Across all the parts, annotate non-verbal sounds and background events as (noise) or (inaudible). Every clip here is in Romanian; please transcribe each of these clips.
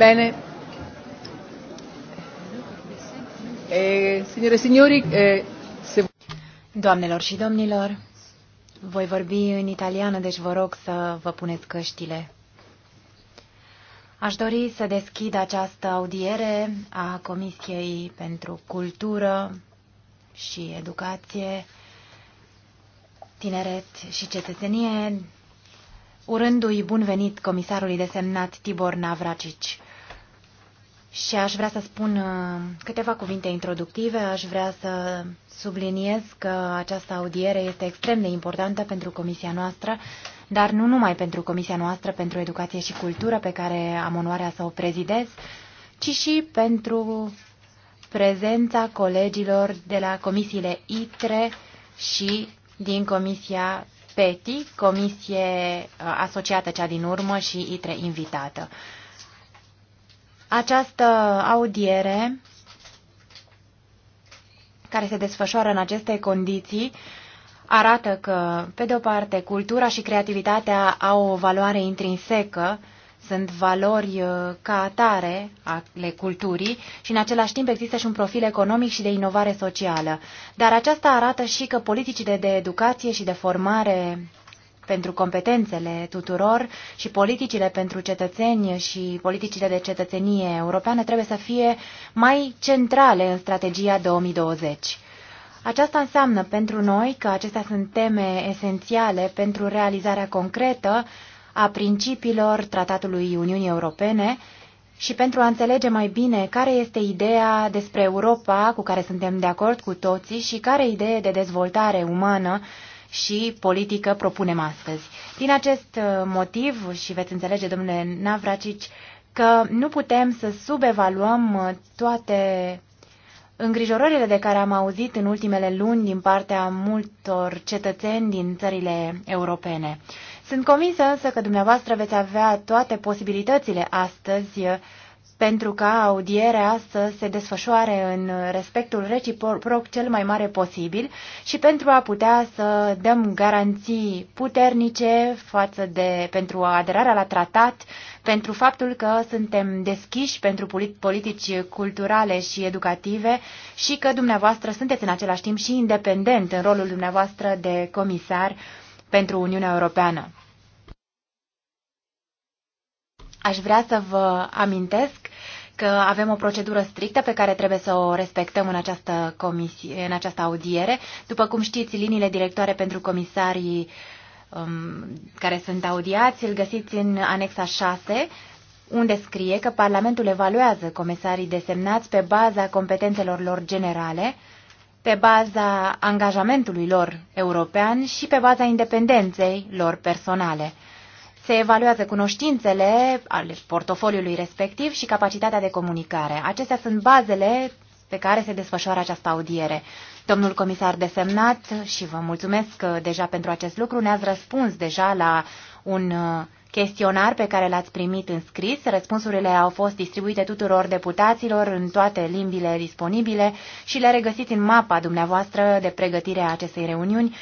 Bene. Eh, signore e signori, eh, se... Doamnelor și domnilor, voi vorbi în italiană, deci vă rog să vă puneți căștile. Aș dori să deschid această audiere a Comisiei pentru Cultură și Educație, Tineret și Cetățenie, urându-i bun venit comisarului desemnat Tibor Navracici și aș vrea să spun uh, câteva cuvinte introductive. Aș vrea să subliniez că această audiere este extrem de importantă pentru comisia noastră, dar nu numai pentru comisia noastră pentru educație și cultură, pe care am onoarea să o prezidez, ci și pentru prezența colegilor de la comisiile ITRE și din comisia PETI, comisie uh, asociată cea din urmă și ITRE invitată. Această audiere care se desfășoară în aceste condiții arată că, pe de o parte, cultura și creativitatea au o valoare intrinsecă, sunt valori uh, ca atare ale culturii și în același timp există și un profil economic și de inovare socială. Dar aceasta arată și că politicile de educație și de formare pentru competențele tuturor și politicile pentru cetățeni și politicile de cetățenie europeană trebuie să fie mai centrale în strategia 2020. Aceasta înseamnă pentru noi că acestea sunt teme esențiale pentru realizarea concretă a principiilor Tratatului Uniunii Europene și pentru a înțelege mai bine care este ideea despre Europa cu care suntem de acord cu toții și care idee de dezvoltare umană și politică propunem astăzi. Din acest uh, motiv, și veți înțelege, domnule Navracici, că nu putem să subevaluăm uh, toate îngrijorările de care am auzit în ultimele luni din partea multor cetățeni din țările europene. Sunt convinsă însă că dumneavoastră veți avea toate posibilitățile astăzi uh, pentru ca audierea să se desfășoare în respectul reciproc cel mai mare posibil și pentru a putea să dăm garanții puternice față de, pentru aderarea la tratat, pentru faptul că suntem deschiși pentru politici culturale și educative și că dumneavoastră sunteți în același timp și independent în rolul dumneavoastră de comisar pentru Uniunea Europeană. Aș vrea să vă amintesc că avem o procedură strictă pe care trebuie să o respectăm în această, comisie, în această audiere. După cum știți, liniile directoare pentru comisarii um, care sunt audiați îl găsiți în anexa 6, unde scrie că Parlamentul evaluează comisarii desemnați pe baza competențelor lor generale, pe baza angajamentului lor european și pe baza independenței lor personale se evaluează cunoștințele ale portofoliului respectiv și capacitatea de comunicare. Acestea sunt bazele pe care se desfășoară această audiere. Domnul comisar desemnat, și vă mulțumesc uh, deja pentru acest lucru, ne-ați răspuns deja la un uh, chestionar pe care l-ați primit în scris. Răspunsurile au fost distribuite tuturor deputaților în toate limbile disponibile și le regăsiți în mapa dumneavoastră de pregătire a acestei reuniuni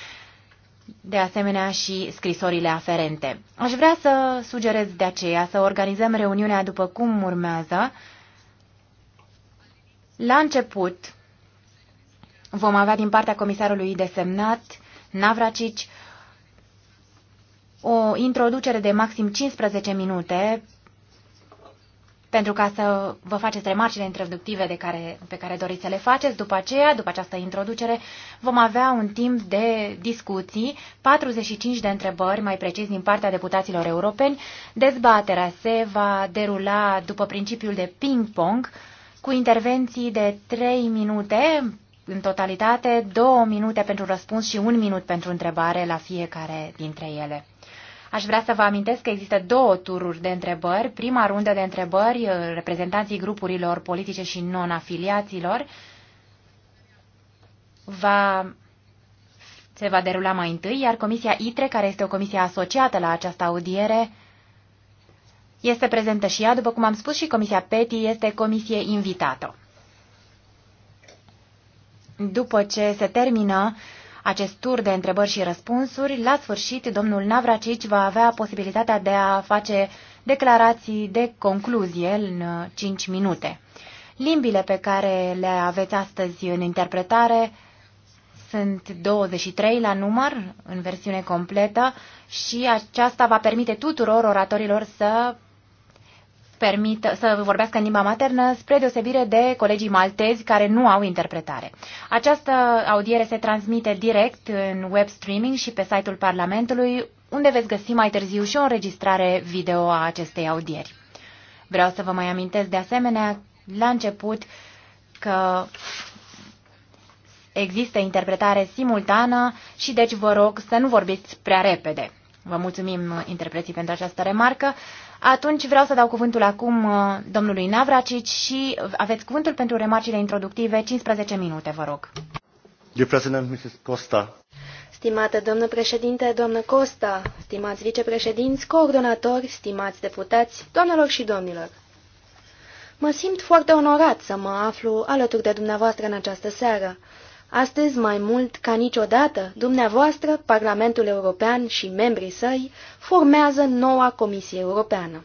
de asemenea și scrisorile aferente. Aș vrea să sugerez de aceea să organizăm reuniunea după cum urmează. La început vom avea din partea comisarului desemnat, Navracici, o introducere de maxim 15 minute pentru ca să vă faceți remarcile introductive de care, pe care doriți să le faceți. După aceea, după această introducere, vom avea un timp de discuții, 45 de întrebări, mai precis, din partea deputaților europeni. Dezbaterea se va derula după principiul de ping-pong, cu intervenții de 3 minute în totalitate, 2 minute pentru răspuns și 1 minut pentru întrebare la fiecare dintre ele. Aș vrea să vă amintesc că există două tururi de întrebări. Prima rundă de întrebări, uh, reprezentanții grupurilor politice și non-afiliaților, va, se va derula mai întâi, iar Comisia ITRE, care este o comisie asociată la această audiere, este prezentă și ea, după cum am spus, și Comisia PETI este comisie invitată. După ce se termină acest tur de întrebări și răspunsuri, la sfârșit domnul Navracici va avea posibilitatea de a face declarații de concluzie în 5 uh, minute. Limbile pe care le aveți astăzi în interpretare sunt 23 la număr, în versiune completă, și aceasta va permite tuturor oratorilor să permită, să vorbească în limba maternă, spre deosebire de colegii maltezi care nu au interpretare. Această audiere se transmite direct în web streaming și pe site-ul Parlamentului, unde veți găsi mai târziu și o înregistrare video a acestei audieri. Vreau să vă mai amintesc de asemenea la început că există interpretare simultană și deci vă rog să nu vorbiți prea repede. Vă mulțumim interpreții pentru această remarcă. Atunci vreau să dau cuvântul acum uh, domnului Navracici și aveți cuvântul pentru remarcile introductive, 15 minute, vă rog. Costa. Stimată doamnă președinte, doamnă Costa, stimați vicepreședinți, coordonatori, stimați deputați, doamnelor și domnilor. Mă simt foarte onorat să mă aflu alături de dumneavoastră în această seară. Astăzi, mai mult ca niciodată, dumneavoastră, Parlamentul European și membrii săi formează noua Comisie Europeană.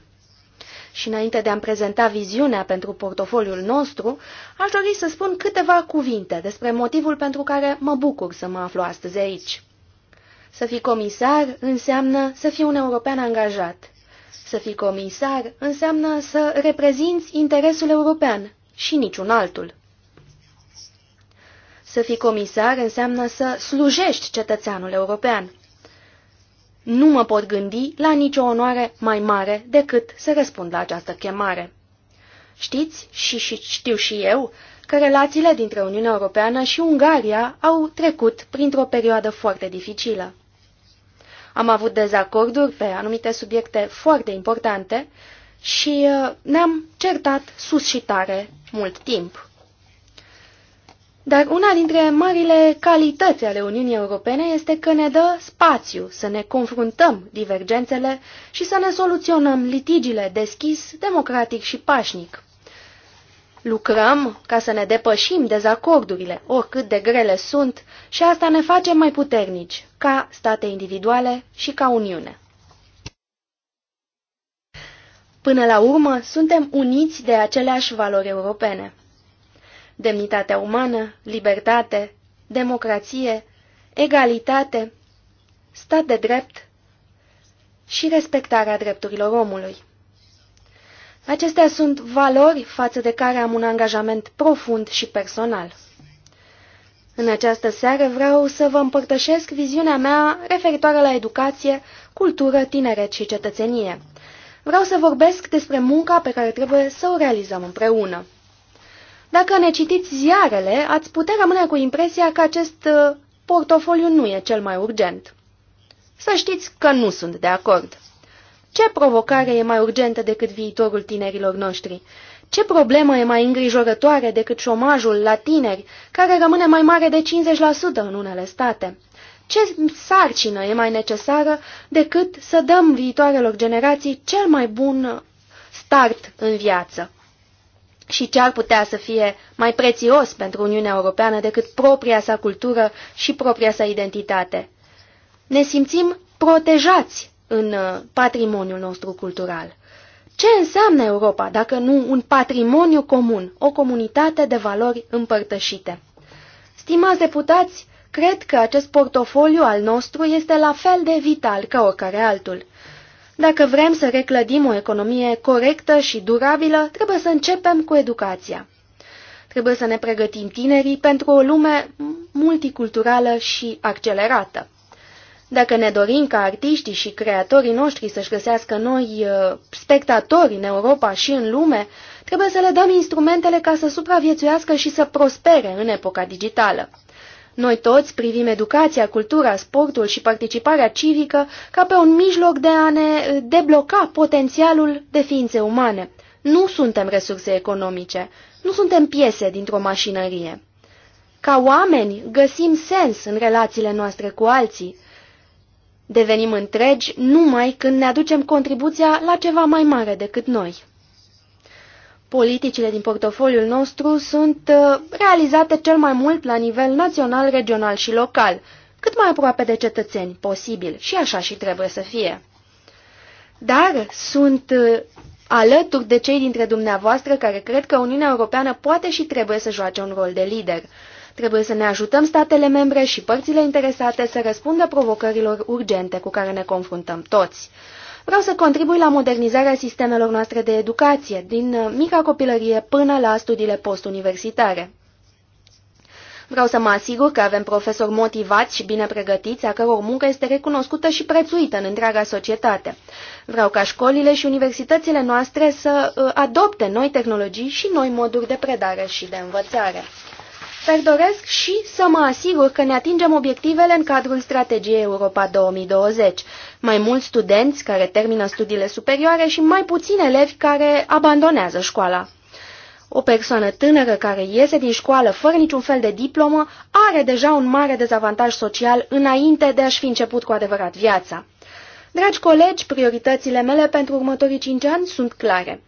Și înainte de a-mi prezenta viziunea pentru portofoliul nostru, aș dori să spun câteva cuvinte despre motivul pentru care mă bucur să mă aflu astăzi aici. Să fii comisar înseamnă să fii un european angajat. Să fii comisar înseamnă să reprezinți interesul european și niciun altul. Să fii comisar înseamnă să slujești cetățeanul european. Nu mă pot gândi la nicio onoare mai mare decât să răspund la această chemare. Știți, și, și știu și eu, că relațiile dintre Uniunea Europeană și Ungaria au trecut printr-o perioadă foarte dificilă. Am avut dezacorduri pe anumite subiecte foarte importante și uh, ne-am certat sus și tare mult timp. Dar una dintre marile calități ale Uniunii Europene este că ne dă spațiu să ne confruntăm divergențele și să ne soluționăm litigiile deschis, democratic și pașnic. Lucrăm ca să ne depășim dezacordurile, oricât de grele sunt, și asta ne face mai puternici, ca state individuale și ca Uniune. Până la urmă, suntem uniți de aceleași valori europene demnitatea umană, libertate, democrație, egalitate, stat de drept și respectarea drepturilor omului. Acestea sunt valori față de care am un angajament profund și personal. În această seară vreau să vă împărtășesc viziunea mea referitoare la educație, cultură, tineret și cetățenie. Vreau să vorbesc despre munca pe care trebuie să o realizăm împreună. Dacă ne citiți ziarele, ați putea rămâne cu impresia că acest uh, portofoliu nu e cel mai urgent. Să știți că nu sunt de acord. Ce provocare e mai urgentă decât viitorul tinerilor noștri? Ce problemă e mai îngrijorătoare decât șomajul la tineri, care rămâne mai mare de 50% în unele state? Ce sarcină e mai necesară decât să dăm viitoarelor generații cel mai bun start în viață? și ce ar putea să fie mai prețios pentru Uniunea Europeană decât propria sa cultură și propria sa identitate. Ne simțim protejați în uh, patrimoniul nostru cultural. Ce înseamnă Europa dacă nu un patrimoniu comun, o comunitate de valori împărtășite? Stimați deputați, cred că acest portofoliu al nostru este la fel de vital ca oricare altul. Dacă vrem să reclădim o economie corectă și durabilă, trebuie să începem cu educația. Trebuie să ne pregătim tinerii pentru o lume multiculturală și accelerată. Dacă ne dorim ca artiștii și creatorii noștri să-și găsească noi uh, spectatori în Europa și în lume, trebuie să le dăm instrumentele ca să supraviețuiască și să prospere în epoca digitală. Noi toți privim educația, cultura, sportul și participarea civică ca pe un mijloc de a ne uh, debloca potențialul de ființe umane. Nu suntem resurse economice, nu suntem piese dintr-o mașinărie. Ca oameni găsim sens în relațiile noastre cu alții. Devenim întregi numai când ne aducem contribuția la ceva mai mare decât noi. Politicile din portofoliul nostru sunt uh, realizate cel mai mult la nivel național, regional și local, cât mai aproape de cetățeni posibil și așa și trebuie să fie. Dar sunt uh, alături de cei dintre dumneavoastră care cred că Uniunea Europeană poate și trebuie să joace un rol de lider. Trebuie să ne ajutăm statele membre și părțile interesate să răspundă provocărilor urgente cu care ne confruntăm toți. Vreau să contribui la modernizarea sistemelor noastre de educație, din uh, mica copilărie până la studiile postuniversitare. Vreau să mă asigur că avem profesori motivați și bine pregătiți, a căror muncă este recunoscută și prețuită în întreaga societate. Vreau ca școlile și universitățile noastre să uh, adopte noi tehnologii și noi moduri de predare și de învățare dar doresc și să mă asigur că ne atingem obiectivele în cadrul strategiei Europa 2020. Mai mulți studenți care termină studiile superioare și mai puțini elevi care abandonează școala. O persoană tânără care iese din școală fără niciun fel de diplomă are deja un mare dezavantaj social înainte de a-și fi început cu adevărat viața. Dragi colegi, prioritățile mele pentru următorii cinci ani sunt clare.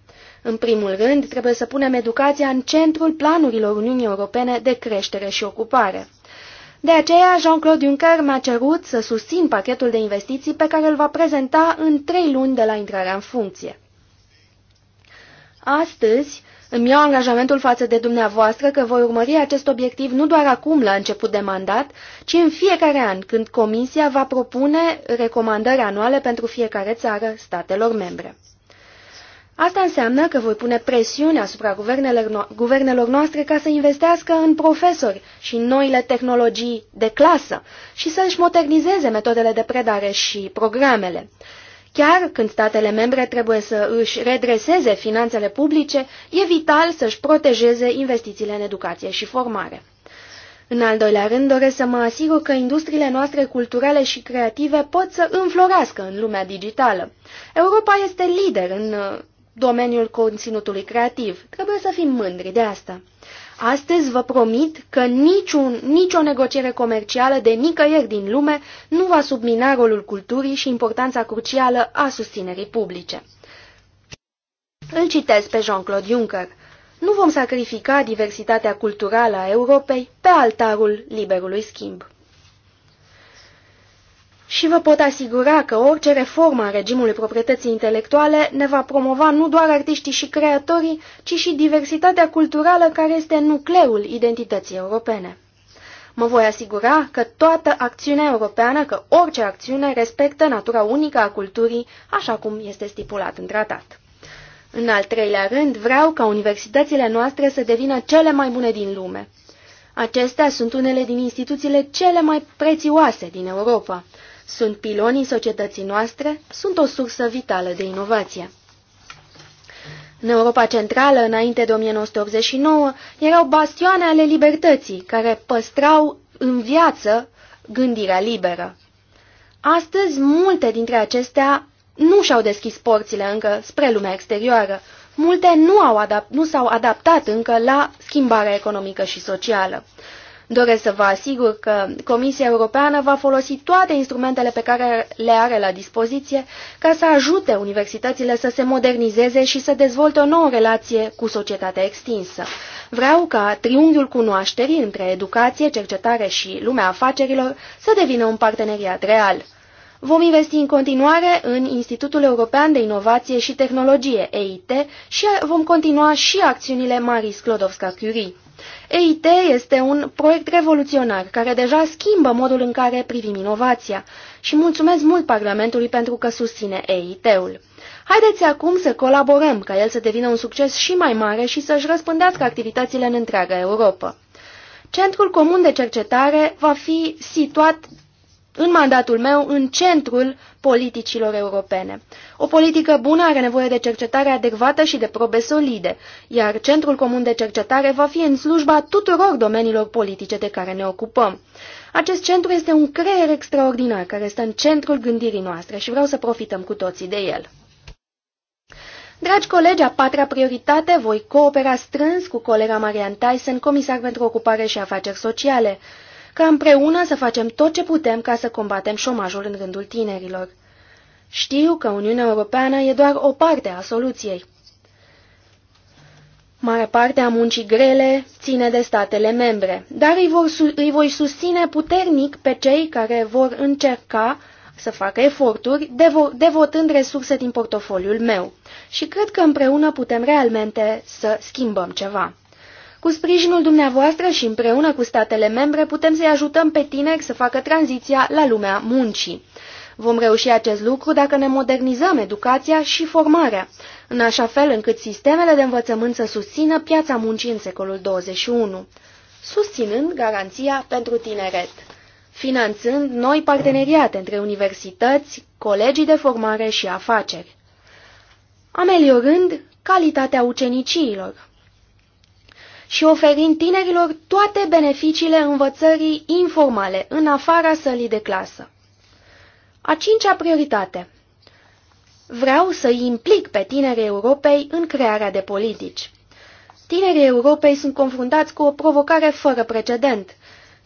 În primul rând, trebuie să punem educația în centrul planurilor Uniunii Europene de creștere și ocupare. De aceea, Jean-Claude Juncker mi-a cerut să susțin pachetul de investiții pe care îl va prezenta în trei luni de la intrarea în funcție. Astăzi, îmi iau angajamentul față de dumneavoastră că voi urmări acest obiectiv nu doar acum, la început de mandat, ci în fiecare an, când Comisia va propune recomandări anuale pentru fiecare țară statelor membre. Asta înseamnă că voi pune presiune asupra guvernelor, no guvernelor noastre ca să investească în profesori și în noile tehnologii de clasă și să își modernizeze metodele de predare și programele. Chiar când statele membre trebuie să își redreseze finanțele publice, e vital să-și protejeze investițiile în educație și formare. În al doilea rând, doresc să mă asigur că industriile noastre culturale și creative pot să înflorească în lumea digitală. Europa este lider în domeniul conținutului creativ. Trebuie să fim mândri de asta. Astăzi vă promit că niciun, nicio negociere comercială de nicăieri din lume nu va submina rolul culturii și importanța crucială a susținerii publice. Îl citesc pe Jean-Claude Juncker. Nu vom sacrifica diversitatea culturală a Europei pe altarul liberului schimb și vă pot asigura că orice reformă a regimului proprietății intelectuale ne va promova nu doar artiștii și creatorii, ci și diversitatea culturală care este nucleul identității europene. Mă voi asigura că toată acțiunea europeană, că orice acțiune respectă natura unică a culturii, așa cum este stipulat în tratat. În al treilea rând, vreau ca universitățile noastre să devină cele mai bune din lume. Acestea sunt unele din instituțiile cele mai prețioase din Europa sunt pilonii societății noastre, sunt o sursă vitală de inovație. În Europa Centrală, înainte de 1989, erau bastioane ale libertății, care păstrau în viață gândirea liberă. Astăzi, multe dintre acestea nu și-au deschis porțile încă spre lumea exterioară. Multe nu s-au adap adaptat încă la schimbarea economică și socială. Doresc să vă asigur că Comisia Europeană va folosi toate instrumentele pe care le are la dispoziție ca să ajute universitățile să se modernizeze și să dezvolte o nouă relație cu societatea extinsă. Vreau ca triunghiul cunoașterii între educație, cercetare și lumea afacerilor să devină un parteneriat real. Vom investi în continuare în Institutul European de Inovație și Tehnologie, EIT, și vom continua și acțiunile Marie Sklodowska-Curie. EIT este un proiect revoluționar care deja schimbă modul în care privim inovația și mulțumesc mult Parlamentului pentru că susține EIT-ul. Haideți acum să colaborăm ca el să devină un succes și mai mare și să-și răspândească activitățile în întreaga Europa. Centrul Comun de Cercetare va fi situat în mandatul meu, în centrul politicilor europene. O politică bună are nevoie de cercetare adecvată și de probe solide, iar Centrul Comun de Cercetare va fi în slujba tuturor domeniilor politice de care ne ocupăm. Acest centru este un creier extraordinar care stă în centrul gândirii noastre și vreau să profităm cu toții de el. Dragi colegi, a patra prioritate, voi coopera strâns cu colega Marian Tyson, comisar pentru ocupare și afaceri sociale, ca împreună să facem tot ce putem ca să combatem șomajul în rândul tinerilor. Știu că Uniunea Europeană e doar o parte a soluției. Mare parte a muncii grele ține de statele membre, dar îi, vor, îi voi susține puternic pe cei care vor încerca să facă eforturi, devo devotând resurse din portofoliul meu. Și cred că împreună putem realmente să schimbăm ceva. Cu sprijinul dumneavoastră și împreună cu statele membre putem să-i ajutăm pe tineri să facă tranziția la lumea muncii. Vom reuși acest lucru dacă ne modernizăm educația și formarea, în așa fel încât sistemele de învățământ să susțină piața muncii în secolul 21, susținând garanția pentru tineret, finanțând noi parteneriate între universități, colegii de formare și afaceri, ameliorând calitatea uceniciilor, și oferind tinerilor toate beneficiile învățării informale, în afara sălii de clasă. A cincea prioritate. Vreau să îi implic pe tinerii Europei în crearea de politici. Tinerii Europei sunt confruntați cu o provocare fără precedent.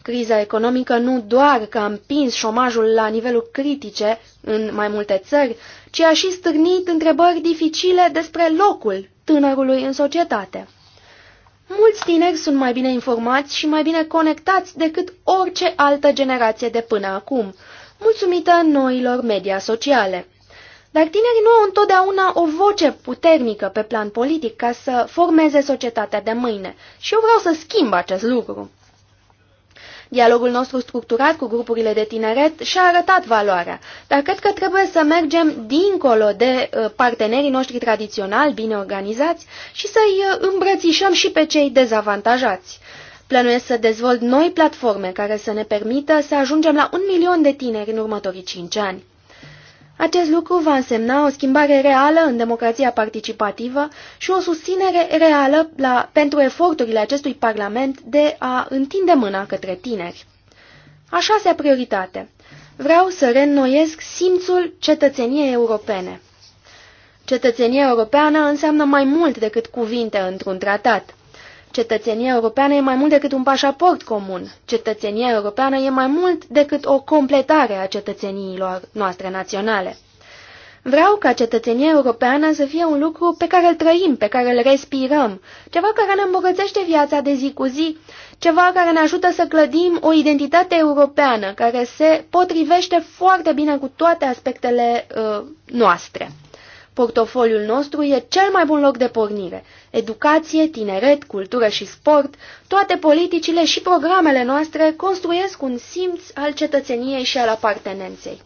Criza economică nu doar că a împins șomajul la nivelul critice în mai multe țări, ci a și stârnit întrebări dificile despre locul tânărului în societate. Mulți tineri sunt mai bine informați și mai bine conectați decât orice altă generație de până acum, mulțumită noilor media sociale. Dar tinerii nu au întotdeauna o voce puternică pe plan politic ca să formeze societatea de mâine și eu vreau să schimb acest lucru. Dialogul nostru structurat cu grupurile de tineret și-a arătat valoarea, dar cred că trebuie să mergem dincolo de uh, partenerii noștri tradiționali bine organizați și să-i uh, îmbrățișăm și pe cei dezavantajați. Plănuiesc să dezvolt noi platforme care să ne permită să ajungem la un milion de tineri în următorii cinci ani. Acest lucru va însemna o schimbare reală în democrația participativă și o susținere reală la, pentru eforturile acestui Parlament de a întinde mâna către tineri. A șasea prioritate. Vreau să reînnoiesc simțul cetățeniei europene. Cetățenia europeană înseamnă mai mult decât cuvinte într-un tratat. Cetățenia europeană e mai mult decât un pașaport comun. Cetățenia europeană e mai mult decât o completare a cetățeniilor noastre naționale. Vreau ca cetățenia europeană să fie un lucru pe care îl trăim, pe care îl respirăm, ceva care ne îmbogățește viața de zi cu zi, ceva care ne ajută să clădim o identitate europeană care se potrivește foarte bine cu toate aspectele uh, noastre. Portofoliul nostru e cel mai bun loc de pornire Educație, tineret, cultură și sport, toate politicile și programele noastre construiesc un simț al cetățeniei și al apartenenței.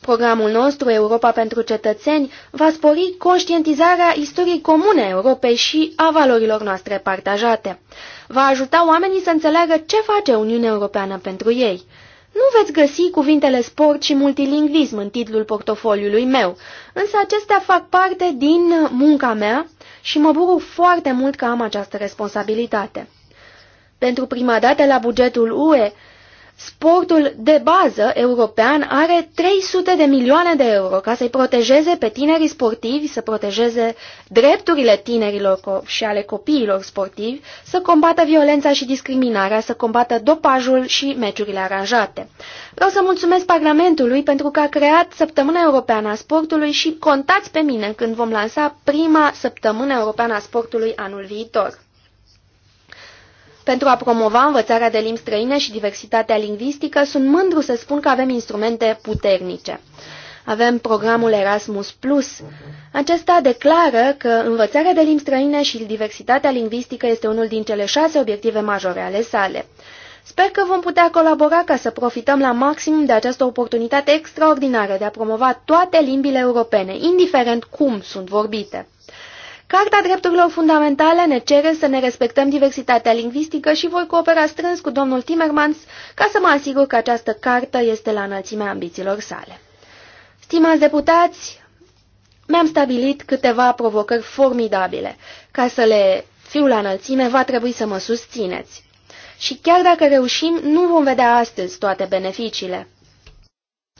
Programul nostru, Europa pentru cetățeni, va spori conștientizarea istoriei comune a Europei și a valorilor noastre partajate. Va ajuta oamenii să înțeleagă ce face Uniunea Europeană pentru ei. Nu veți găsi cuvintele sport și multilingvism în titlul portofoliului meu, însă acestea fac parte din munca mea și mă bucur foarte mult că am această responsabilitate. Pentru prima dată la bugetul UE Sportul de bază european are 300 de milioane de euro ca să-i protejeze pe tinerii sportivi, să protejeze drepturile tinerilor și ale copiilor sportivi, să combată violența și discriminarea, să combată dopajul și meciurile aranjate. Vreau să mulțumesc Parlamentului pentru că a creat Săptămâna Europeană a Sportului și contați pe mine când vom lansa prima Săptămână Europeană a Sportului anul viitor. Pentru a promova învățarea de limbi străine și diversitatea lingvistică, sunt mândru să spun că avem instrumente puternice. Avem programul Erasmus+. Plus. Acesta declară că învățarea de limbi străine și diversitatea lingvistică este unul din cele șase obiective majore ale sale. Sper că vom putea colabora ca să profităm la maximum de această oportunitate extraordinară de a promova toate limbile europene, indiferent cum sunt vorbite. Carta Drepturilor Fundamentale ne cere să ne respectăm diversitatea lingvistică și voi coopera strâns cu domnul Timmermans ca să mă asigur că această cartă este la înălțimea ambițiilor sale. Stimați deputați, mi-am stabilit câteva provocări formidabile. Ca să le fiu la înălțime, va trebui să mă susțineți. Și chiar dacă reușim, nu vom vedea astăzi toate beneficiile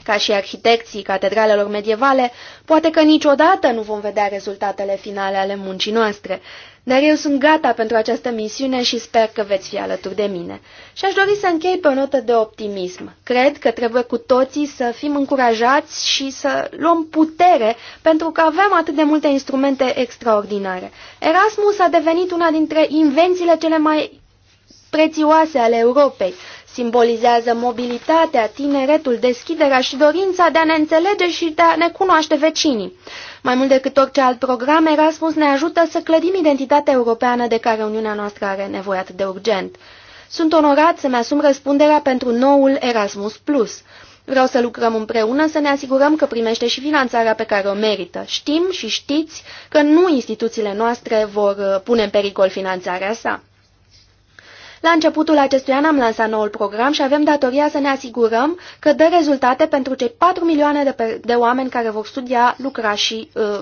ca și arhitecții catedralelor medievale, poate că niciodată nu vom vedea rezultatele finale ale muncii noastre, dar eu sunt gata pentru această misiune și sper că veți fi alături de mine. Și aș dori să închei pe o notă de optimism. Cred că trebuie cu toții să fim încurajați și să luăm putere, pentru că avem atât de multe instrumente extraordinare. Erasmus a devenit una dintre invențiile cele mai prețioase ale Europei. Simbolizează mobilitatea, tineretul, deschiderea și dorința de a ne înțelege și de a ne cunoaște vecinii. Mai mult decât orice alt program, Erasmus ne ajută să clădim identitatea europeană de care Uniunea noastră are nevoie atât de urgent. Sunt onorat să-mi asum răspunderea pentru noul Erasmus+. Vreau să lucrăm împreună să ne asigurăm că primește și finanțarea pe care o merită. Știm și știți că nu instituțiile noastre vor uh, pune în pericol finanțarea sa. La începutul acestui an am lansat noul program și avem datoria să ne asigurăm că dă rezultate pentru cei 4 milioane de, pe, de oameni care vor studia, lucra și uh,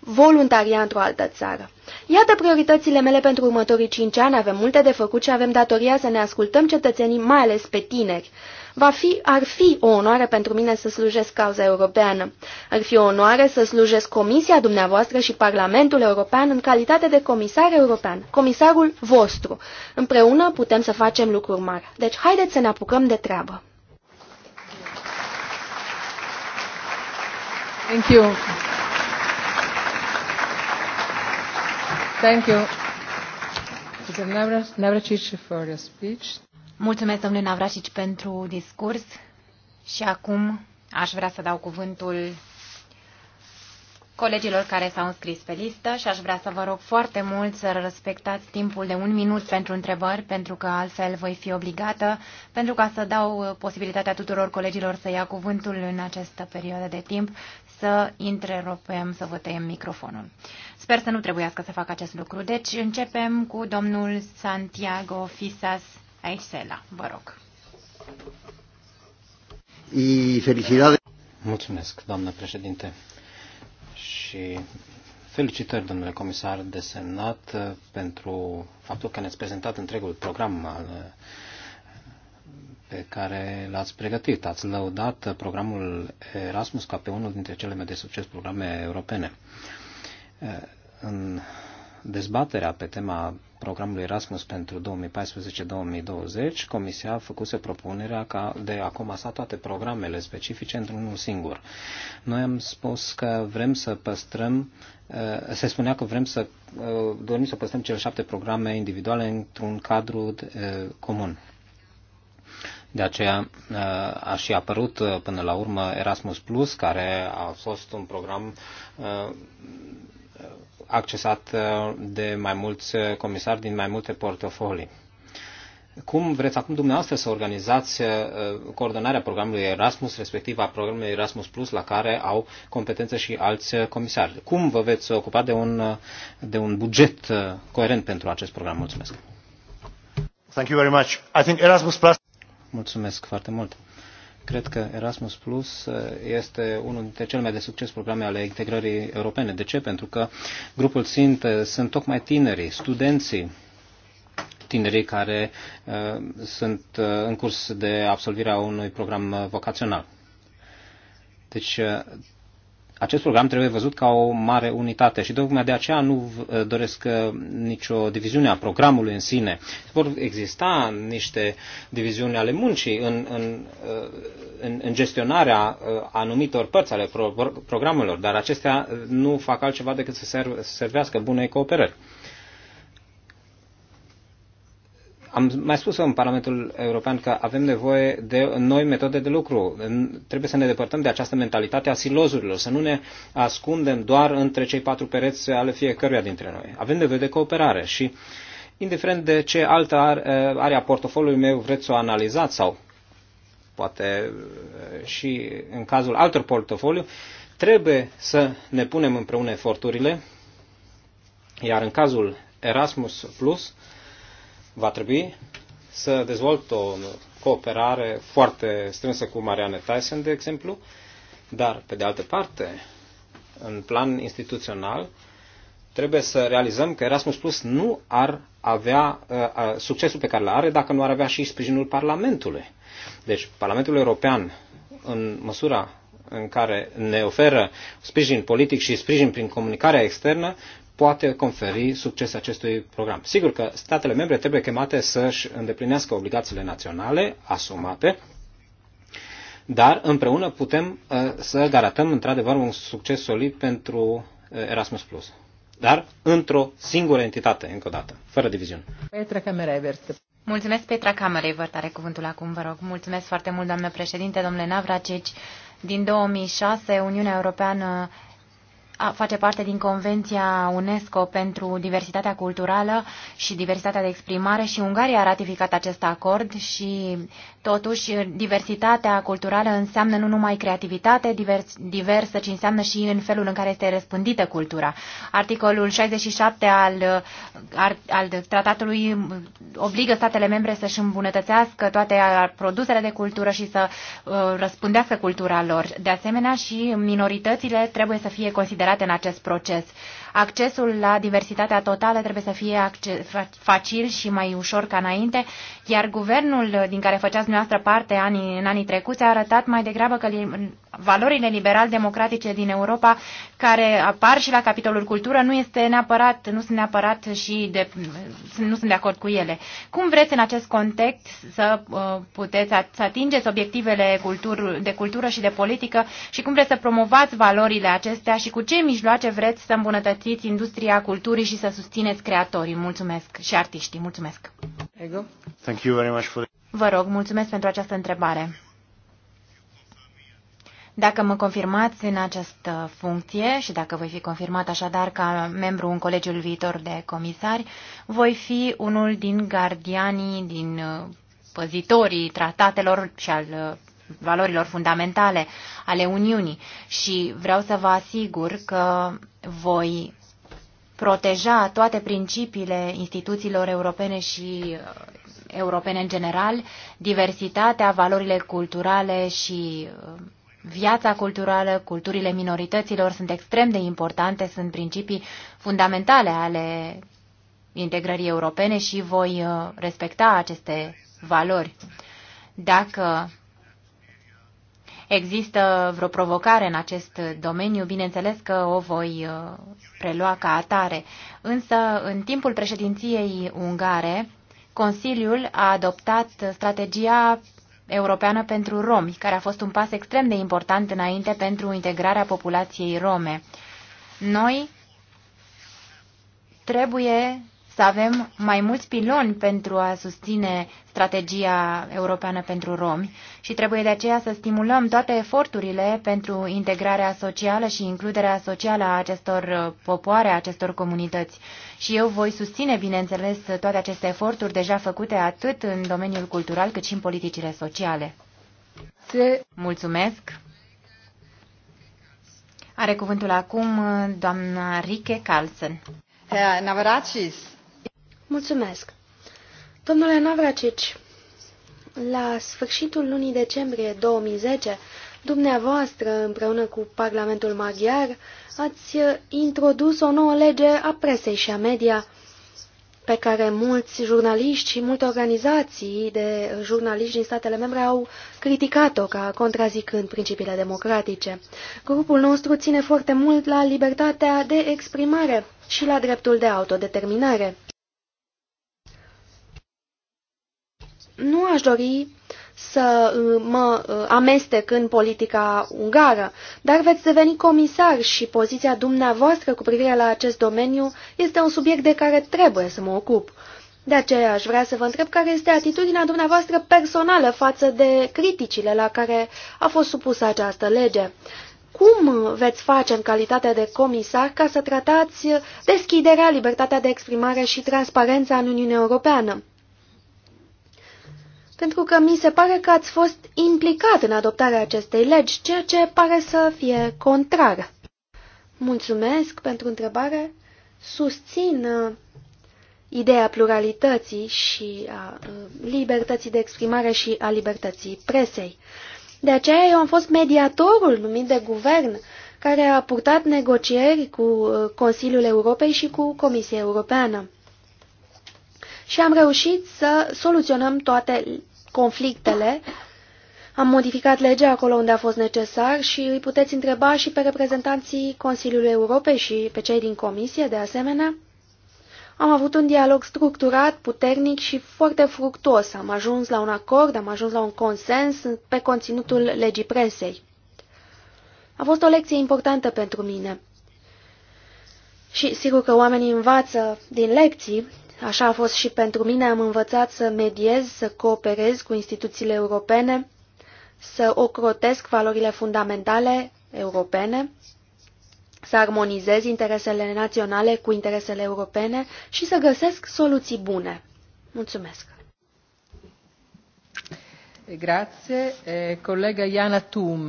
voluntaria într-o altă țară. Iată prioritățile mele pentru următorii 5 ani, avem multe de făcut și avem datoria să ne ascultăm cetățenii, mai ales pe tineri. Va fi, ar fi o onoare pentru mine să slujesc cauza europeană. Ar fi o onoare să slujesc Comisia dumneavoastră și Parlamentul European în calitate de comisar european, comisarul vostru. Împreună putem să facem lucruri mari. Deci haideți să ne apucăm de treabă. Thank you. Thank you. Mr. Navracic for your speech. Mulțumesc, domnule Navrașici, pentru discurs și acum aș vrea să dau cuvântul colegilor care s-au înscris pe listă și aș vrea să vă rog foarte mult să respectați timpul de un minut pentru întrebări, pentru că altfel voi fi obligată, pentru ca să dau posibilitatea tuturor colegilor să ia cuvântul în această perioadă de timp, să întrerupem, să vă tăiem microfonul. Sper să nu trebuiască să fac acest lucru. Deci începem cu domnul Santiago Fisas Aisela, vă rog. Mulțumesc, doamnă președinte. Și felicitări, domnule comisar desemnat, uh, pentru faptul că ne-ați prezentat întregul program al uh, pe care l-ați pregătit. Ați lăudat uh, programul Erasmus ca pe unul dintre cele mai de succes programe europene. În dezbaterea pe tema programului Erasmus pentru 2014-2020, Comisia a făcut propunerea ca de a comasa toate programele specifice într-unul singur. Noi am spus că vrem să păstrăm, eh, se spunea că vrem să eh, dorim să păstrăm cele șapte programe individuale într-un cadru eh, comun. De aceea a și apărut până la urmă Erasmus Plus, care a fost un program accesat uh, de mai mulți uh, comisari din mai multe portofolii. Cum vreți acum dumneavoastră să organizați uh, coordonarea programului Erasmus, respectiv a programului Erasmus Plus, la care au competență și alți comisari? Cum vă veți ocupa de un, de un buget coerent pentru acest program? Mulțumesc! Thank you very much. I think Erasmus Plus... Mulțumesc foarte mult! Cred că Erasmus Plus eh, este unul dintre cele mai de succes programe ale integrării europene. De ce? Pentru că grupul țint eh, sunt tocmai tinerii, studenții, tinerii care uh, sunt uh, în curs de absolvirea unui program vocațional. Deci uh, acest program trebuie văzut ca o mare unitate și tocmai de aceea nu doresc uh, nicio diviziune a programului în sine. Vor exista niște diviziuni ale muncii în, în, uh, în, în gestionarea uh, anumitor părți ale pro, programelor, dar acestea nu fac altceva decât să servească bunei cooperări. Am mai spus în Parlamentul European că avem nevoie de noi metode de lucru. Trebuie să ne depărtăm de această mentalitate a silozurilor, să nu ne ascundem doar între cei patru pereți ale fiecăruia dintre noi. Avem nevoie de cooperare și, indiferent de ce altă eh, are a portofoliului meu vreți să o analizați sau poate eh, și în cazul altor portofoliu, trebuie să ne punem împreună eforturile, iar în cazul Erasmus Plus, va trebui să dezvolt o cooperare foarte strânsă cu Marianne Tyson, de exemplu, dar, pe de altă parte, în plan instituțional, trebuie să realizăm că Erasmus Plus nu ar avea uh, uh succesul pe care îl are dacă nu ar avea și sprijinul Parlamentului. Deci, Parlamentul European, în măsura în care ne oferă sprijin politic și sprijin prin comunicarea externă, poate conferi succes acestui program. Sigur că statele membre trebuie chemate să-și îndeplinească obligațiile naționale asumate, dar împreună putem uh, să garantăm într-adevăr un succes solid pentru uh, Erasmus+. Plus. Dar într-o singură entitate, încă o dată, fără diviziune. Petra Camerevert. Mulțumesc, Petra Camerevert, are cuvântul acum, vă rog. Mulțumesc foarte mult, doamnă președinte, domnule Navracici. Din 2006, Uniunea Europeană face parte din Convenția UNESCO pentru diversitatea culturală și diversitatea de exprimare și Ungaria a ratificat acest acord și totuși diversitatea culturală înseamnă nu numai creativitate divers, diversă, ci înseamnă și în felul în care este răspândită cultura. Articolul 67 al, al tratatului obligă statele membre să-și îmbunătățească toate produsele de cultură și să uh, răspândească cultura lor. De asemenea și minoritățile trebuie să fie considerate considerate în acest proces. Accesul la diversitatea totală trebuie să fie facil și mai ușor ca înainte, iar guvernul din care făceați dumneavoastră parte anii, în anii trecuți a arătat mai degrabă că valorile liberal-democratice din Europa care apar și la capitolul cultură nu este neapărat, nu sunt neapărat și de, nu sunt de acord cu ele. Cum vreți în acest context să uh, puteți să atingeți obiectivele cultur, de cultură și de politică și cum vreți să promovați valorile acestea și cu ce mijloace vreți să îmbunătățiți îmbunătățiți industria culturii și să susțineți creatorii. Mulțumesc și artiștii. Mulțumesc. Thank you very much for... Vă rog, mulțumesc pentru această întrebare. Dacă mă confirmați în această funcție și dacă voi fi confirmat așadar ca membru în colegiul viitor de comisari, voi fi unul din gardianii, din uh, păzitorii tratatelor și al uh, valorilor fundamentale ale Uniunii și vreau să vă asigur că voi proteja toate principiile instituțiilor europene și uh, europene în general, diversitatea, valorile culturale și uh, Viața culturală, culturile minorităților sunt extrem de importante, sunt principii fundamentale ale integrării europene și voi uh, respecta aceste valori. Dacă există vreo provocare în acest domeniu, bineînțeles că o voi uh, prelua ca atare. Însă, în timpul președinției ungare, Consiliul a adoptat strategia europeană pentru romi, care a fost un pas extrem de important înainte pentru integrarea populației rome. Noi trebuie să avem mai mulți piloni pentru a susține strategia europeană pentru romi și trebuie de aceea să stimulăm toate eforturile pentru integrarea socială și includerea socială a acestor uh, popoare, a acestor comunități. Și eu voi susține, bineînțeles, toate aceste eforturi deja făcute atât în domeniul cultural cât și în politicile sociale. se Mulțumesc! Are cuvântul acum uh, doamna Rike Carlsen. Herr Navaracis, Mulțumesc. Domnule Navracici, la sfârșitul lunii decembrie 2010, dumneavoastră, împreună cu Parlamentul Maghiar, ați introdus o nouă lege a presei și a media, pe care mulți jurnaliști și multe organizații de jurnaliști din statele membre au criticat-o ca contrazicând principiile democratice. Grupul nostru ține foarte mult la libertatea de exprimare și la dreptul de autodeterminare. Nu aș dori să uh, mă uh, amestec în politica ungară, dar veți deveni comisar și poziția dumneavoastră cu privire la acest domeniu este un subiect de care trebuie să mă ocup. De aceea aș vrea să vă întreb care este atitudinea dumneavoastră personală față de criticile la care a fost supusă această lege. Cum veți face în calitate de comisar ca să tratați deschiderea, libertatea de exprimare și transparența în Uniunea Europeană? pentru că mi se pare că ați fost implicat în adoptarea acestei legi, ceea ce pare să fie contrar. Mulțumesc pentru întrebare. Susțin uh, ideea pluralității și a uh, libertății de exprimare și a libertății presei. De aceea eu am fost mediatorul numit de guvern care a purtat negocieri cu uh, Consiliul Europei și cu Comisia Europeană. Și am reușit să soluționăm toate conflictele. Am modificat legea acolo unde a fost necesar și îi puteți întreba și pe reprezentanții Consiliului Europei și pe cei din Comisie, de asemenea. Am avut un dialog structurat, puternic și foarte fructuos. Am ajuns la un acord, am ajuns la un consens pe conținutul legii presei. A fost o lecție importantă pentru mine. Și sigur că oamenii învață din lecții, Așa a fost și pentru mine, am învățat să mediez, să cooperez cu instituțiile europene, să ocrotesc valorile fundamentale europene, să armonizez interesele naționale cu interesele europene și să găsesc soluții bune. Mulțumesc! Grazie. Colega Iana Tum.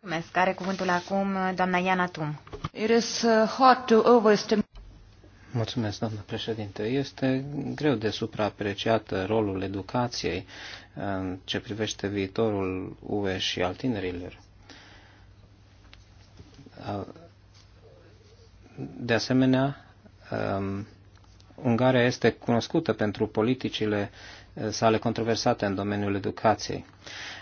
Mulțumesc. Are cuvântul acum doamna Iana Tum. It is uh, hard to overestimate Mulțumesc, doamnă președinte. Este greu de supraapreciat rolul educației uh, în ce privește viitorul UE și al tinerilor. Uh, de asemenea, um, Ungaria este cunoscută pentru politicile uh, sale controversate în domeniul educației.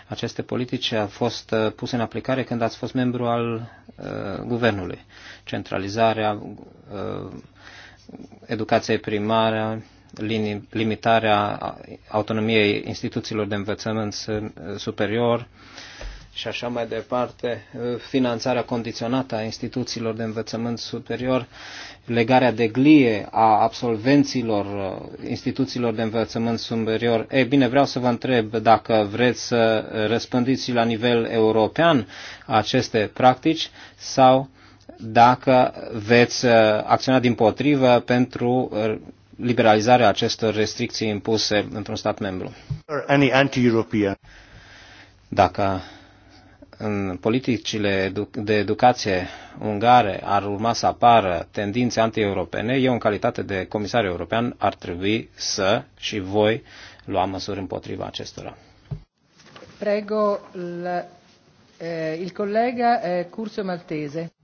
Aceste politici au fost puse în aplicare când ați fost membru al uh, guvernului. Centralizarea, uh, educației primare, limitarea autonomiei instituțiilor de învățământ superior și așa mai departe, finanțarea condiționată a instituțiilor de învățământ superior, legarea de glie a absolvenților uh, instituțiilor de învățământ superior. E bine, vreau să vă întreb dacă vreți să răspândiți la nivel european aceste practici sau dacă veți uh, acționa din potrivă pentru uh, liberalizarea acestor restricții impuse într-un stat membru. Dacă în politicile de educație ungare ar urma să apară tendințe anti-europene, eu în calitate de comisar european ar trebui să și voi lua măsuri împotriva acestora. Prego eh, il collega eh, Curso Maltese.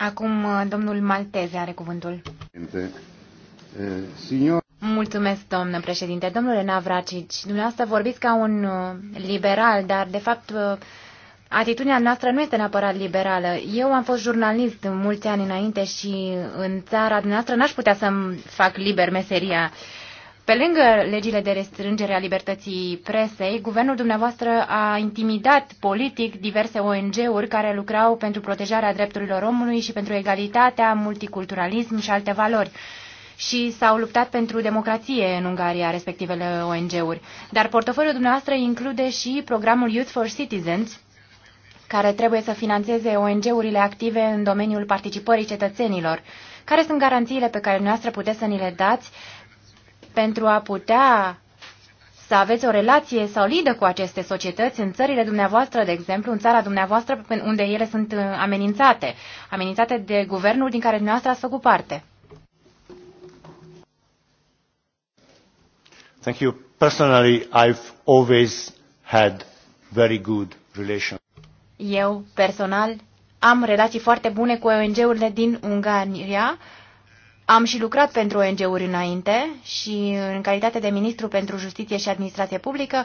Acum uh, domnul Malteze are cuvântul. Uh, Mulțumesc, domnule președinte. Domnule Navracici, dumneavoastră vorbiți ca un uh, liberal, dar de fapt atitudinea noastră nu este neapărat liberală. Eu am fost jurnalist mulți ani înainte și în țara dumneavoastră n-aș putea să-mi fac liber meseria uh, pe lângă legile de restrângere a libertății presei, guvernul dumneavoastră a intimidat politic diverse ONG-uri care lucrau pentru protejarea drepturilor omului și pentru egalitatea, multiculturalism și alte valori și s-au luptat pentru democrație în Ungaria, respectivele ONG-uri. Dar portofoliul dumneavoastră include și programul Youth for Citizens, care trebuie să financeze ONG-urile active în domeniul participării cetățenilor. Care sunt garanțiile pe care dumneavoastră puteți să ni le dați pentru a putea să aveți o relație solidă cu aceste societăți în țările dumneavoastră, de exemplu, în țara dumneavoastră, unde ele sunt uh, amenințate, amenințate de guvernul din care dumneavoastră ați făcut parte. Thank you. Personally, I've always had very good relations. Eu, personal, am relații foarte bune cu ONG-urile din Ungaria, am și lucrat pentru ONG-uri înainte și în calitate de ministru pentru justiție și administrație publică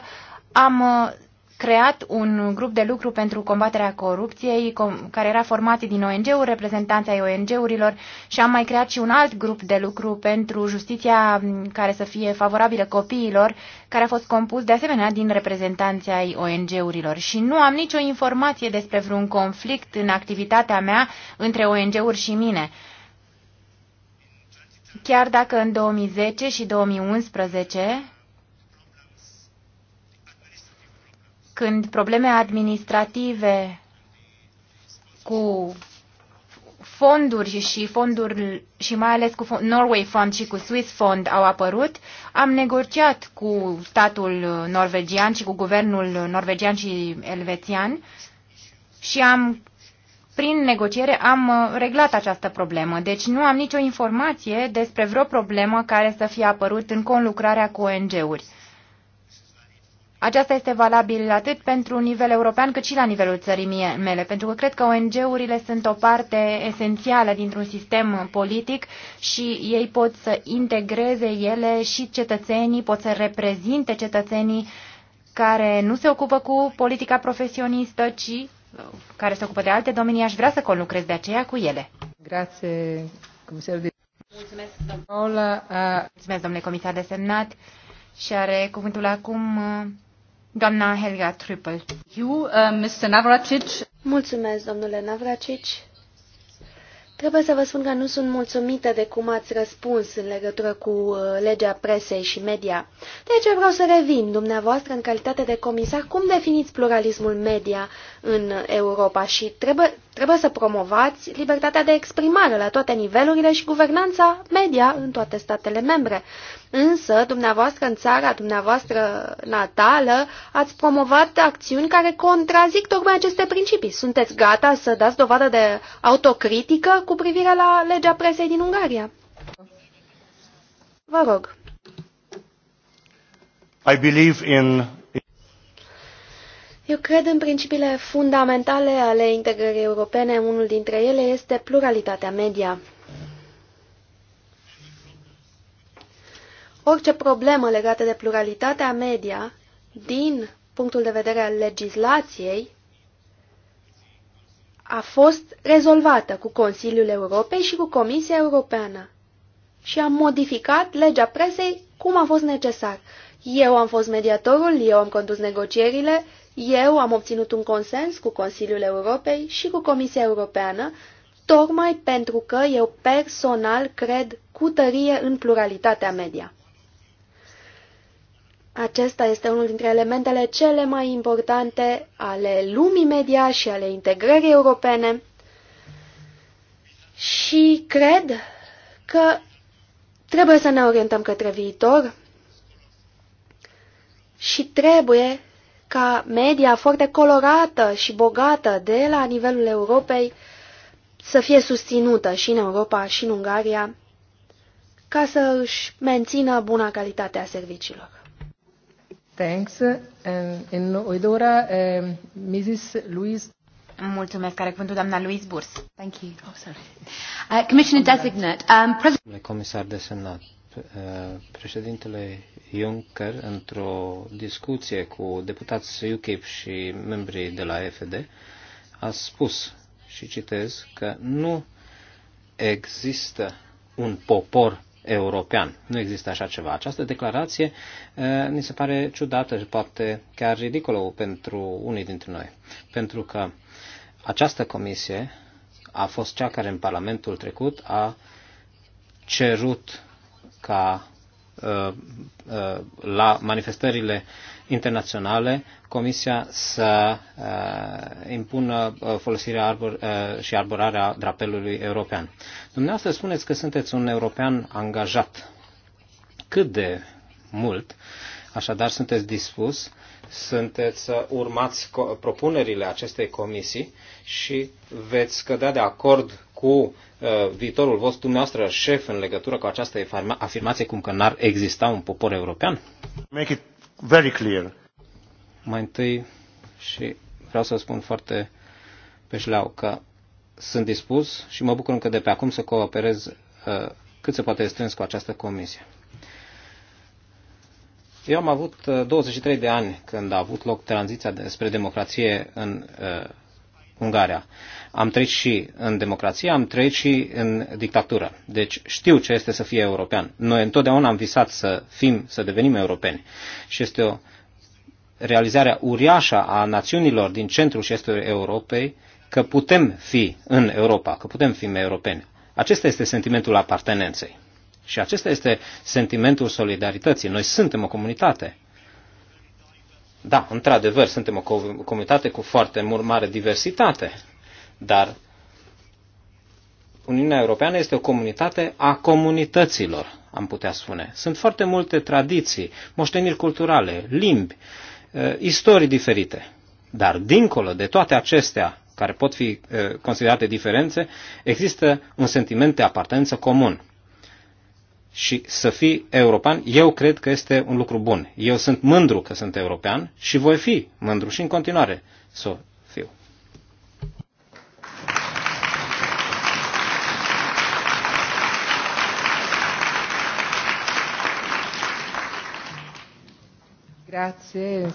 am uh, creat un grup de lucru pentru combaterea corupției care era format din ONG-uri, reprezentanți ai ONG-urilor și am mai creat și un alt grup de lucru pentru justiția care să fie favorabilă copiilor, care a fost compus de asemenea din reprezentanții ai ONG-urilor. Și nu am nicio informație despre vreun conflict în activitatea mea între ONG-uri și mine. Chiar dacă în 2010 și 2011, când probleme administrative cu fonduri și fonduri și mai ales cu Norway Fund și cu Swiss Fund au apărut, am negociat cu statul norvegian și cu guvernul norvegian și elvețian și am prin negociere am uh, reglat această problemă, deci nu am nicio informație despre vreo problemă care să fie apărut în conlucrarea cu ONG-uri. Aceasta este valabil atât pentru nivel european cât și la nivelul țării mele, pentru că cred că ONG-urile sunt o parte esențială dintr-un sistem politic și ei pot să integreze ele și cetățenii, pot să reprezinte cetățenii care nu se ocupă cu politica profesionistă, ci care se ocupă de alte domenii, aș vrea să conlucrez de aceea cu ele. Grație, comisarul de... Mulțumesc, domnule. A... Mulțumesc, domnule comisar semnat. Și are cuvântul acum uh, doamna Helga Trüppel. You, uh, Mr. Navracic. Mulțumesc, domnule Navracic. Trebuie să vă spun că nu sunt mulțumită de cum ați răspuns în legătură cu uh, legea presei și media. De ce vreau să revin, dumneavoastră, în calitate de comisar, cum definiți pluralismul media în Europa și trebuie, Trebuie să promovați libertatea de exprimare la toate nivelurile și guvernanța media în toate statele membre. Însă, dumneavoastră în țara dumneavoastră natală ați promovat acțiuni care contrazic tocmai aceste principii. Sunteți gata să dați dovadă de autocritică cu privire la legea presei din Ungaria? Vă rog. I believe in eu cred în principiile fundamentale ale integrării europene. Unul dintre ele este pluralitatea media. Orice problemă legată de pluralitatea media, din punctul de vedere al legislației, a fost rezolvată cu Consiliul Europei și cu Comisia Europeană și am modificat legea presei cum a fost necesar. Eu am fost mediatorul, eu am condus negocierile eu am obținut un consens cu Consiliul Europei și cu Comisia Europeană, tocmai pentru că eu personal cred cu tărie în pluralitatea media. Acesta este unul dintre elementele cele mai importante ale lumii media și ale integrării europene și cred că trebuie să ne orientăm către viitor și trebuie ca media foarte colorată și bogată de la nivelul Europei să fie susținută și în Europa și în Ungaria ca să își mențină buna calitate a serviciilor. Thanks. În Oidora, um, Mrs. Louise. Mulțumesc. Care cuvântul doamna Louise Burs. Thank you. Oh, sorry. Uh, Commissioner Designate. Um, President... Comisar desemnat președintele Juncker într-o discuție cu deputați UKIP și membrii de la FD a spus și citez că nu există un popor european. Nu există așa ceva. Această declarație eh, ni se pare ciudată și poate chiar ridicolă pentru unii dintre noi. Pentru că această comisie a fost cea care în Parlamentul trecut a cerut ca uh, uh, la manifestările internaționale, Comisia să uh, impună folosirea arbor, și arborarea drapelului european. Dumneavoastră spuneți că sunteți un european angajat. Cât de mult, așadar, sunteți dispus sunteți să urmați propunerile acestei comisii și veți cădea de acord cu uh, viitorul vostru dumneavoastră șef în legătură cu această afirmație cum că n-ar exista un popor european? Make it very clear. Mai întâi și vreau să spun foarte pe șleau că sunt dispus și mă bucur încă de pe acum să cooperez uh, cât se poate strâns cu această comisie. Eu am avut 23 uh, de ani când a avut loc tranziția spre democrație în uh, Ungaria. Am trăit și în democrație, am trăit și în dictatură. Deci știu ce este să fie european. Noi întotdeauna am visat să fim, să devenim europeni. Și este o realizare uriașă a națiunilor din centrul și estul Europei că putem fi în Europa, că putem fi europeni. Acesta este sentimentul apartenenței. Și acesta este sentimentul solidarității. Noi suntem o comunitate. Da, într-adevăr, suntem o comunitate cu foarte mare diversitate, dar Uniunea Europeană este o comunitate a comunităților, am putea spune. Sunt foarte multe tradiții, moșteniri culturale, limbi, eh, istorii diferite. Dar dincolo de toate acestea, care pot fi eh, considerate diferențe, există un sentiment de apartenență comun și să fii european, eu cred că este un lucru bun. Eu sunt mândru că sunt european și voi fi mândru și în continuare să o fiu. Grazie,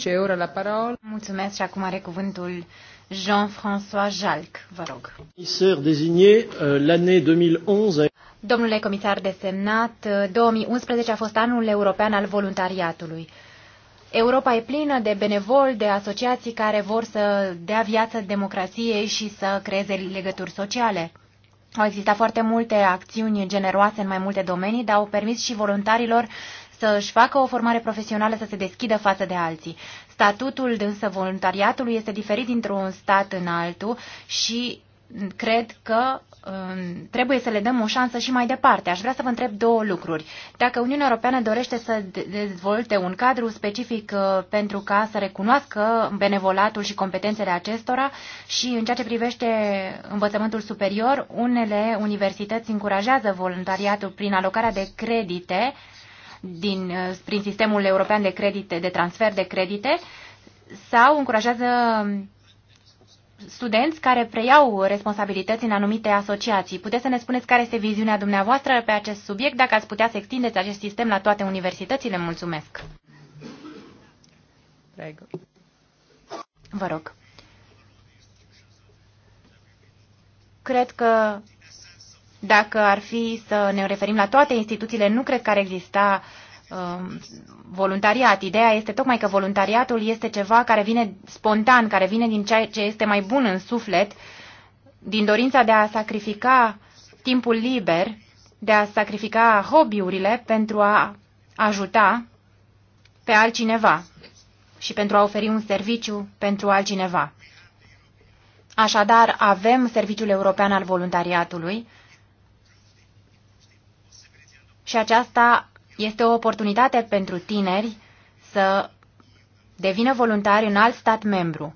C'è ora la parola. Mulțumesc și acum are cuvântul Jean-François Jalc, vă rog. Commissaire désigné euh, l'année 2011 Domnule comisar desemnat, 2011 a fost anul european al voluntariatului. Europa e plină de benevoli, de asociații care vor să dea viață democrației și să creeze legături sociale. Au existat foarte multe acțiuni generoase în mai multe domenii, dar au permis și voluntarilor să își facă o formare profesională, să se deschidă față de alții. Statutul însă voluntariatului este diferit dintr-un stat în altul și cred că um, trebuie să le dăm o șansă și mai departe. Aș vrea să vă întreb două lucruri. Dacă Uniunea Europeană dorește să dezvolte un cadru specific uh, pentru ca să recunoască benevolatul și competențele acestora și în ceea ce privește învățământul superior, unele universități încurajează voluntariatul prin alocarea de credite din, uh, prin sistemul european de credite, de transfer de credite sau încurajează um, studenți care preiau responsabilități în anumite asociații. Puteți să ne spuneți care este viziunea dumneavoastră pe acest subiect, dacă ați putea să extindeți acest sistem la toate universitățile? Mulțumesc! Vă rog. Cred că dacă ar fi să ne referim la toate instituțiile, nu cred că ar exista uh, Um, voluntariat. Ideea este tocmai că voluntariatul este ceva care vine spontan, care vine din ceea ce este mai bun în suflet, din dorința de a sacrifica timpul liber, de a sacrifica hobby-urile pentru a ajuta pe altcineva și pentru a oferi un serviciu pentru altcineva. Așadar, avem Serviciul European al Voluntariatului și aceasta este o oportunitate pentru tineri să devină voluntari în alt stat membru.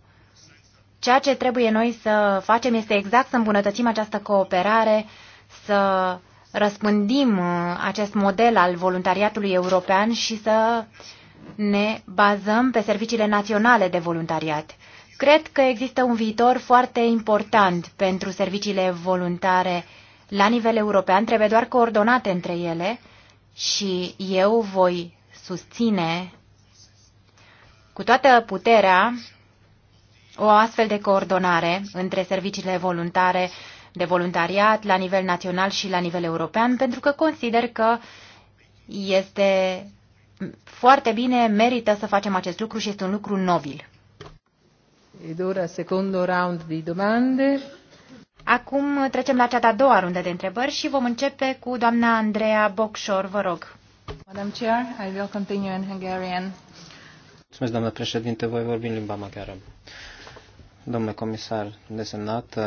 Ceea ce trebuie noi să facem este exact să îmbunătățim această cooperare, să răspândim uh, acest model al voluntariatului european și să ne bazăm pe serviciile naționale de voluntariat. Cred că există un viitor foarte important pentru serviciile voluntare la nivel european, trebuie doar coordonate între ele și eu voi susține cu toată puterea o astfel de coordonare între serviciile voluntare de voluntariat la nivel național și la nivel european, pentru că consider că este foarte bine, merită să facem acest lucru și este un lucru nobil. Ed ora secondo round di domande. Acum trecem la cea de-a doua rundă de întrebări și vom începe cu doamna Andreea Bocșor, vă rog. Madam Chair, I will continue in Hungarian. Mulțumesc, doamna președinte, voi vorbi în limba maghiară. Domnule comisar desemnat,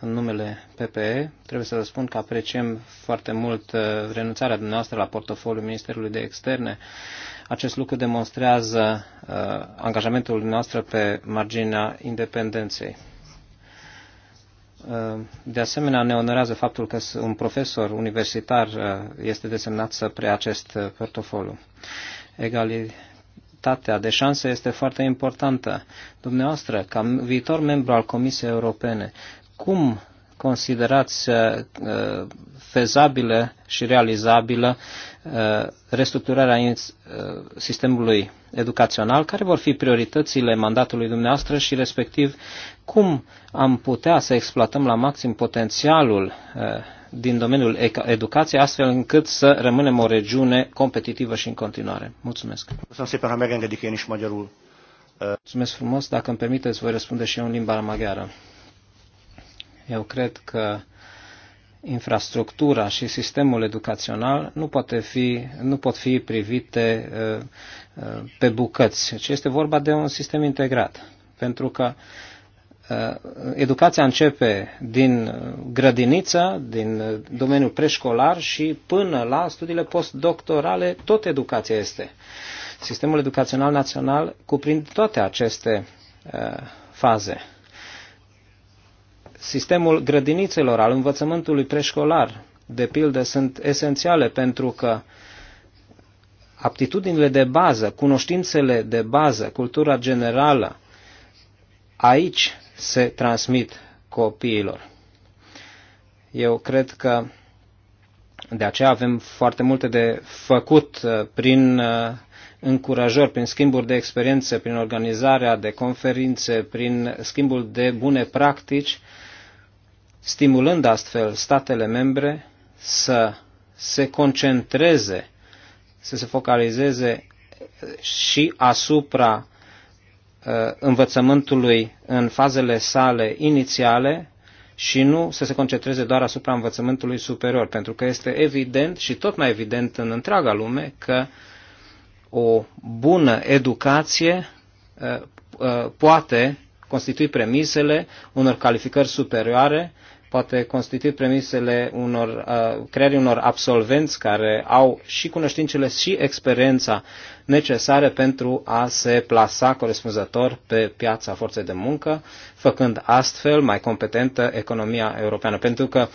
în numele PPE, trebuie să vă spun că apreciem foarte mult uh, renunțarea dumneavoastră la portofoliul Ministerului de Externe. Acest lucru demonstrează uh, angajamentul dumneavoastră pe marginea independenței. Uh, de asemenea, ne onorează faptul că un profesor universitar uh, este desemnat să preia acest uh, portofoliu. Egalitatea de șanse este foarte importantă. Dumneavoastră, ca viitor membru al Comisiei Europene, cum considerați uh, fezabilă și realizabilă uh, restructurarea uh, sistemului educațional, care vor fi prioritățile mandatului dumneavoastră și respectiv cum am putea să exploatăm la maxim potențialul din domeniul educației, astfel încât să rămânem o regiune competitivă și în continuare. Mulțumesc. Mulțumesc frumos. Dacă îmi permiteți, voi răspunde și eu în limba maghiară. Eu cred că infrastructura și sistemul educațional nu, poate fi, nu pot fi privite uh, uh, pe bucăți, ci este vorba de un sistem integrat. Pentru că uh, educația începe din grădiniță, din domeniul preșcolar și până la studiile postdoctorale, tot educația este. Sistemul educațional național cuprinde toate aceste faze. Sistemul grădinițelor, al învățământului preșcolar, de pildă, sunt esențiale pentru că aptitudinile de bază, cunoștințele de bază, cultura generală, aici se transmit copiilor. Eu cred că de aceea avem foarte multe de făcut uh, prin uh, încurajări, prin schimburi de experiențe, prin organizarea de conferințe, prin schimbul de bune practici stimulând astfel statele membre să se concentreze, să se focalizeze și asupra uh, învățământului în fazele sale inițiale și nu să se concentreze doar asupra învățământului superior, pentru că este evident și tot mai evident în întreaga lume că o bună educație uh, uh, poate constitui premisele unor calificări superioare, poate constitui premisele unor, uh, creării unor absolvenți care au și cunoștințele și experiența necesare pentru a se plasa corespunzător pe piața forței de muncă, făcând astfel mai competentă economia europeană. Pentru că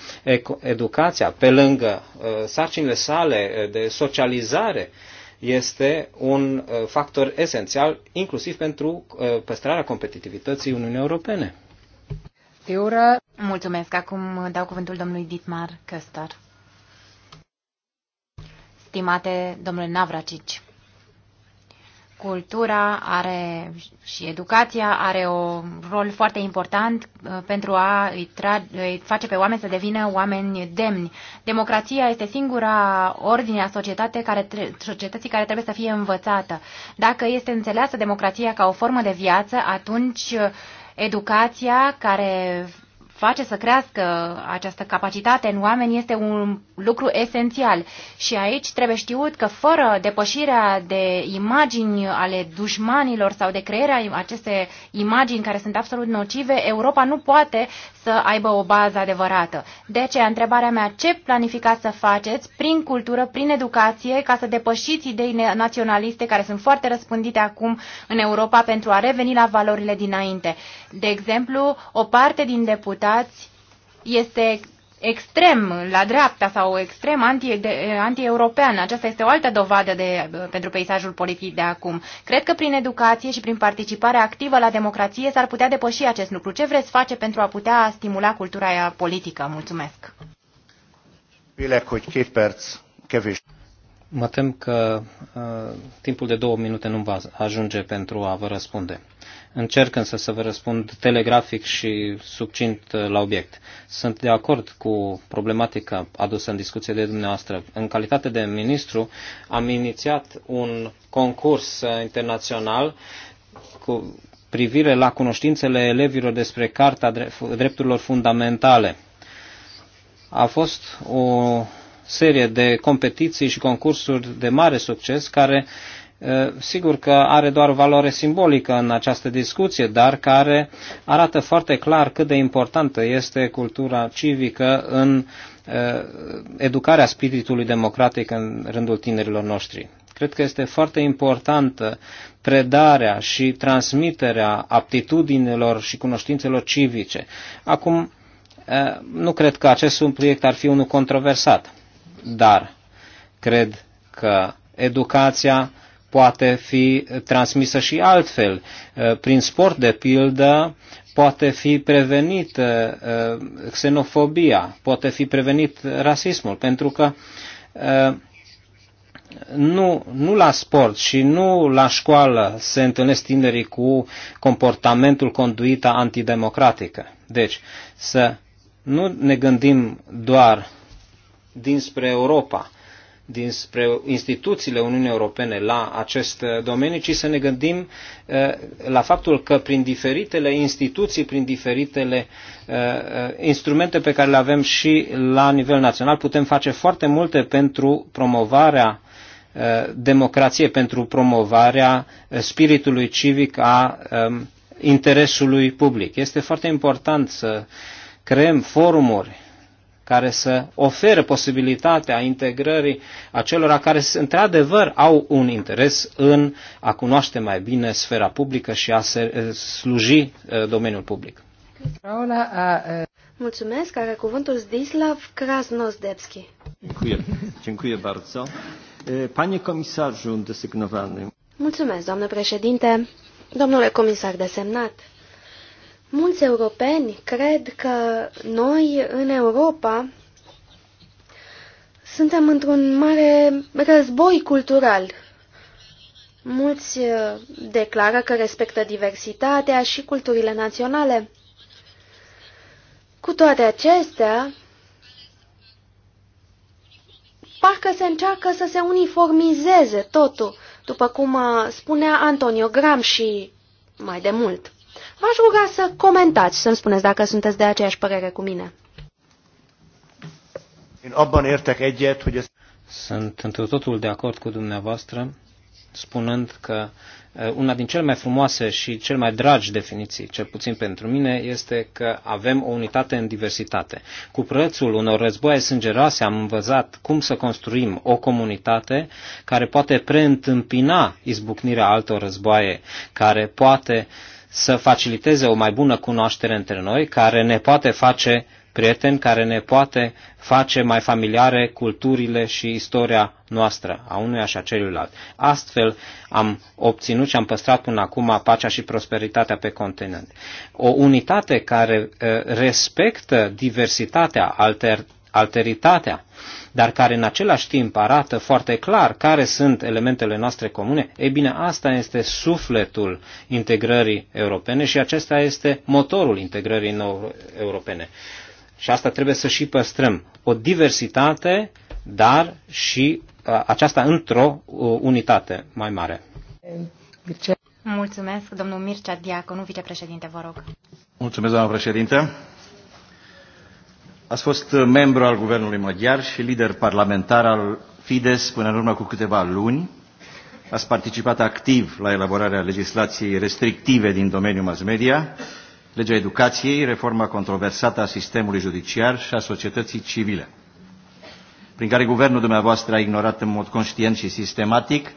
educația, pe lângă uh, sarcinile sale uh, de socializare, uh, este un uh, factor esențial, inclusiv pentru uh, păstrarea competitivității Uniunii Europene. Fiură, mulțumesc. Acum dau cuvântul domnului Dietmar Căstar. Stimate domnule Navracici, cultura are și educația are un rol foarte important uh, pentru a îi, tra- îi face pe oameni să devină oameni demni. Democrația este singura ordine a societate care societății care trebuie să fie învățată. Dacă este înțeleasă democrația ca o formă de viață, atunci uh, educația care face să crească această capacitate în oameni este un lucru esențial. Și aici trebuie știut că fără depășirea de imagini ale dușmanilor sau de crearea aceste imagini care sunt absolut nocive, Europa nu poate să aibă o bază adevărată. De aceea, întrebarea mea, ce planificați să faceți prin cultură, prin educație, ca să depășiți idei naționaliste care sunt foarte răspândite acum în Europa pentru a reveni la valorile dinainte? De exemplu, o parte din deputați uitați, este extrem la dreapta sau extrem anti-european. Anti Aceasta este o altă dovadă de, pentru peisajul politic de acum. Cred că prin educație și prin participare activă la democrație s-ar putea depăși acest lucru. Ce vreți face pentru a putea stimula cultura politică? Mulțumesc! Mă tem că uh, timpul de două minute nu va ajunge pentru a vă răspunde. Încerc însă să vă răspund telegrafic și subțint uh, la obiect. Sunt de acord cu problematica adusă în discuție de dumneavoastră. În calitate de ministru am inițiat un concurs uh, internațional cu privire la cunoștințele elevilor despre Carta Drepturilor Fundamentale. A fost o serie de competiții și concursuri de mare succes care uh, sigur că are doar valoare simbolică în această discuție, dar care arată foarte clar cât de importantă este cultura civică în educarea spiritului democratic în rândul tinerilor noștri. Cred că este foarte importantă predarea și transmiterea aptitudinilor și cunoștințelor civice. Acum, nu cred că acest subiect ar fi unul controversat, dar cred că educația poate fi transmisă și altfel. Uh, prin sport, de pildă, poate fi prevenit uh, xenofobia, poate fi prevenit rasismul, pentru că uh, nu, nu la sport și nu la școală se întâlnesc tinerii cu comportamentul conduita antidemocratică. Deci, să nu ne gândim doar dinspre Europa, dinspre instituțiile Uniunii Europene la acest domeniu, ci să ne gândim eh, la faptul că prin diferitele instituții, prin diferitele eh, instrumente pe care le avem și la nivel național, putem face foarte multe pentru promovarea eh, democrației, pentru promovarea spiritului civic a interesului public. Este foarte important să creăm forumuri care să oferă posibilitatea integrării acelora care, într-adevăr, au un interes în a cunoaște mai bine sfera publică și a se, sluji domeniul public. Mulțumesc. Are cuvântul Zdislav Krasnozdebski. Dziękuję. bardzo. Panie komisarzu desygnowany. Mulțumesc, doamnă președinte. Domnule comisar desemnat. Mulți europeni cred că noi, în Europa, suntem într-un mare război cultural. Mulți uh, declară că respectă diversitatea și culturile naționale. Cu toate acestea, parcă se încearcă să se uniformizeze totul, după cum uh, spunea Antonio Gramsci mai de mult. V-aș ruga să comentați, să-mi spuneți dacă sunteți de aceeași părere cu mine. Sunt într totul de acord cu dumneavoastră, spunând că una din cele mai frumoase și cel mai dragi definiții, cel puțin pentru mine, este că avem o unitate în diversitate. Cu prețul unor războaie sângeroase am învățat cum să construim o comunitate care poate preîntâmpina izbucnirea altor războaie, care poate uh, să faciliteze o mai bună cunoaștere între noi, care ne poate face prieteni, care ne poate face mai familiare culturile și istoria noastră, a unuia așa celuilalt. Astfel am obținut și am păstrat până acum pacea și prosperitatea pe continent. O unitate care eh, respectă diversitatea, alter, alteritatea, dar care în același timp arată foarte clar care sunt elementele noastre comune, e bine, asta este sufletul integrării europene și acesta este motorul integrării europene. Și asta trebuie să și păstrăm. O diversitate, dar și uh, aceasta într-o uh, unitate mai mare. Mulțumesc, domnul Mircea Diaconu, vicepreședinte, vă rog. Mulțumesc, doamna președinte. Ați fost membru al guvernului maghiar și lider parlamentar al Fides până în urmă cu câteva luni. Ați participat activ la elaborarea legislației restrictive din domeniul mass media, legea educației, reforma controversată a sistemului judiciar și a societății civile, prin care guvernul dumneavoastră a ignorat în mod conștient și sistematic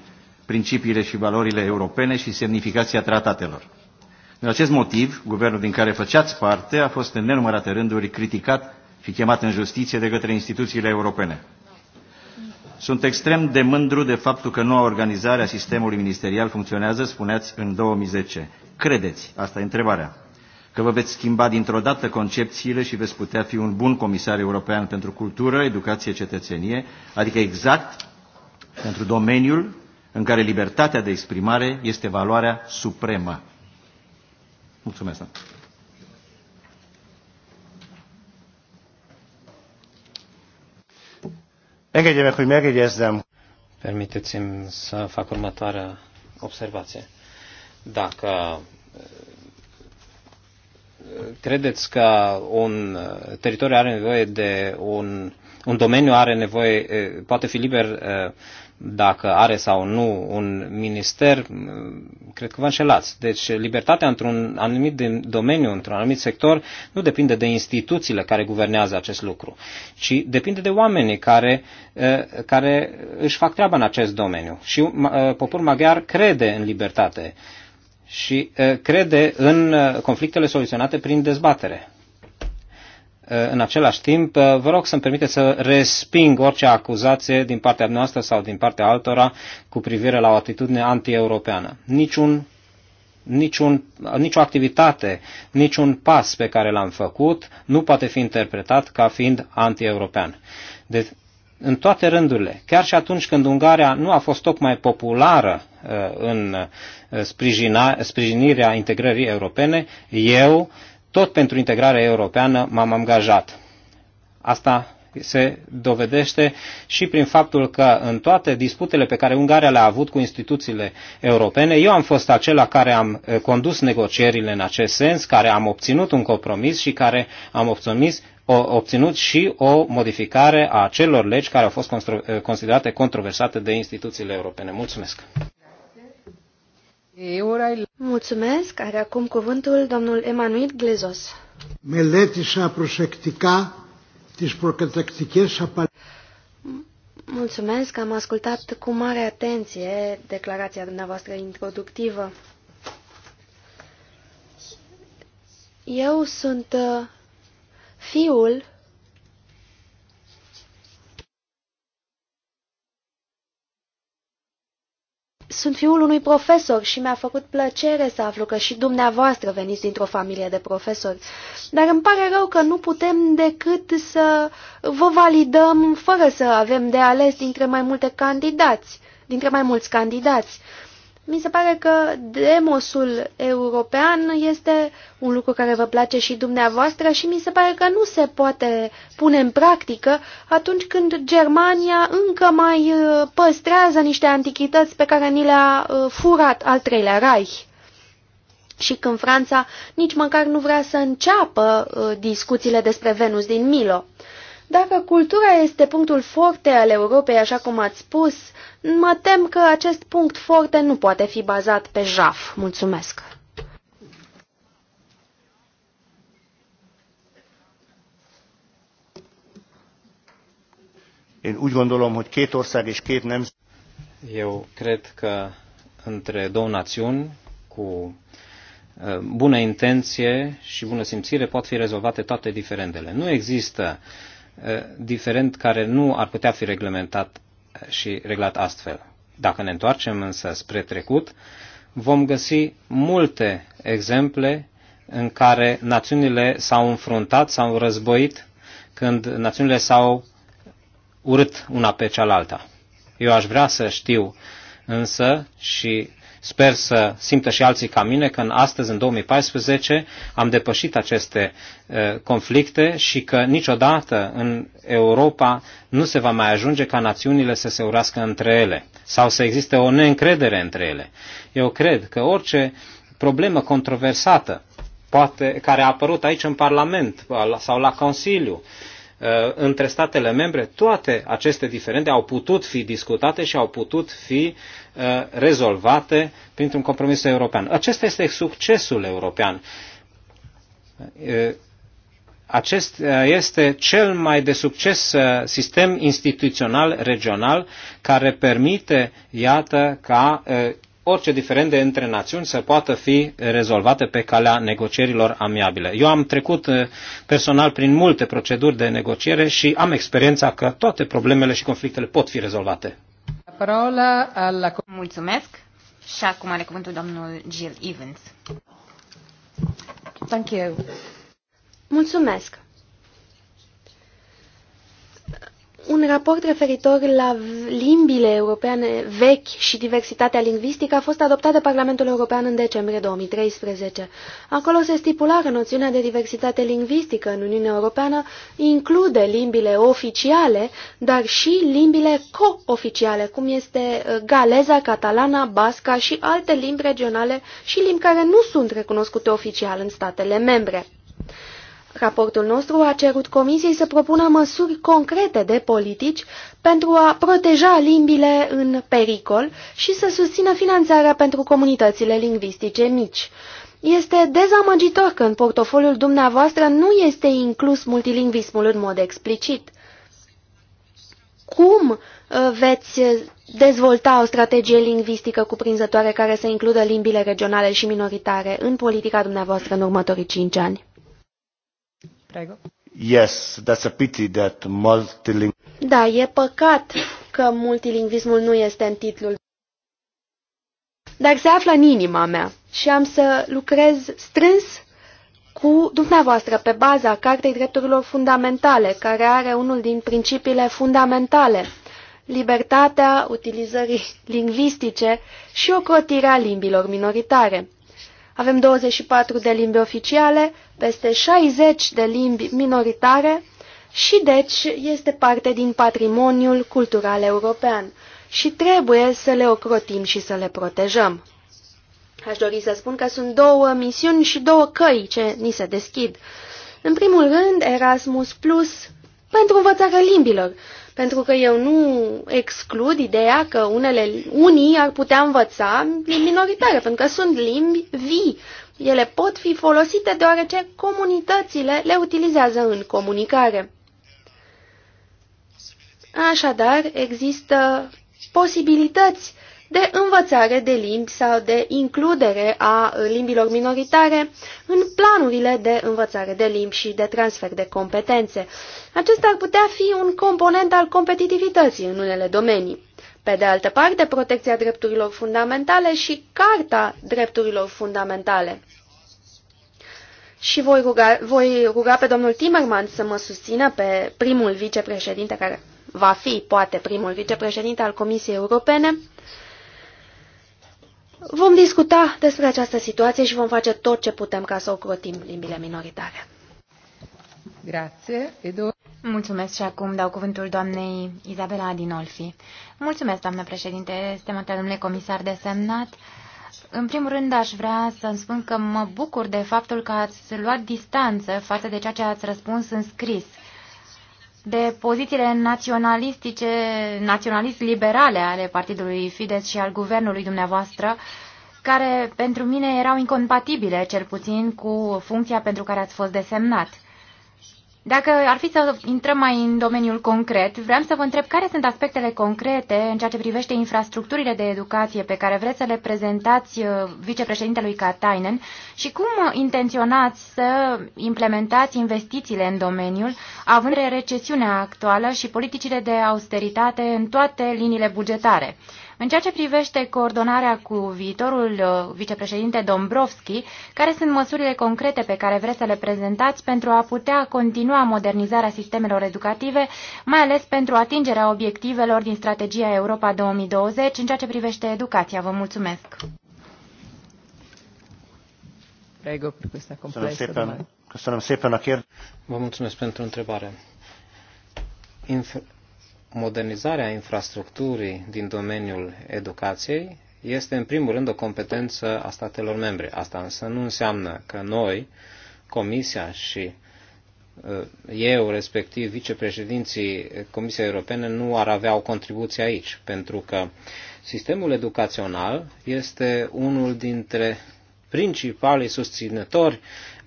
principiile și valorile europene și semnificația tratatelor. În acest motiv, guvernul din care făceați parte a fost în nenumărate rânduri criticat fi chemat în justiție de către instituțiile europene. Sunt extrem de mândru de faptul că noua organizare a sistemului ministerial funcționează, spuneați, în 2010. Credeți, asta e întrebarea, că vă veți schimba dintr-o dată concepțiile și veți putea fi un bun comisar european pentru cultură, educație, cetățenie, adică exact pentru domeniul în care libertatea de exprimare este valoarea supremă. Mulțumesc. Engedje meg, hogy megjegyezzem. Permiteți-mi să fac următoarea observație. Dacă uh, credeți că un uh, teritoriu are nevoie de un, un domeniu are nevoie, uh, poate fi liber dacă are sau nu un minister, cred că vă înșelați. Deci libertatea într-un anumit domeniu, într-un anumit sector, nu depinde de instituțiile care guvernează acest lucru, ci depinde de oamenii care, care își fac treaba în acest domeniu. Și poporul maghiar crede în libertate și crede în conflictele soluționate prin dezbatere. Uh, în același timp, uh, vă rog să-mi permiteți să resping orice acuzație din partea noastră sau din partea altora cu privire la o atitudine antieuropeană. Niciun, niciun, uh, nicio activitate, niciun pas pe care l-am făcut nu poate fi interpretat ca fiind antieuropean. Deci, în toate rândurile, chiar și atunci când Ungaria nu a fost tocmai populară în sprijinirea integrării europene, eu tot pentru integrarea europeană m-am angajat. Asta se dovedește și prin faptul că în toate disputele pe care Ungaria le-a avut cu instituțiile europene, eu am fost acela care am eh, condus negocierile în acest sens, care am obținut un compromis și care am obținut, o, obținut și o modificare a celor legi care au fost eh, considerate controversate de instituțiile europene. Mulțumesc! Mulțumesc. Are acum cuvântul domnul Emanuel Glezos. Meletișa proșectica, tiș procatacticheșa apare... Mulțumesc, am ascultat cu mare atenție declarația dumneavoastră introductivă. Eu sunt uh, fiul Sunt fiul unui profesor și mi-a făcut plăcere să aflu că și dumneavoastră veniți dintr-o familie de profesori, dar îmi pare rău că nu putem decât să vă validăm fără să avem de ales dintre mai multe candidați, dintre mai mulți candidați. Mi se pare că demosul european este un lucru care vă place și dumneavoastră și mi se pare că nu se poate pune în practică atunci când Germania încă mai uh, păstrează niște antichități pe care ni le-a uh, furat al treilea Reich. Și când Franța nici măcar nu vrea să înceapă uh, discuțiile despre Venus din Milo. Dacă cultura este punctul forte al Europei, așa cum ați spus, mă tem că acest punct forte nu poate fi bazat pe jaf. Mulțumesc! Eu cred că între două națiuni cu ă, bună intenție și bună simțire pot fi rezolvate toate diferendele. Nu există uh, diferent care nu ar putea fi reglementat și reglat astfel. Dacă ne întoarcem însă spre trecut, vom găsi multe exemple în care națiunile s-au înfruntat, s-au războit, când națiunile s-au urât una pe cealaltă. Eu aș vrea să știu însă și Sper să simtă și alții ca mine că în astăzi, în 2014, am depășit aceste uh, conflicte și că niciodată în Europa nu se va mai ajunge ca națiunile să se urască între ele sau să existe o neîncredere între ele. Eu cred că orice problemă controversată poate, care a apărut aici în Parlament sau la Consiliu, Uh, între statele membre, toate aceste diferende au putut fi discutate și au putut fi uh, rezolvate printr-un compromis european. Acesta este succesul european. Uh, acest este cel mai de succes sistem instituțional regional care permite, iată, ca orice diferende între națiuni să poată fi rezolvate pe calea negocierilor amiabile. Eu am trecut eh, personal prin multe proceduri de negociere și am experiența că toate problemele și conflictele pot fi rezolvate. Parola la Mulțumesc și acum are cuvântul domnul Jill Evans. Thank you. Mulțumesc. Un raport referitor la limbile europene vechi și diversitatea lingvistică a fost adoptat de Parlamentul European în decembrie 2013. Acolo se stipula că noțiunea de diversitate lingvistică în Uniunea Europeană include limbile oficiale, dar și limbile co-oficiale, cum este uh, galeza, catalana, basca și alte limbi regionale și limbi care nu sunt recunoscute oficial în statele membre. Raportul nostru a cerut Comisiei să propună măsuri concrete de politici pentru a proteja limbile în pericol și să susțină finanțarea pentru comunitățile lingvistice mici. Este dezamăgitor că în portofoliul dumneavoastră nu este inclus multilingvismul în mod explicit. Cum uh, veți dezvolta o strategie lingvistică cuprinzătoare care să includă limbile regionale și minoritare în politica dumneavoastră în următorii cinci ani? Yes, that's a pity that Da, e păcat că multilingvismul nu este în titlul. Dar se află în inima mea și am să lucrez strâns cu dumneavoastră pe baza Cartei Drepturilor Fundamentale, care are unul din principiile fundamentale, libertatea utilizării lingvistice și ocrotirea limbilor minoritare. Avem 24 de limbi oficiale, peste 60 de limbi minoritare și deci este parte din patrimoniul cultural european și trebuie să le ocrotim și să le protejăm. Aș dori să spun că sunt două misiuni și două căi ce ni se deschid. În primul rând, Erasmus Plus pentru învățarea limbilor, pentru că eu nu exclud ideea că unele, unii ar putea învăța limbi minoritare, pentru că sunt limbi vii, ele pot fi folosite deoarece comunitățile le utilizează în comunicare. Așadar, există posibilități de învățare de limbi sau de includere a limbilor minoritare în planurile de învățare de limbi și de transfer de competențe. Acesta ar putea fi un component al competitivității în unele domenii. Pe de altă parte, protecția drepturilor fundamentale și Carta Drepturilor Fundamentale. Și voi ruga, voi ruga pe domnul Timmermans să mă susțină pe primul vicepreședinte, care va fi, poate, primul vicepreședinte al Comisiei Europene. Vom discuta despre această situație și vom face tot ce putem ca să ocrotim limbile minoritare. Grazie. Mulțumesc și acum dau cuvântul doamnei Izabela Adinolfi. Mulțumesc, doamnă președinte, stimate domnule comisar desemnat. În primul rând aș vrea să-mi spun că mă bucur de faptul că ați luat distanță față de ceea ce ați răspuns în scris de pozițiile naționalistice, naționalist-liberale ale partidului Fides și al guvernului dumneavoastră, care pentru mine erau incompatibile, cel puțin, cu funcția pentru care ați fost desemnat. Dacă ar fi să intrăm mai în domeniul concret, vreau să vă întreb care sunt aspectele concrete în ceea ce privește infrastructurile de educație pe care vreți să le prezentați uh, vicepreședintelui Katainen și cum intenționați să implementați investițiile în domeniul, având recesiunea actuală și politicile de austeritate în toate liniile bugetare. În ceea ce privește coordonarea cu viitorul uh, vicepreședinte Dombrovski, care sunt măsurile concrete pe care vreți să le prezentați pentru a putea continua modernizarea sistemelor educative, mai ales pentru atingerea obiectivelor din strategia Europa 2020 în ceea ce privește educația? Vă mulțumesc! Vă mulțumesc pentru întrebare modernizarea infrastructurii din domeniul educației este în primul rând o competență a statelor membre. Asta însă nu înseamnă că noi, Comisia și uh, eu, respectiv vicepreședinții Comisiei Europene, nu ar avea o contribuție aici, pentru că sistemul educațional este unul dintre principalii susținători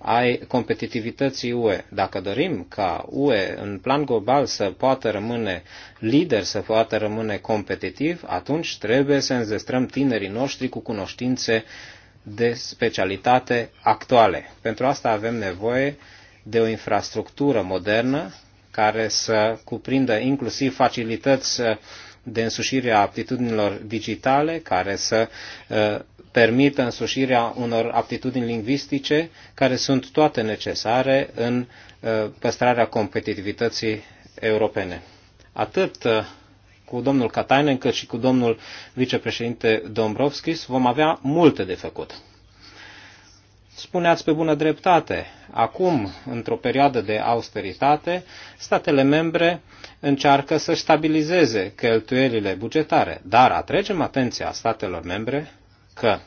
ai competitivității UE. Dacă dorim ca UE în plan global să poată rămâne lider, să poată rămâne competitiv, atunci trebuie să înzestrăm tinerii noștri cu cunoștințe de specialitate actuale. Pentru asta avem nevoie de o infrastructură modernă care să cuprindă inclusiv facilități de însușire a aptitudinilor digitale, care să uh, permită însușirea unor aptitudini lingvistice care sunt toate necesare în uh, păstrarea competitivității europene. Atât uh, cu domnul Katainen cât și cu domnul vicepreședinte Dombrovskis vom avea multe de făcut. Spuneați pe bună dreptate, acum, într-o perioadă de austeritate, statele membre încearcă să stabilizeze cheltuielile bugetare, dar atragem atenția statelor membre că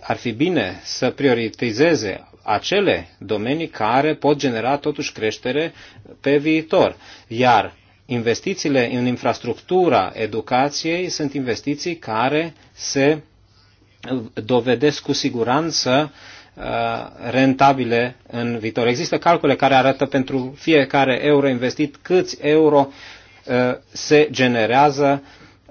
ar fi bine să prioritizeze acele domenii care pot genera totuși creștere pe viitor. Iar investițiile în infrastructura educației sunt investiții care se dovedesc cu siguranță uh, rentabile în viitor. Există calcule care arată pentru fiecare euro investit câți euro uh, se generează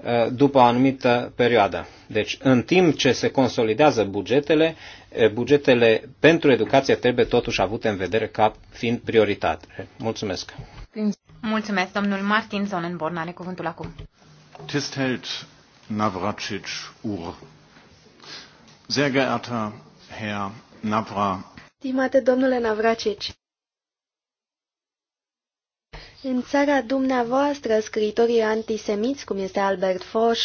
Uh, după o anumită perioadă. Deci, în timp ce se consolidează bugetele, uh, bugetele pentru educație trebuie totuși avute în vedere ca fiind prioritate. Mulțumesc! Mulțumesc, domnul Martin Zonenborn, are cuvântul acum. Tistelt Navracic Ur. Sehr geehrter Herr Navra. Stimate domnule Navracic, în țara dumneavoastră, scritorii antisemiți, cum este Albert Foch,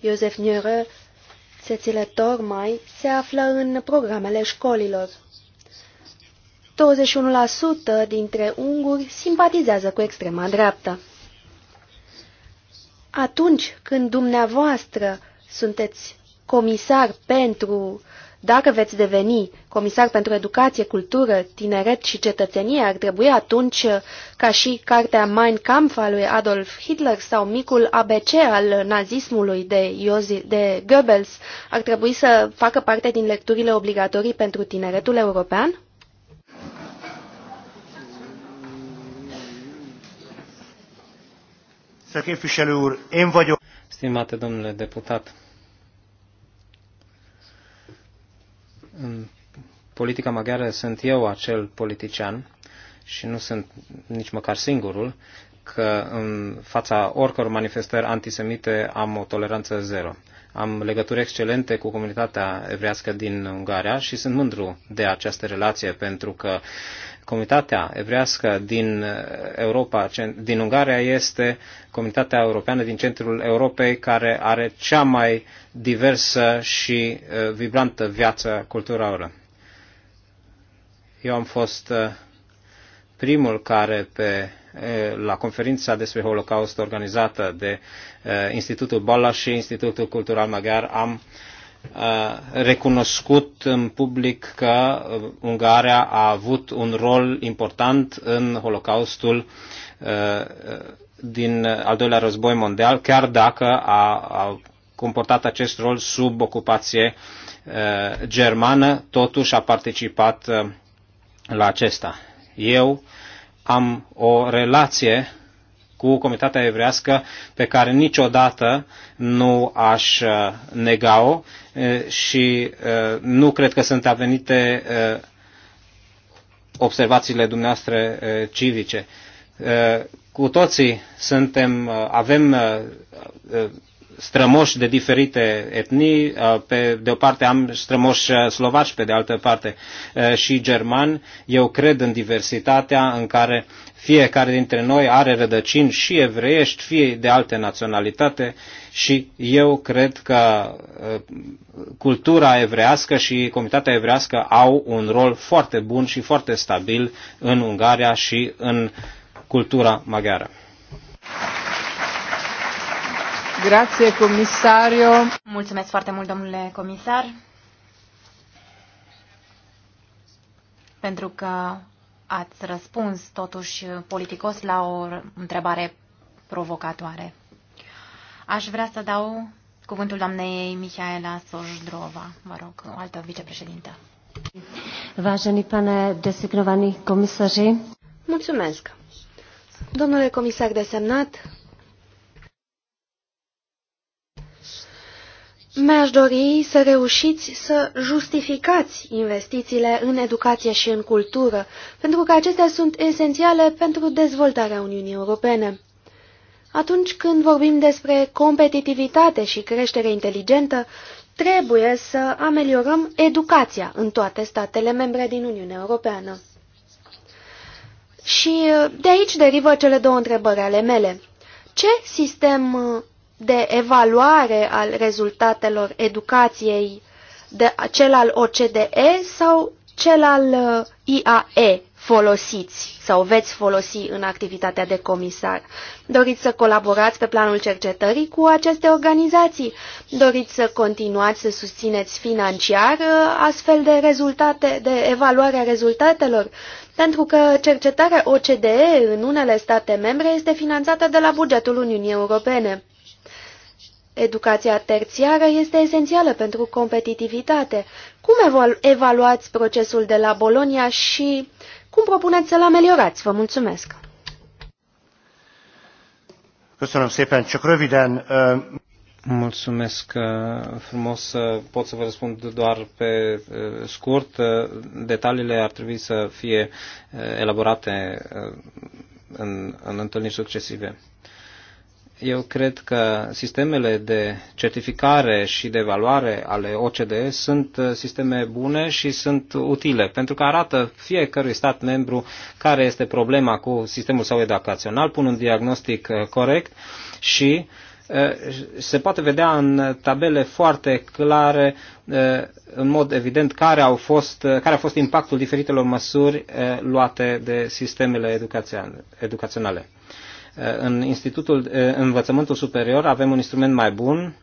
Iosef Nure, Cecile Tormai, se află în programele școlilor. 21% dintre unguri simpatizează cu extrema dreaptă. Atunci când dumneavoastră sunteți comisar pentru uh, dacă veți deveni comisar pentru educație, cultură, tineret și cetățenie, ar trebui atunci uh, ca și cartea Mein Kampf a lui Adolf Hitler sau micul ABC al nazismului de, Iosi, de Goebbels ar trebui să facă parte din lecturile obligatorii pentru tineretul european? Să Stimate domnule deputat, în politica maghiară sunt eu acel politician și nu sunt nici măcar singurul, că în fața oricor manifestări antisemite am o toleranță zero. Am legături excelente cu comunitatea evrească din Ungaria și sunt mândru de această relație pentru că Comunitatea evrească din uh, Europa, din Ungaria, este Comunitatea Europeană din centrul Europei, care are cea mai diversă și uh, vibrantă viață culturală. Eu am fost uh, primul care pe, la conferința despre Holocaust organizată de Institutul Balla și Institutul Cultural Maghiar am uh, recunoscut în public că uh, Ungaria a avut un rol important în Holocaustul uh, uh, din al doilea război mondial, chiar dacă a, a comportat acest rol sub ocupație germană, totuși a participat la acesta. Eu am o relație cu comunitatea evrească pe care niciodată nu aș uh, nega-o uh, și uh, nu cred că sunt avenite observațiile dumneavoastră civice. Cu toții suntem, avem strămoși de diferite etnii, uh, pe de o parte am strămoși uh, slovaci, pe de altă parte uh, și germani. Eu cred în diversitatea în care fiecare dintre noi are rădăcini și evreiești, fie de alte naționalitate și eu cred că cultura evrească și comunitatea evrească au un rol foarte bun și foarte stabil în Ungaria și în cultura maghiară. Grazie, comisario. Mulțumesc foarte mult, domnule comisar, pentru că ați răspuns totuși politicos la o întrebare provocatoare. Aș vrea să dau cuvântul doamnei Mihaela Sojdrova, vă rog, o altă vicepreședintă. Vážený pane designovaný komisaři. Mulțumesc. Domnule comisar desemnat, Mi-aș dori să reușiți să justificați investițiile în educație și în cultură, pentru că acestea sunt esențiale pentru dezvoltarea Uniunii Europene. Atunci când vorbim despre competitivitate și creștere inteligentă, trebuie să ameliorăm educația în toate statele membre din Uniunea Europeană. Și de aici derivă cele două întrebări ale mele. Ce sistem de evaluare al rezultatelor educației, de, cel al OCDE sau cel al uh, IAE folosiți sau veți folosi în activitatea de comisar? Doriți să colaborați pe planul cercetării cu aceste organizații? Doriți să continuați să susțineți financiar uh, astfel de rezultate, de evaluarea rezultatelor? Pentru că cercetarea OCDE în unele state membre este finanțată de la bugetul Uniunii Europene. Educația terțiară este esențială pentru competitivitate. Cum evaluați procesul de la Bolonia și cum propuneți să-l ameliorați? Vă mulțumesc! Mulțumesc frumos. Pot să vă răspund doar pe scurt. Detaliile ar trebui să fie elaborate în, în întâlniri succesive eu cred că sistemele de certificare și de evaluare ale OCDE sunt uh, sisteme bune și sunt utile, pentru că arată fiecărui stat membru care este problema cu sistemul său educațional, pun un diagnostic uh, corect și uh, se poate vedea în tabele foarte clare, în mod evident, care, au fost, care a fost impactul diferitelor măsuri luate de sistemele educaționale. Eh, în Institutul eh, Învățământul Superior avem un instrument mai bun.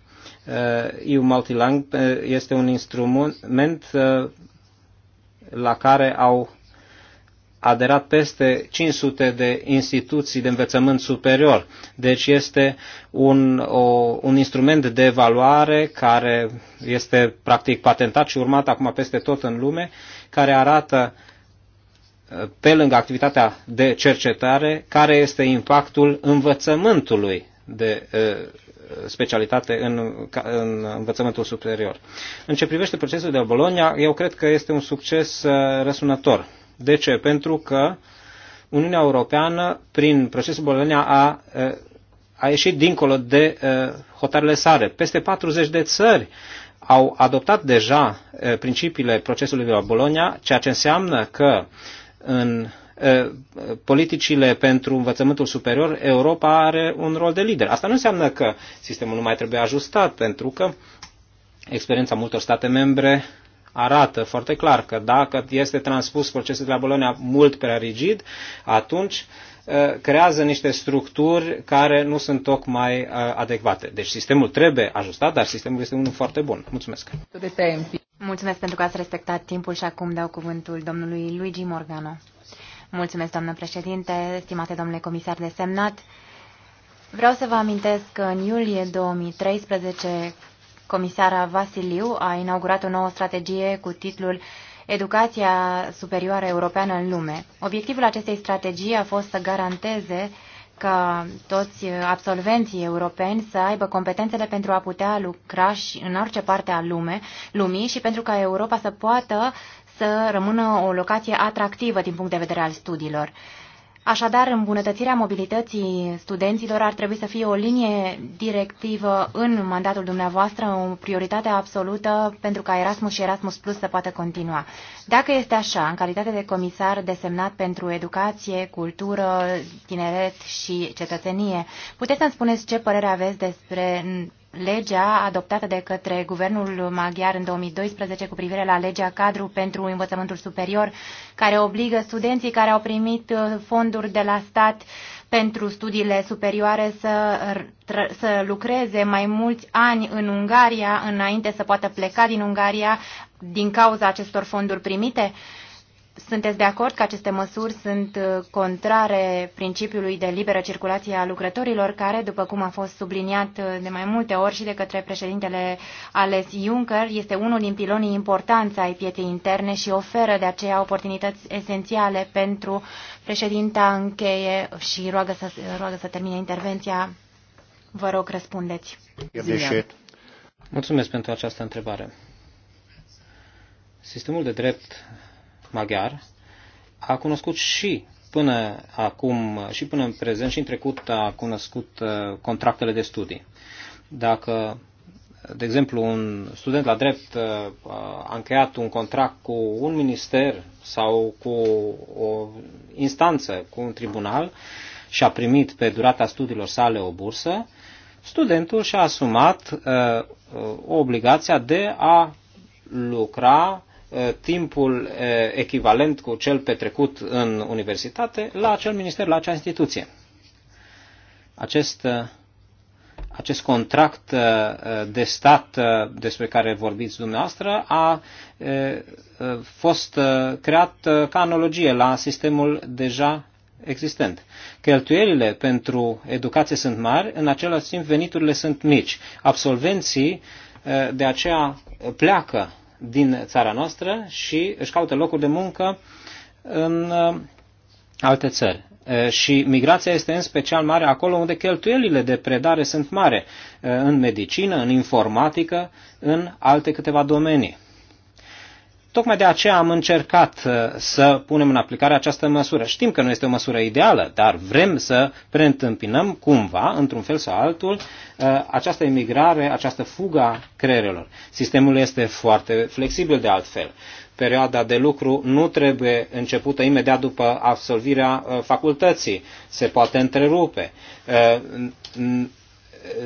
Eh, EU Multilang este un instrument la care au aderat peste 500 de instituții de învățământ superior. Deci este un, o, un instrument de evaluare care este practic patentat și urmat acum peste tot în lume, care arată uh, pe lângă activitatea de cercetare, care este impactul învățământului de specialitate în, în învățământul superior. În ce privește procesul de Bologna, eu cred că este un succes răsunător. De ce? Pentru că Uniunea Europeană, prin procesul Bologna, a, a ieșit dincolo de hotarele sare. Peste 40 de țări au adoptat deja principiile procesului de la Bologna, ceea ce înseamnă că uh, în politicile pentru învățământul superior, Europa are un rol de lider. Asta nu înseamnă că sistemul nu mai trebuie ajustat, pentru că experiența multor state membre arată foarte clar că dacă este transpus procesul de la Bologna mult prea rigid, atunci creează niște structuri care nu sunt tocmai adecvate. Deci sistemul trebuie ajustat, dar sistemul este unul foarte bun. Mulțumesc. Mulțumesc pentru că ați respectat timpul și acum dau cuvântul domnului Luigi Morgano. Mulțumesc, doamnă președinte, stimate domnule comisar de semnat. Vreau să vă amintesc că în iulie 2013 comisara Vasiliu a inaugurat o nouă strategie cu titlul Educația Superioară Europeană în Lume. Obiectivul acestei strategii a fost să garanteze uh, ca toți absolvenții europeni să aibă competențele pentru a putea lucra și în orice parte a lume, lumii și pentru ca Europa să poată să rămână o locație atractivă din punct de vedere al studiilor. Așadar, îmbunătățirea mobilității studenților ar trebui să fie o linie directivă în mandatul dumneavoastră, o prioritate absolută pentru ca Erasmus și Erasmus Plus să poată continua. Dacă este așa, în calitate de comisar desemnat pentru educație, cultură, tineret și cetățenie, puteți să-mi spuneți ce părere aveți despre legea adoptată de către guvernul maghiar în 2012 cu privire la legea cadru pentru învățământul superior, care obligă studenții care au primit uh, fonduri de la stat pentru studiile superioare să, să lucreze mai mulți ani în Ungaria înainte să poată pleca din Ungaria din cauza acestor fonduri primite? Uh, sunteți de acord că aceste măsuri sunt uh, contrare principiului de liberă circulație a lucrătorilor, care, după cum a fost subliniat uh, de mai multe ori și de către președintele ales Juncker, este unul din pilonii importanți ai pieței interne și oferă de aceea oportunități esențiale pentru președinta încheie și roagă să, roagă să termine intervenția. Vă rog, răspundeți. Mulțumesc pentru această întrebare. Sistemul de drept maghiar a cunoscut și până acum, și până în prezent și în trecut a cunoscut uh, contractele de studii. Dacă, de exemplu, un student la drept uh, a încheiat un contract cu un minister sau cu o instanță, cu un tribunal și a primit pe durata studiilor sale o bursă, studentul și-a asumat uh, uh obligația de a lucra timpul echivalent cu cel petrecut în universitate la acel minister, la acea instituție. Acest, acest contract de stat despre care vorbiți dumneavoastră a fost creat ca analogie la sistemul deja existent. Cheltuielile pentru educație sunt mari, în același timp veniturile sunt mici. Absolvenții de aceea pleacă din țara noastră și își caută locuri de muncă în uh, alte țări. Și migrația este în special mare acolo unde cheltuielile de predare sunt mare, în medicină, în informatică, în alte câteva domenii. Tocmai de aceea am încercat uh, să punem în aplicare această măsură. Știm că nu este o măsură ideală, dar vrem să preîntâmpinăm cumva, într-un fel sau altul, uh, această emigrare, această fuga creierelor. Sistemul este foarte flexibil de altfel. Perioada de lucru nu trebuie începută imediat după absolvirea uh, facultății. Se poate întrerupe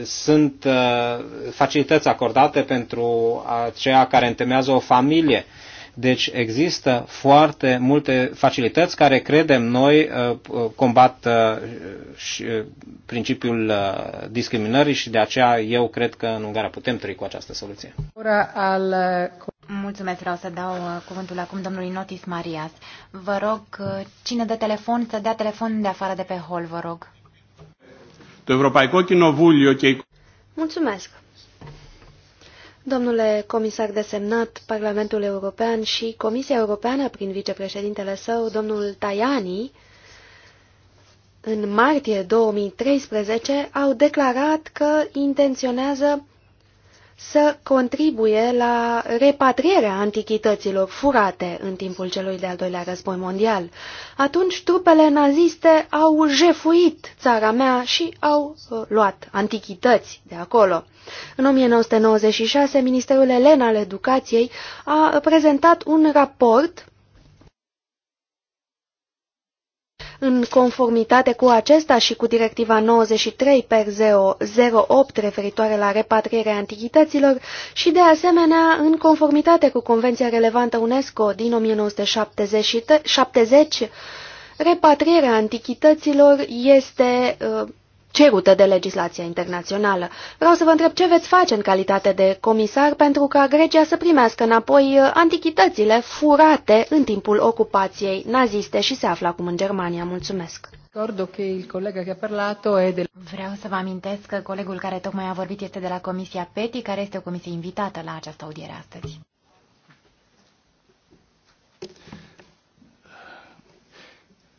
sunt facilități acordate pentru aceia care întemează o familie deci există foarte multe facilități care, credem noi, uh, combat uh, uh, principiul discriminării și de aceea eu cred că în Ungaria putem trăi cu această soluție. Mulțumesc, vreau să dau cuvântul acum domnului Notis Marias. Vă rog, cine dă telefon, să dea telefon de afară de pe hol, vă rog. Mulțumesc. Domnule comisar desemnat, Parlamentul European și Comisia Europeană, prin vicepreședintele său, domnul Tajani, în martie 2013, au declarat că intenționează să contribuie la repatrierea antichităților furate în timpul celui de-al doilea război mondial. Atunci trupele naziste au jefuit țara mea și au uh, luat antichități de acolo. În 1996, Ministerul Elena al Educației a prezentat un raport În conformitate cu acesta și cu directiva 93 per 008 referitoare la repatrierea antichităților și de asemenea în conformitate cu Convenția relevantă UNESCO din 1970, repatrierea antichităților este uh, cerută de legislația internațională. Vreau să vă întreb ce veți face în calitate de comisar pentru ca Grecia să primească înapoi uh, antichitățile furate în timpul ocupației naziste și se află acum în Germania. Mulțumesc! Vreau să vă amintesc că colegul care tocmai a vorbit este de la Comisia PETI, care este o comisie invitată la această audiere astăzi.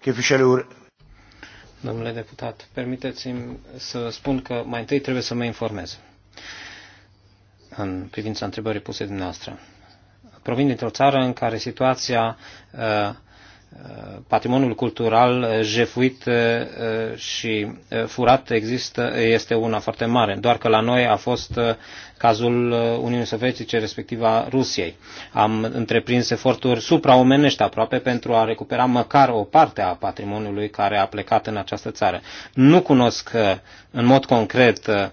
Képviselő domnule deputat. Permiteți-mi să spun că mai întâi trebuie să mă informez în privința întrebării puse dumneavoastră. Provin dintr-o țară în care situația uh, patrimoniul cultural eh, jefuit eh, eh, și furat există, este una foarte mare, doar că la noi a fost cazul Uniunii Sovietice, respectiv a Rusiei. Am întreprins eforturi supraomenești aproape pentru a recupera măcar o parte a patrimoniului care a plecat în această țară. Nu cunosc în mod concret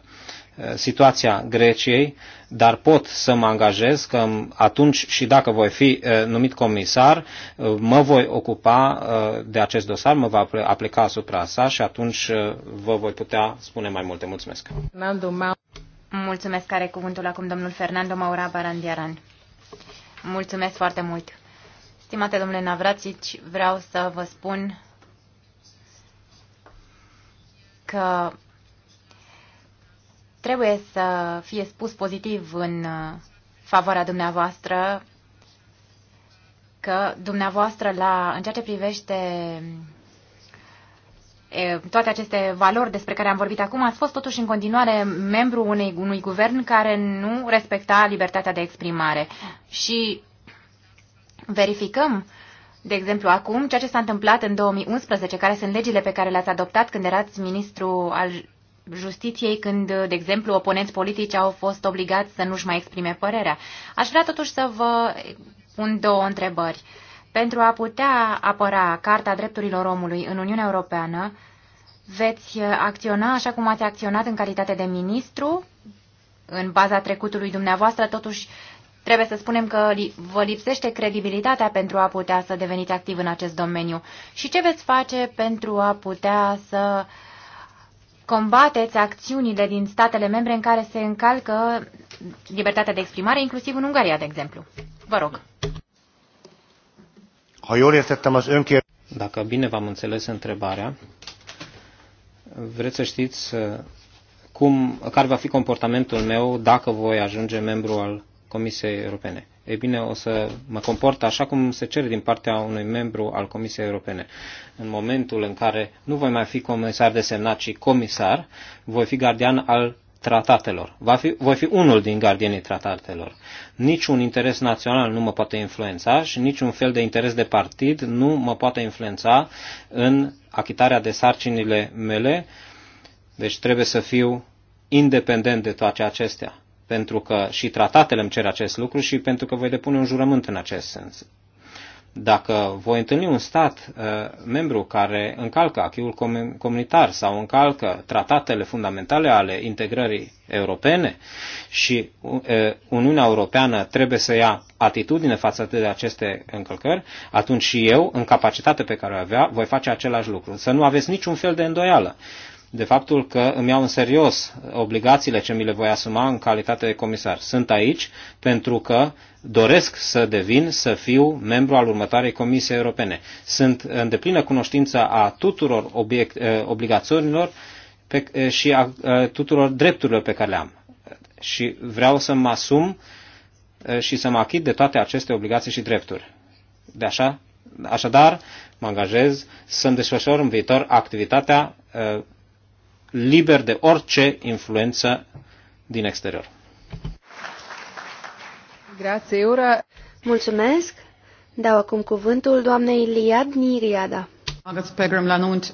situația Greciei, dar pot să mă angajez că atunci și dacă voi fi eh, numit comisar, eh, mă voi ocupa eh, de acest dosar, mă va aplica asupra sa și atunci vă voi putea spune mai multe. Mulțumesc! Mulțumesc, care cuvântul acum domnul Fernando Maura Barandiaran. Mulțumesc foarte mult! Stimate domnule Navrațici, vreau să vă spun că trebuie să fie spus pozitiv în uh, favoarea dumneavoastră că dumneavoastră la, în ceea ce privește toate aceste valori despre care am vorbit acum, ați fost totuși în continuare membru unei, unui guvern care nu respecta libertatea de exprimare. Și verificăm, de exemplu, acum ceea ce s-a întâmplat în 2011, care sunt legile pe care le-ați adoptat când erați ministru al justiției când, de exemplu, oponenți politici au fost obligați să nu-și mai exprime părerea. Aș vrea totuși să vă pun două întrebări. Pentru a putea apăra Carta Drepturilor Omului în Uniunea Europeană, veți acționa așa cum ați acționat în calitate de ministru, în baza trecutului dumneavoastră, totuși Trebuie să spunem că vă lipsește credibilitatea pentru a putea să deveniți activ în acest domeniu. Și ce veți face pentru a putea să uh, combateți acțiunile din statele membre în care se încalcă libertatea de exprimare, inclusiv în Ungaria, de exemplu? Vă rog. Dacă bine v-am înțeles întrebarea, vreți să știți uh, cum, care va fi comportamentul meu dacă voi ajunge membru al Comisiei Europene e bine, o să mă comport așa cum se cere din partea unui membru al Comisiei Europene. În momentul în care nu voi mai fi comisar desemnat, ci comisar, voi fi gardian al tratatelor. Va fi, voi fi unul din gardienii tratatelor. Niciun interes național nu mă poate influența și niciun fel de interes de partid nu mă poate influența în achitarea de sarcinile mele, deci trebuie să fiu independent de toate acestea pentru că și tratatele îmi cer acest lucru și pentru că voi depune un jurământ în acest sens. Dacă voi întâlni un stat uh, membru care încalcă acquis comunitar sau încalcă tratatele fundamentale ale integrării europene și uh, Uniunea Europeană trebuie să ia atitudine față de aceste încălcări, atunci și eu, în capacitatea pe care o avea, voi face același lucru. Să nu aveți niciun fel de îndoială. Uh, de faptul că îmi iau în serios obligațiile ce mi le voi asuma în calitate de comisar. Sunt aici pentru că doresc să devin, să fiu membru al următoarei Comisii Europene. Sunt în deplină cunoștință a tuturor obiect, eh, obligațiunilor pe, eh, și a, a eh, tuturor drepturilor pe care le am. Și vreau să mă asum și să mă achit de toate aceste obligații și drepturi. De așa, așadar, mă angajez să-mi desfășor în viitor activitatea liber de orice influență din exterior. Grație, Iura. Mulțumesc. Dau acum cuvântul doamnei Liad Niriada. Agus Pegram Lanunt,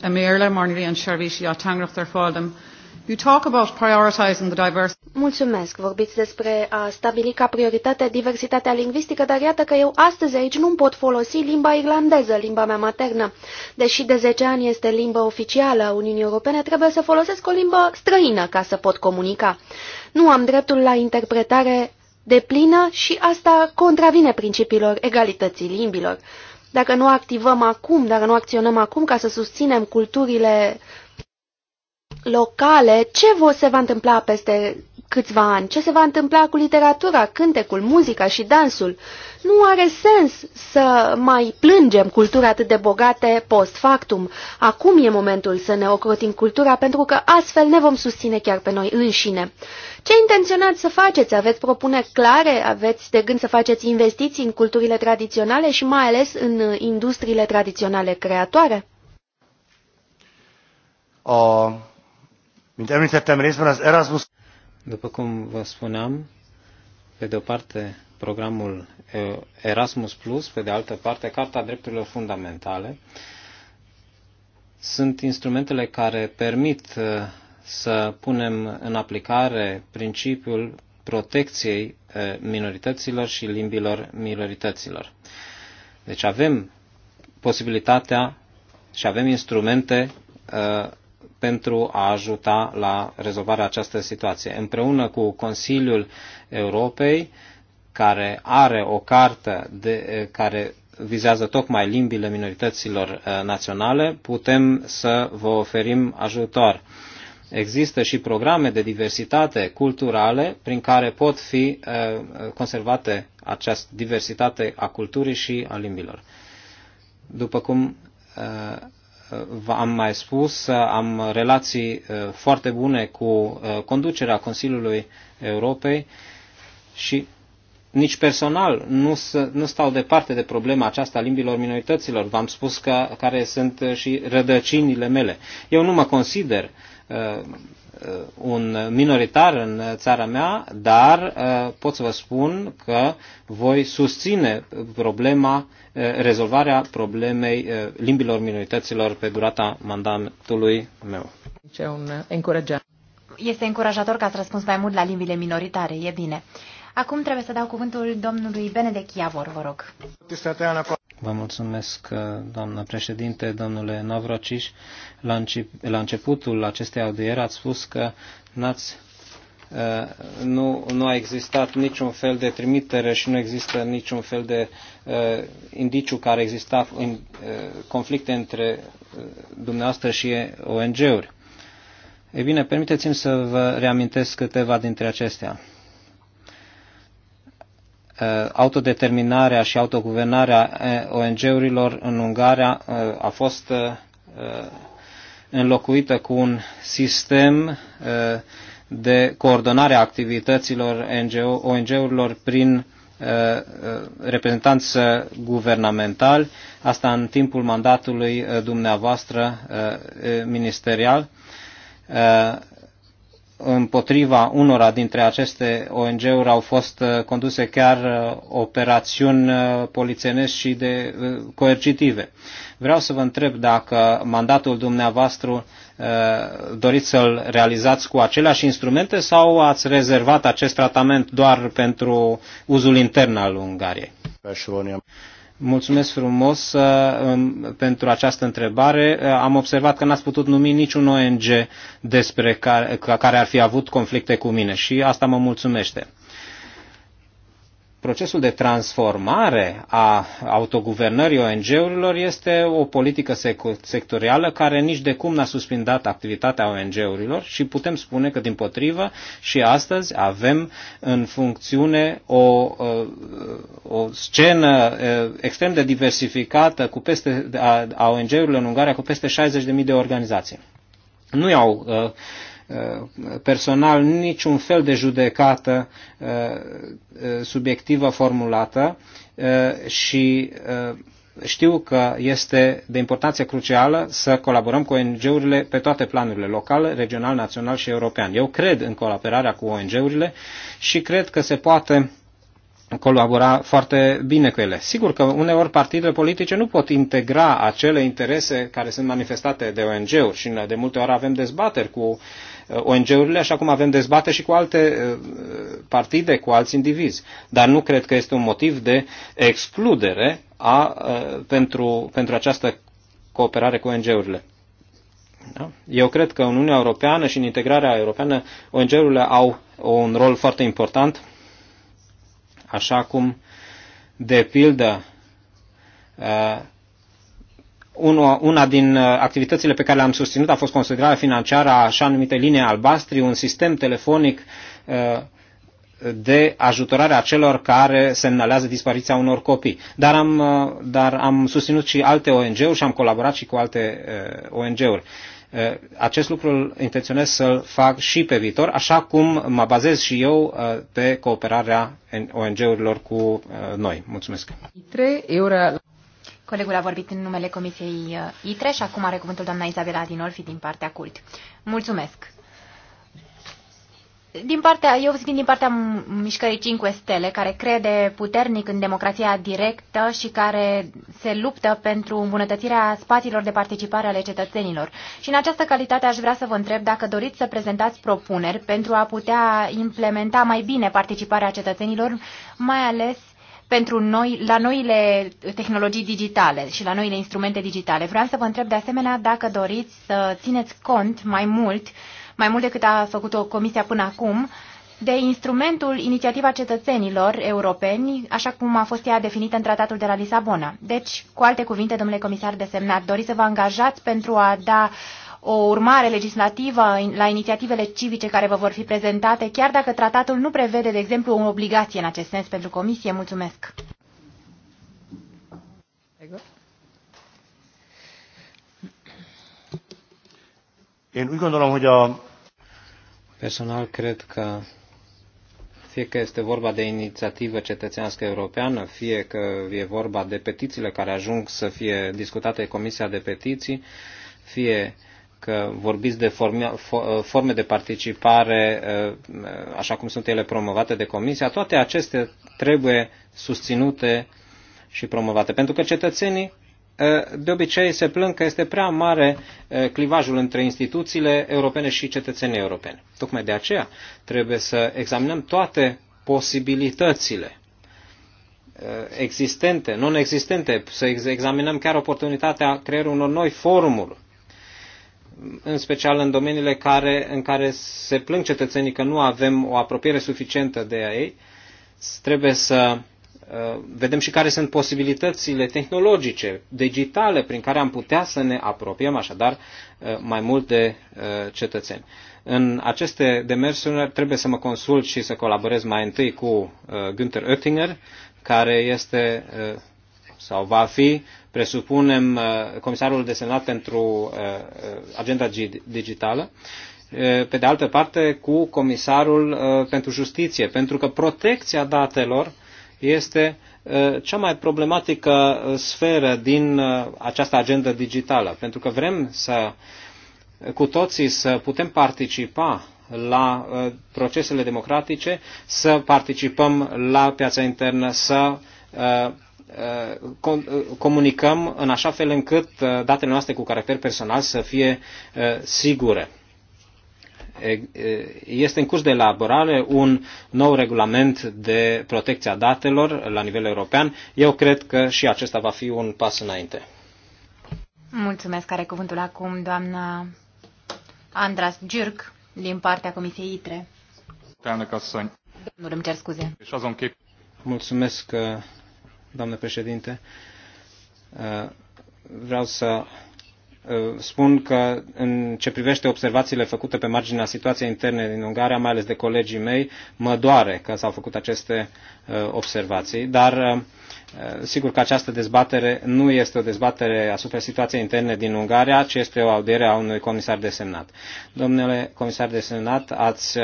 You talk about prioritizing the diverse... Mulțumesc. Vorbiți despre a stabili ca prioritate diversitatea lingvistică, dar iată că eu astăzi aici nu pot folosi limba irlandeză, limba mea maternă. Deși de 10 ani este limba oficială a Uniunii Europene, trebuie să folosesc o limbă străină ca să pot comunica. Nu am dreptul la interpretare deplină și asta contravine principiilor egalității limbilor. Dacă nu activăm acum, dacă nu acționăm acum ca să susținem culturile locale, ce se va întâmpla peste câțiva ani? Ce se va întâmpla cu literatura, cântecul, muzica și dansul? Nu are sens să mai plângem cultura atât de bogate post factum. Acum e momentul să ne ocrotim cultura pentru că astfel ne vom susține chiar pe noi înșine. Ce intenționați să faceți? Aveți propuneri clare? Aveți de gând să faceți investiții în culturile tradiționale și mai ales în industriile tradiționale creatoare? Uh. Mint említettem, részben az Erasmus... După cum vă spuneam, pe de o parte programul Erasmus Plus, pe de altă parte Carta Drepturilor Fundamentale, sunt instrumentele care permit să punem în aplicare principiul protecției minorităților și limbilor minorităților. Deci avem posibilitatea și avem instrumente pentru a ajuta la rezolvarea acestei situații. Împreună cu Consiliul Europei, care are o cartă de, eh, care vizează tocmai limbile minorităților eh, naționale, putem să vă oferim ajutor. Există și programe de diversitate culturale prin care pot fi eh, conservate această diversitate a culturii și a limbilor. După cum Uh, am mai spus, uh, am relații uh, foarte bune cu conducerea Consiliului Europei și nici personal nu, nu stau departe de problema aceasta a limbilor minorităților. V-am spus că, care sunt și rădăcinile mele. Eu nu mă consider Uh, un minoritar în țara mea, dar uh, pot să vă spun că voi susține problema, uh, rezolvarea problemei limbilor minorităților pe durata mandatului meu. Ce un încurajat. Este încurajator că ați răspuns mai mult la limbile minoritare, e bine. Acum trebuie să dau cuvântul domnului Benedek Iavor, vă rog. Vă mulțumesc, uh, doamnă președinte, domnule Navrociș. La, începutul acestei audieri ați spus că n-ați uh, nu, nu a existat niciun fel de trimitere și nu există niciun fel de uh, indiciu care exista în, uh, conflicte între uh, dumneavoastră și ONG-uri. Ei bine, permiteți-mi să vă reamintesc câteva dintre acestea. Uh, autodeterminarea și autoguvernarea uh, ONG-urilor în Ungaria uh, a fost înlocuită cu un sistem de coordonare a activităților ONG-urilor prin reprezentanți guvernamentali, asta în timpul mandatului dumneavoastră ministerial împotriva unora dintre aceste ONG-uri au fost uh, conduse chiar uh, operațiuni uh, polițienești și de coercitive. Vreau să vă întreb dacă mandatul dumneavoastră doriți să-l realizați cu aceleași instrumente sau ați rezervat acest tratament doar pentru uzul intern al Ungariei? Mulțumesc frumos uh, pentru această întrebare. Uh, am observat că n-ați putut numi niciun ONG despre care, care ar fi avut conflicte cu mine și asta mă mulțumește procesul de transformare a autoguvernării ONG-urilor este o politică sectorială care nici de cum n-a suspendat activitatea ONG-urilor și putem spune că, din potrivă, și astăzi avem în funcțiune o, uh, o, scenă uh, extrem de diversificată cu peste, a, a ONG-urilor în Ungaria cu peste 60.000 de organizații. Nu i-au uh, personal niciun fel de judecată uh, uh, subiectivă formulată uh, și știu că este de importanță crucială să colaborăm cu ONG-urile pe toate planurile, local, regional, național și european. Eu cred în colaborarea cu ONG-urile și cred că se poate colabora foarte bine cu ele. Sigur că uneori partidele politice nu pot integra acele interese care sunt manifestate de ONG-uri și de multe ori avem dezbateri cu ONG-urile, așa cum avem dezbate și cu alte uh, partide, cu alți indivizi. Dar nu cred că este un motiv de excludere a, uh, pentru, pentru această cooperare cu ONG-urile. Da? Eu cred că în Uniunea Europeană și în integrarea europeană ONG-urile au un rol foarte important, așa cum, de pildă, uh, una din uh, activitățile pe care le-am susținut a fost consolidarea financiară a așa numite linie albastri, un sistem telefonic uh, de ajutorare a celor care semnalează dispariția unor copii. Dar am, uh, dar am susținut și alte ONG-uri și am colaborat și cu alte ONG-uri. Acest lucru îl intenționez să-l fac și pe viitor, așa cum mă bazez și eu pe cooperarea ONG-urilor cu noi. Mulțumesc! Colegul a vorbit în numele Comisiei uh, ITRE și acum are cuvântul doamna Izabela Adinolfi din partea CULT. Mulțumesc! Din partea, eu vin din partea mișcării 5 stele, care crede puternic în democrația directă și care se luptă pentru îmbunătățirea spațiilor de participare ale cetățenilor. Și în această calitate aș vrea să vă întreb dacă doriți să prezentați propuneri pentru a putea implementa mai bine participarea cetățenilor, mai ales pentru noi, la noile tehnologii digitale și la noile instrumente digitale. Vreau să vă întreb de asemenea dacă doriți să țineți cont mai mult, mai mult decât a făcut-o Comisia până acum, de instrumentul Inițiativa Cetățenilor Europeni, așa cum a fost ea definită în Tratatul de la Lisabona. Deci, cu alte cuvinte, domnule comisar desemnat, doriți să vă angajați pentru a da o urmare legislativă la inițiativele civice care vă vor fi prezentate, chiar dacă tratatul nu prevede, de exemplu, o obligație în acest sens pentru Comisie? Mulțumesc! Personal cred că fie că este vorba de inițiativă cetățenească europeană, fie că e vorba de petițiile care ajung să fie discutate Comisia de Petiții, fie că vorbiți de forme, uh, forme de participare, uh, așa cum sunt ele promovate de Comisia, toate acestea trebuie susținute și promovate. Pentru că cetățenii uh, de obicei se plâng că este prea mare clivajul între instituțiile europene și cetățenii europeni. Tocmai de aceea trebuie să examinăm toate posibilitățile existente, non-existente, să examinăm chiar oportunitatea creării unor noi formuri în special în domeniile care, în care se plâng cetățenii că nu avem o apropiere suficientă de ei, trebuie să uh, vedem și care sunt posibilitățile tehnologice, digitale, prin care am putea să ne apropiem așadar uh, mai mult de uh, cetățeni. În aceste demersuri trebuie să mă consult și să colaborez mai întâi cu Günther Oettinger, care este sau va fi presupunem uh, comisarul desemnat pentru uh, uh, agenda digitală, pe de altă parte cu comisarul pentru justiție, pentru că protecția datelor este cea mai problematică sferă din această agendă digitală, pentru că vrem să cu toții să putem participa la procesele democratice, să participăm la piața internă, să Uh, uh, comunicăm în așa fel încât uh, datele noastre cu caracter personal să fie sigure. Este în curs de elaborare un nou regulament de protecție a datelor la nivel european. Eu cred că și acesta va fi un pas înainte. Mulțumesc. Care cuvântul acum doamna Andras Gyurk din partea Comisiei ITRE. Nu îmi cer scuze. Mulțumesc, doamnă președinte. Uh, vreau să uh, spun că în ce privește observațiile făcute pe marginea situației interne din Ungaria, mai ales de colegii mei, mă doare că s-au făcut aceste uh, observații, dar sigur că această dezbatere nu este o dezbatere asupra situației interne din Ungaria, ci este o audiere a unui comisar desemnat. Domnule comisar desemnat, ați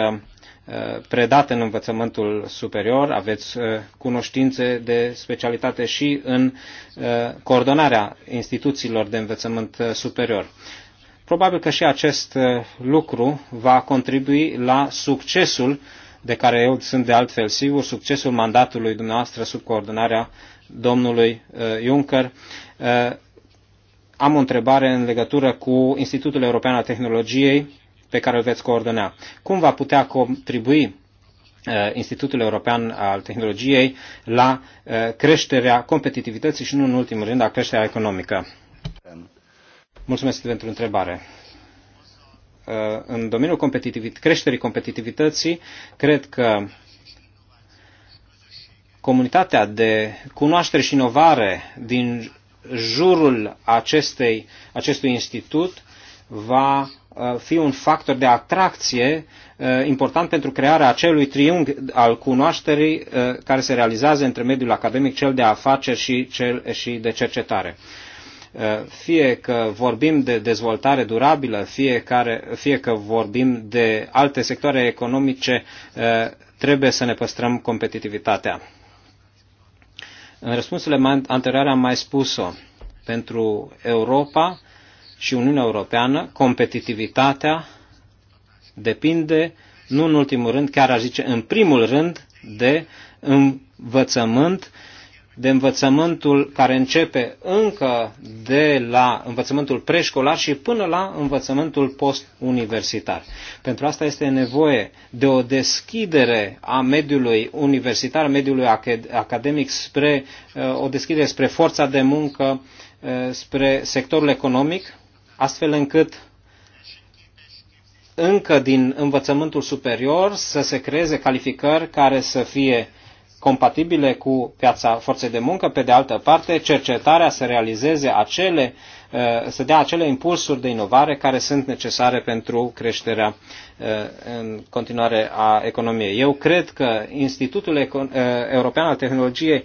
predat în învățământul superior, aveți uh, cunoștințe de specialitate și în uh, coordonarea instituțiilor de învățământ uh, superior. Probabil că și acest lucru va contribui la succesul de care eu sunt de altfel sigur, succesul mandatului dumneavoastră sub coordonarea domnului Juncker. Am o întrebare în legătură cu Institutul European al Tehnologiei, pe care îl veți coordona. Cum va putea contribui uh, Institutul European al Tehnologiei la uh, creșterea competitivității și nu în ultimul rând la creșterea economică? Mulțumesc pentru întrebare. Uh, în domeniul competitivit- creșterii competitivității, cred că comunitatea de cunoaștere și inovare din jurul acestei, acestui institut va Uh, fi un factor de atracție uh, important pentru crearea acelui triunghi al cunoașterii uh, care se realizează între mediul academic, cel de afaceri și, cel, și de cercetare fie că vorbim de dezvoltare durabilă, fie, care, fie că vorbim de alte sectoare economice, trebuie să ne păstrăm competitivitatea. În răspunsurile anterioare am mai spus-o. Pentru Europa, și Uniunea Europeană, competitivitatea depinde, nu în ultimul rând, chiar aș zice în primul rând, de învățământ, de învățământul care începe încă de la învățământul preșcolar și până la învățământul postuniversitar. Pentru asta este nevoie de o deschidere a mediului universitar, mediului academic spre uh, o deschidere spre forța de muncă, uh, spre sectorul economic, astfel încât încă din învățământul superior să se creeze calificări care să fie compatibile cu piața forței de muncă, pe de altă parte, cercetarea să realizeze acele, uh, să dea acele impulsuri de inovare care sunt necesare pentru creșterea uh, în continuare a economiei. Eu cred că Institutul uh, European al Tehnologiei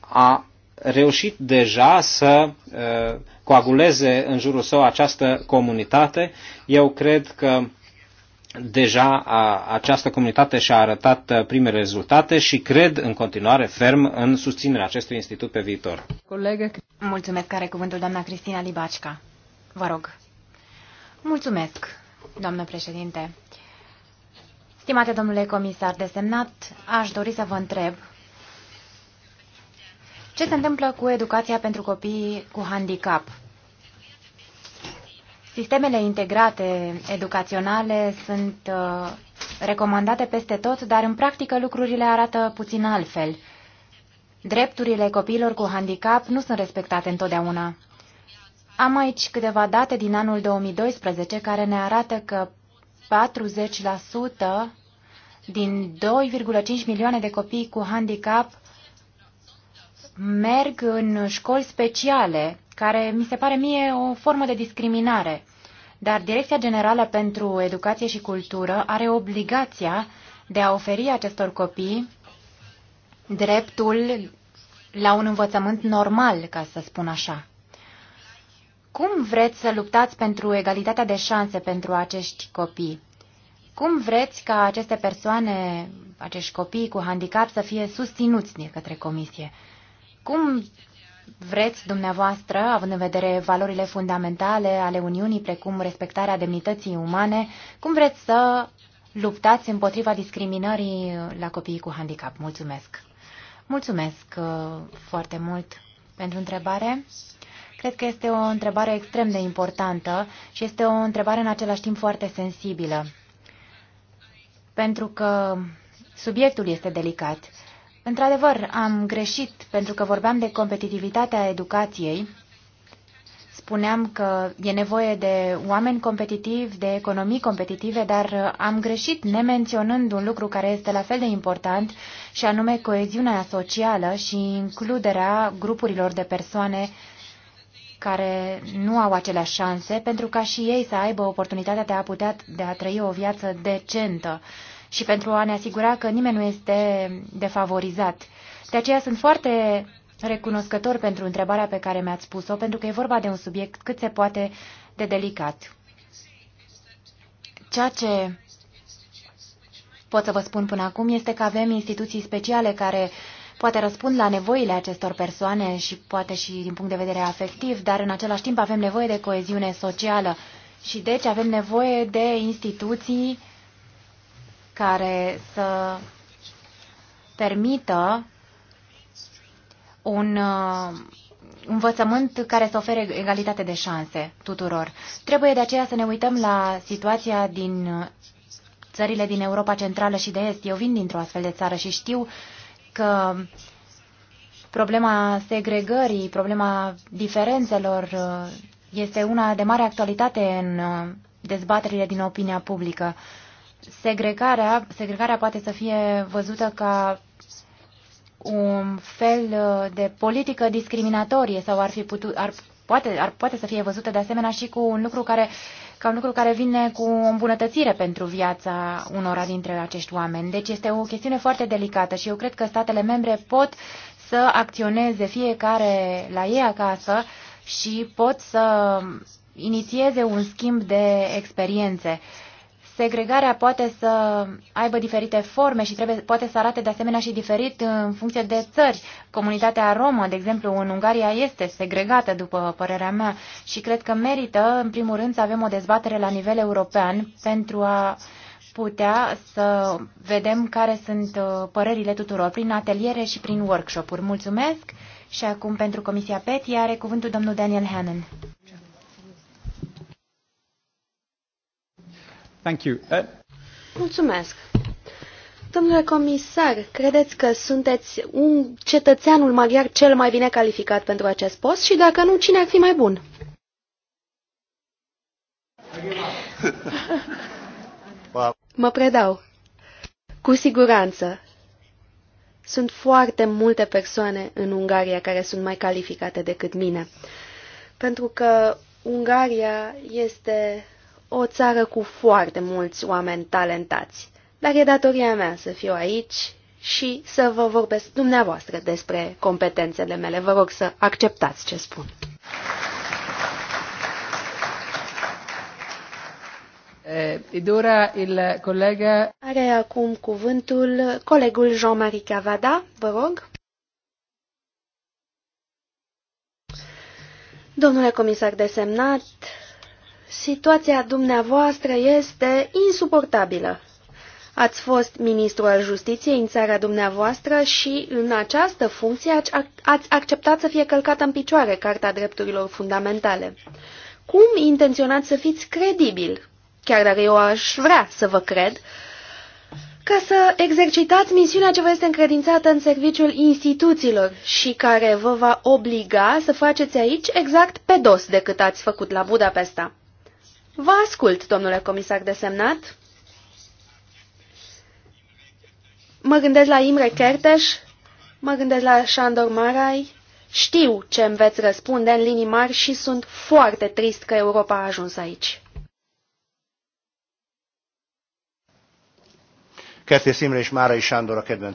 a reușit deja să uh, coaguleze în jurul său această comunitate. Eu cred că deja a, această comunitate și-a arătat uh, primele rezultate și cred în continuare ferm în susținerea acestui institut pe viitor. Colegă. Mulțumesc, care cuvântul doamna Cristina Libacica. Vă rog. Mulțumesc, doamnă președinte. Stimate domnule comisar desemnat, aș dori să vă întreb ce se întâmplă cu educația pentru copii cu handicap? Sistemele integrate educaționale sunt uh, recomandate peste tot, dar în practică lucrurile arată puțin altfel. Drepturile copiilor cu handicap nu sunt respectate întotdeauna. Am aici câteva date din anul 2012 care ne arată că 40% din 2,5 milioane de copii cu handicap merg în școli speciale, care mi se pare mie o formă de discriminare. Dar Direcția Generală pentru Educație și Cultură are obligația de a oferi acestor copii dreptul la un învățământ normal, ca să spun așa. Cum vreți să luptați pentru egalitatea de șanse pentru acești copii? Cum vreți ca aceste persoane, acești copii cu handicap, să fie susținuți de către comisie? Cum vreți dumneavoastră, având în vedere valorile fundamentale ale Uniunii, precum respectarea demnității umane, cum vreți să luptați împotriva discriminării la copiii cu handicap? Mulțumesc! Mulțumesc uh, foarte mult pentru întrebare. Cred că este o întrebare extrem de importantă și este o întrebare în același timp foarte sensibilă, pentru că subiectul este delicat. Într-adevăr, am greșit pentru că vorbeam de competitivitatea educației. Spuneam că e nevoie de oameni competitivi, de economii competitive, dar am greșit nemenționând un lucru care este la fel de important, și anume coeziunea socială și includerea grupurilor de persoane care nu au aceleași șanse, pentru ca și ei să aibă oportunitatea de a putea de a trăi o viață decentă și pentru a ne asigura că nimeni nu este defavorizat. De aceea sunt foarte recunoscător pentru întrebarea pe care mi-ați spus o pentru că e vorba de un subiect cât se poate de delicat. Ceea ce pot să vă spun până acum este că avem instituții speciale care poate răspund la nevoile acestor persoane și poate și din punct de vedere afectiv, dar în același timp avem nevoie de coeziune socială și deci avem nevoie de instituții care să permită un uh, învățământ care să ofere egalitate de șanse tuturor. Trebuie de aceea să ne uităm la situația din țările din Europa Centrală și de Est. Eu vin dintr-o astfel de țară și știu că problema segregării, problema diferențelor uh, este una de mare actualitate în uh, dezbaterile din opinia publică segregarea, segregarea poate să fie văzută ca un fel uh, de politică discriminatorie sau ar fi putut, ar, poate, ar, poate să fie văzută de asemenea și cu un lucru care, ca un lucru care vine cu o îmbunătățire pentru viața unora dintre acești oameni. Deci este o chestiune foarte delicată și eu cred că statele membre pot să acționeze fiecare la ei acasă și pot să inițieze un schimb de experiențe. Uh, Segregarea poate să aibă diferite forme și trebuie, poate să arate de asemenea și diferit în funcție de țări. Comunitatea romă, de exemplu, în Ungaria este segregată, după părerea mea, și cred că merită, în primul rând, să avem o dezbatere la nivel european pentru a putea să vedem care sunt uh, părerile tuturor prin ateliere și prin workshop-uri. Mulțumesc! Și acum pentru Comisia Peti are cuvântul domnul Daniel Hannan. Thank you. Uh... Mulțumesc. Domnule comisar, credeți că sunteți un cetățeanul maghiar cel mai bine calificat pentru acest post și dacă nu, cine ar fi mai bun? (laughs) Mă predau. Cu siguranță. Sunt foarte multe persoane în Ungaria care sunt mai calificate decât mine. Pentru că Ungaria este o țară cu foarte mulți oameni talentați, dar e datoria mea să fiu aici și să vă vorbesc dumneavoastră despre competențele mele. Vă rog să acceptați ce spun. Idura, eh, il collega... Are acum cuvântul colegul Jean-Marie Cavada, vă rog. Domnule comisar desemnat, Situația dumneavoastră este insuportabilă. Ați fost ministru al justiției în țara dumneavoastră și în această funcție ați acceptat să fie călcată în picioare Carta Drepturilor Fundamentale. Cum intenționați să fiți credibil, chiar dacă eu aș vrea să vă cred, ca să exercitați misiunea ce vă este încredințată în serviciul instituțiilor și care vă va obliga să faceți aici exact pe dos decât ați făcut la Budapesta? Vă ascult, domnule comisar desemnat. Mă gândesc la Imre Kertes, mă gândesc la Shandor Marai. Știu ce îmi veți răspunde în linii mari și sunt foarte trist că Europa a ajuns aici. Kertes Imre și Marai Shandor a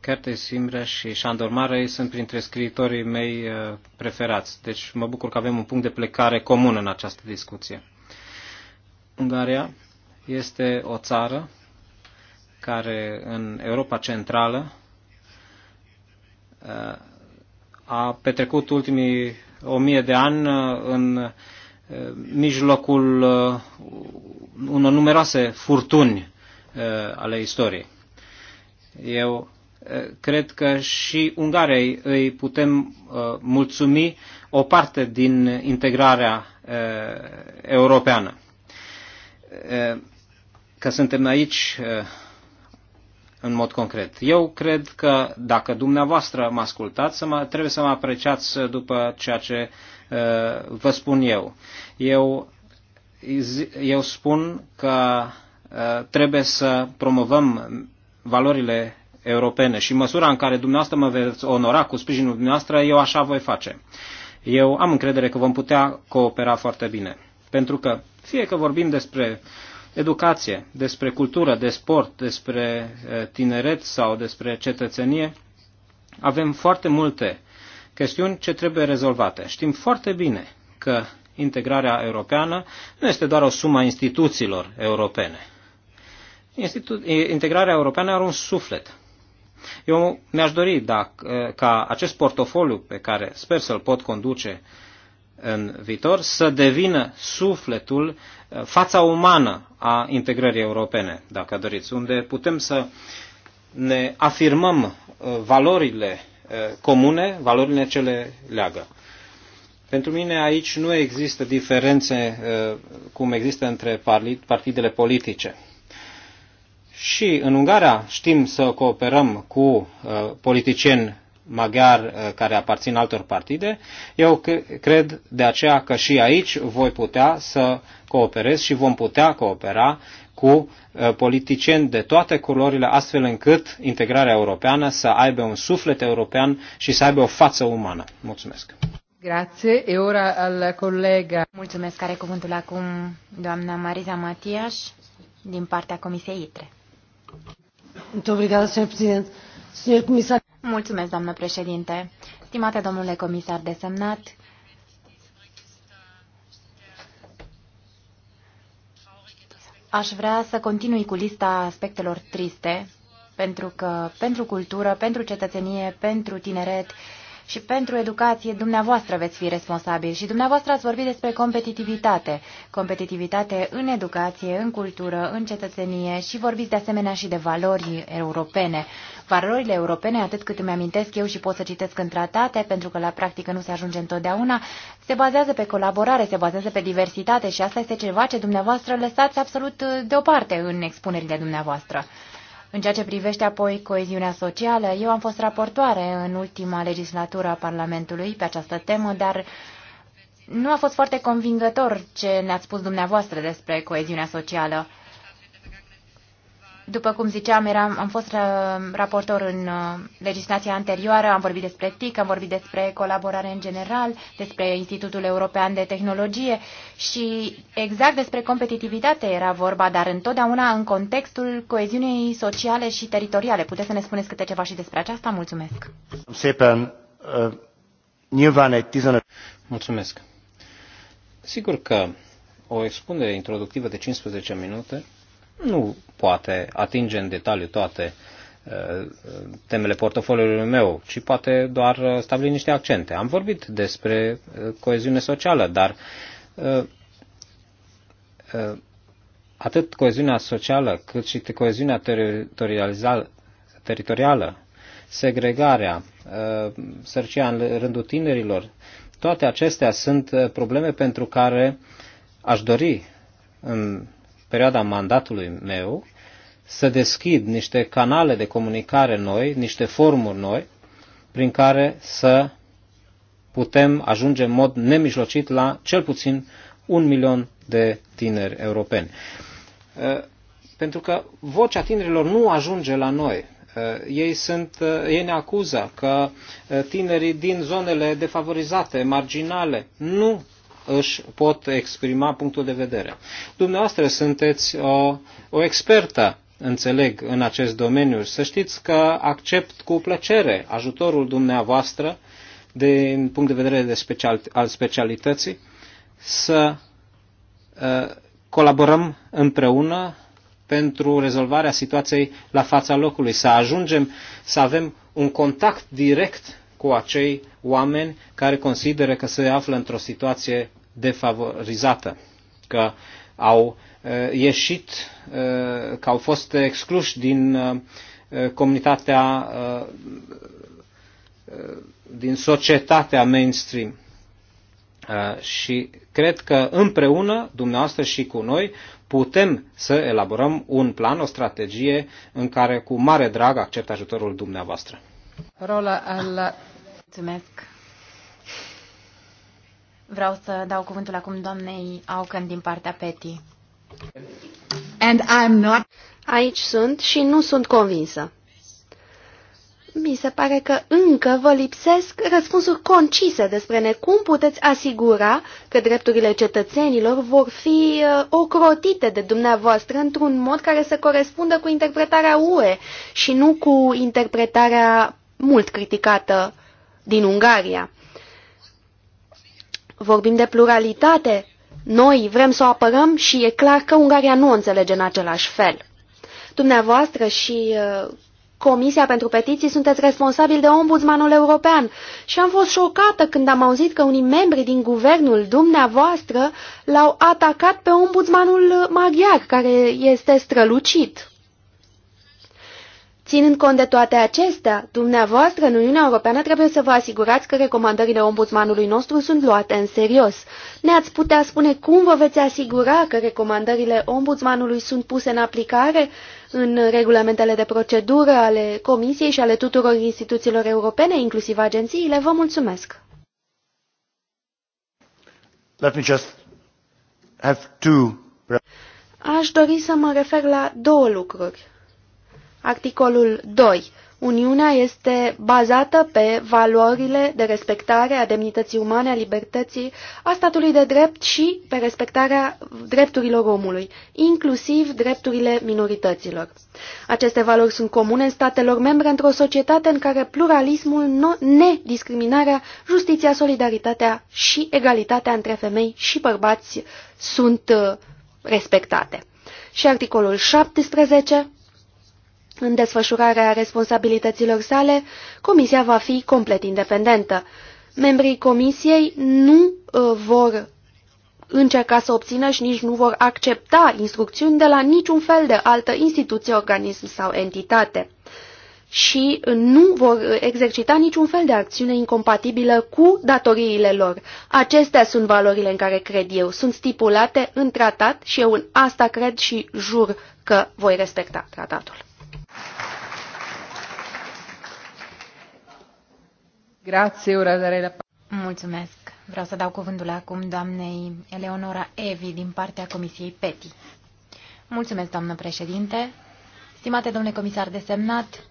Kertes Imre și Shandor Marai sunt printre scriitorii mei eh, preferați, deci mă bucur că avem un punct de plecare comun în această discuție. Ungaria este o țară care în Europa Centrală uh, a petrecut ultimii o mie de ani uh, în uh, mijlocul unor numeroase furtuni ale istoriei. Eu cred că și Ungariei îi putem mulțumi o parte din integrarea europeană că suntem aici în mod concret. Eu cred că dacă dumneavoastră mă ascultați, să trebuie să mă apreciați după ceea ce vă spun eu. Eu, eu spun că trebuie să promovăm valorile europene și măsura în care dumneavoastră mă veți onora cu sprijinul dumneavoastră, eu așa voi face. Eu am încredere că vom putea coopera foarte bine. Pentru că fie că vorbim despre educație, despre cultură, de sport, despre tineret sau despre cetățenie, avem foarte multe chestiuni ce trebuie rezolvate. Știm foarte bine că integrarea europeană nu este doar o sumă a instituțiilor europene. Institu- integrarea europeană are un suflet. Eu mi-aș dori dacă, ca acest portofoliu pe care sper să-l pot conduce în viitor să devină sufletul, uh, fața umană a integrării europene, dacă doriți, unde putem să ne afirmăm uh, valorile uh, comune, valorile ce le leagă. Pentru mine aici nu există diferențe cum există între partidele politice. Și în Ungaria știm să cooperăm cu politicieni maghiar uh, care aparțin altor partide. Eu cred de aceea că și aici voi putea să cooperez și vom putea coopera cu uh, politicieni de toate culorile, astfel încât integrarea europeană să aibă un suflet european și să aibă o față umană. Mulțumesc! Grazie. E ora al colega. Mulțumesc. Care cuvântul acum doamna Marisa Matias din partea Comisiei ITRE. Mulțumesc, domnule președinte. Mulțumesc, doamnă președinte. Stimate domnule comisar desemnat, aș vrea să continui cu lista aspectelor triste, pentru că pentru cultură, pentru cetățenie, pentru tineret, și pentru educație dumneavoastră veți fi responsabili și dumneavoastră ați vorbit despre competitivitate. Competitivitate în educație, în cultură, în cetățenie și vorbiți de asemenea și de valori europene. Valorile europene, atât cât îmi amintesc eu și pot să citesc în tratate, pentru că la practică nu se ajunge întotdeauna, se bazează pe colaborare, se bazează pe diversitate și asta este ceva ce dumneavoastră lăsați absolut deoparte în expunerile dumneavoastră. În ceea ce privește apoi coeziunea socială, eu am fost raportoare în ultima legislatură a Parlamentului pe această temă, dar nu a fost foarte convingător ce ne-ați spus dumneavoastră despre coeziunea socială. După cum ziceam, eram, am fost uh, raportor în uh, legislația anterioară, am vorbit despre TIC, am vorbit despre colaborare în general, despre Institutul European de Tehnologie și exact despre competitivitate era vorba, dar întotdeauna în contextul coeziunii sociale și teritoriale. Puteți să ne spuneți câte ceva și despre aceasta? Mulțumesc! Uh, Mulțumesc! Sigur că o expunere introductivă de 15 minute nu poate atinge în detaliu toate uh, temele portofoliului meu, ci poate doar uh, stabili niște accente. Am vorbit despre uh, coeziune socială, dar atât coeziunea socială cât și coeziunea teritorială, segregarea, sărcia în rândul tinerilor, toate acestea sunt probleme pentru care aș dori în perioada mandatului meu, să deschid niște canale de comunicare noi, niște formuri noi, prin care să putem ajunge în mod nemijlocit la cel puțin un milion de tineri europeni. Uh, pentru că vocea tinerilor nu ajunge la noi. Uh, ei, sunt, uh, ei ne acuză că tinerii din zonele defavorizate, marginale, nu își pot exprima punctul de vedere. Dumneavoastră sunteți o, uh, o expertă, înțeleg, în acest domeniu. Să știți că accept cu plăcere ajutorul dumneavoastră din punct de vedere de special, al specialității să uh, colaborăm împreună pentru rezolvarea situației la fața locului, să ajungem să avem un contact direct cu acei oameni care consideră că se află într-o situație defavorizată, că au uh, ieșit, uh, că au fost excluși din uh, comunitatea, din societatea mainstream. Și cred că împreună, dumneavoastră și cu noi, putem să elaborăm un plan, o strategie în care cu mare drag accept ajutorul dumneavoastră. Parola al Mulțumesc. Vreau să dau cuvântul acum doamnei Aucan din partea PETI. And I'm not... Aici sunt și nu sunt convinsă. Mi se pare că încă vă lipsesc răspunsuri concise despre ne cum puteți asigura că drepturile cetățenilor vor fi uh, ocrotite de dumneavoastră într-un mod care să corespundă cu interpretarea UE și nu cu interpretarea mult criticată din Ungaria. Vorbim de pluralitate. Noi vrem să o apărăm și e clar că Ungaria nu o înțelege în același fel. Dumneavoastră și uh, Comisia pentru Petiții sunteți responsabili de ombudsmanul european și am fost șocată când am auzit că unii membri din guvernul dumneavoastră l-au atacat pe ombudsmanul maghiar, care este strălucit. Ținând cont de toate acestea, dumneavoastră în Uniunea Europeană trebuie să vă asigurați că recomandările ombudsmanului nostru sunt luate în serios. Ne-ați putea spune cum vă veți asigura că recomandările ombudsmanului sunt puse în aplicare în regulamentele de procedură ale Comisiei și ale tuturor instituțiilor europene, inclusiv agențiile? Vă mulțumesc! Let me just have two... Aș dori să mă refer la două lucruri. Articolul 2. Uniunea este bazată pe valorile de respectare a demnității umane, a libertății, a statului de drept și pe respectarea drepturilor omului, inclusiv drepturile minorităților. Aceste valori sunt comune statelor membre într-o societate în care pluralismul, nediscriminarea, justiția, solidaritatea și egalitatea între femei și bărbați sunt uh, respectate. Și articolul 17 în desfășurarea responsabilităților sale, comisia va fi complet independentă. Membrii comisiei nu uh, vor încerca să obțină și nici nu vor accepta instrucțiuni de la niciun fel de altă instituție, organism sau entitate și uh, nu vor exercita niciun fel de acțiune incompatibilă cu datoriile lor. Acestea sunt valorile în care cred eu, sunt stipulate în tratat și eu în asta cred și jur că voi respecta tratatul. Grazie, ora darei la Mulțumesc. Vreau să dau cuvântul acum doamnei Eleonora Evi din partea Comisiei PETI. Mulțumesc, doamnă președinte. Stimate domnule comisar desemnat,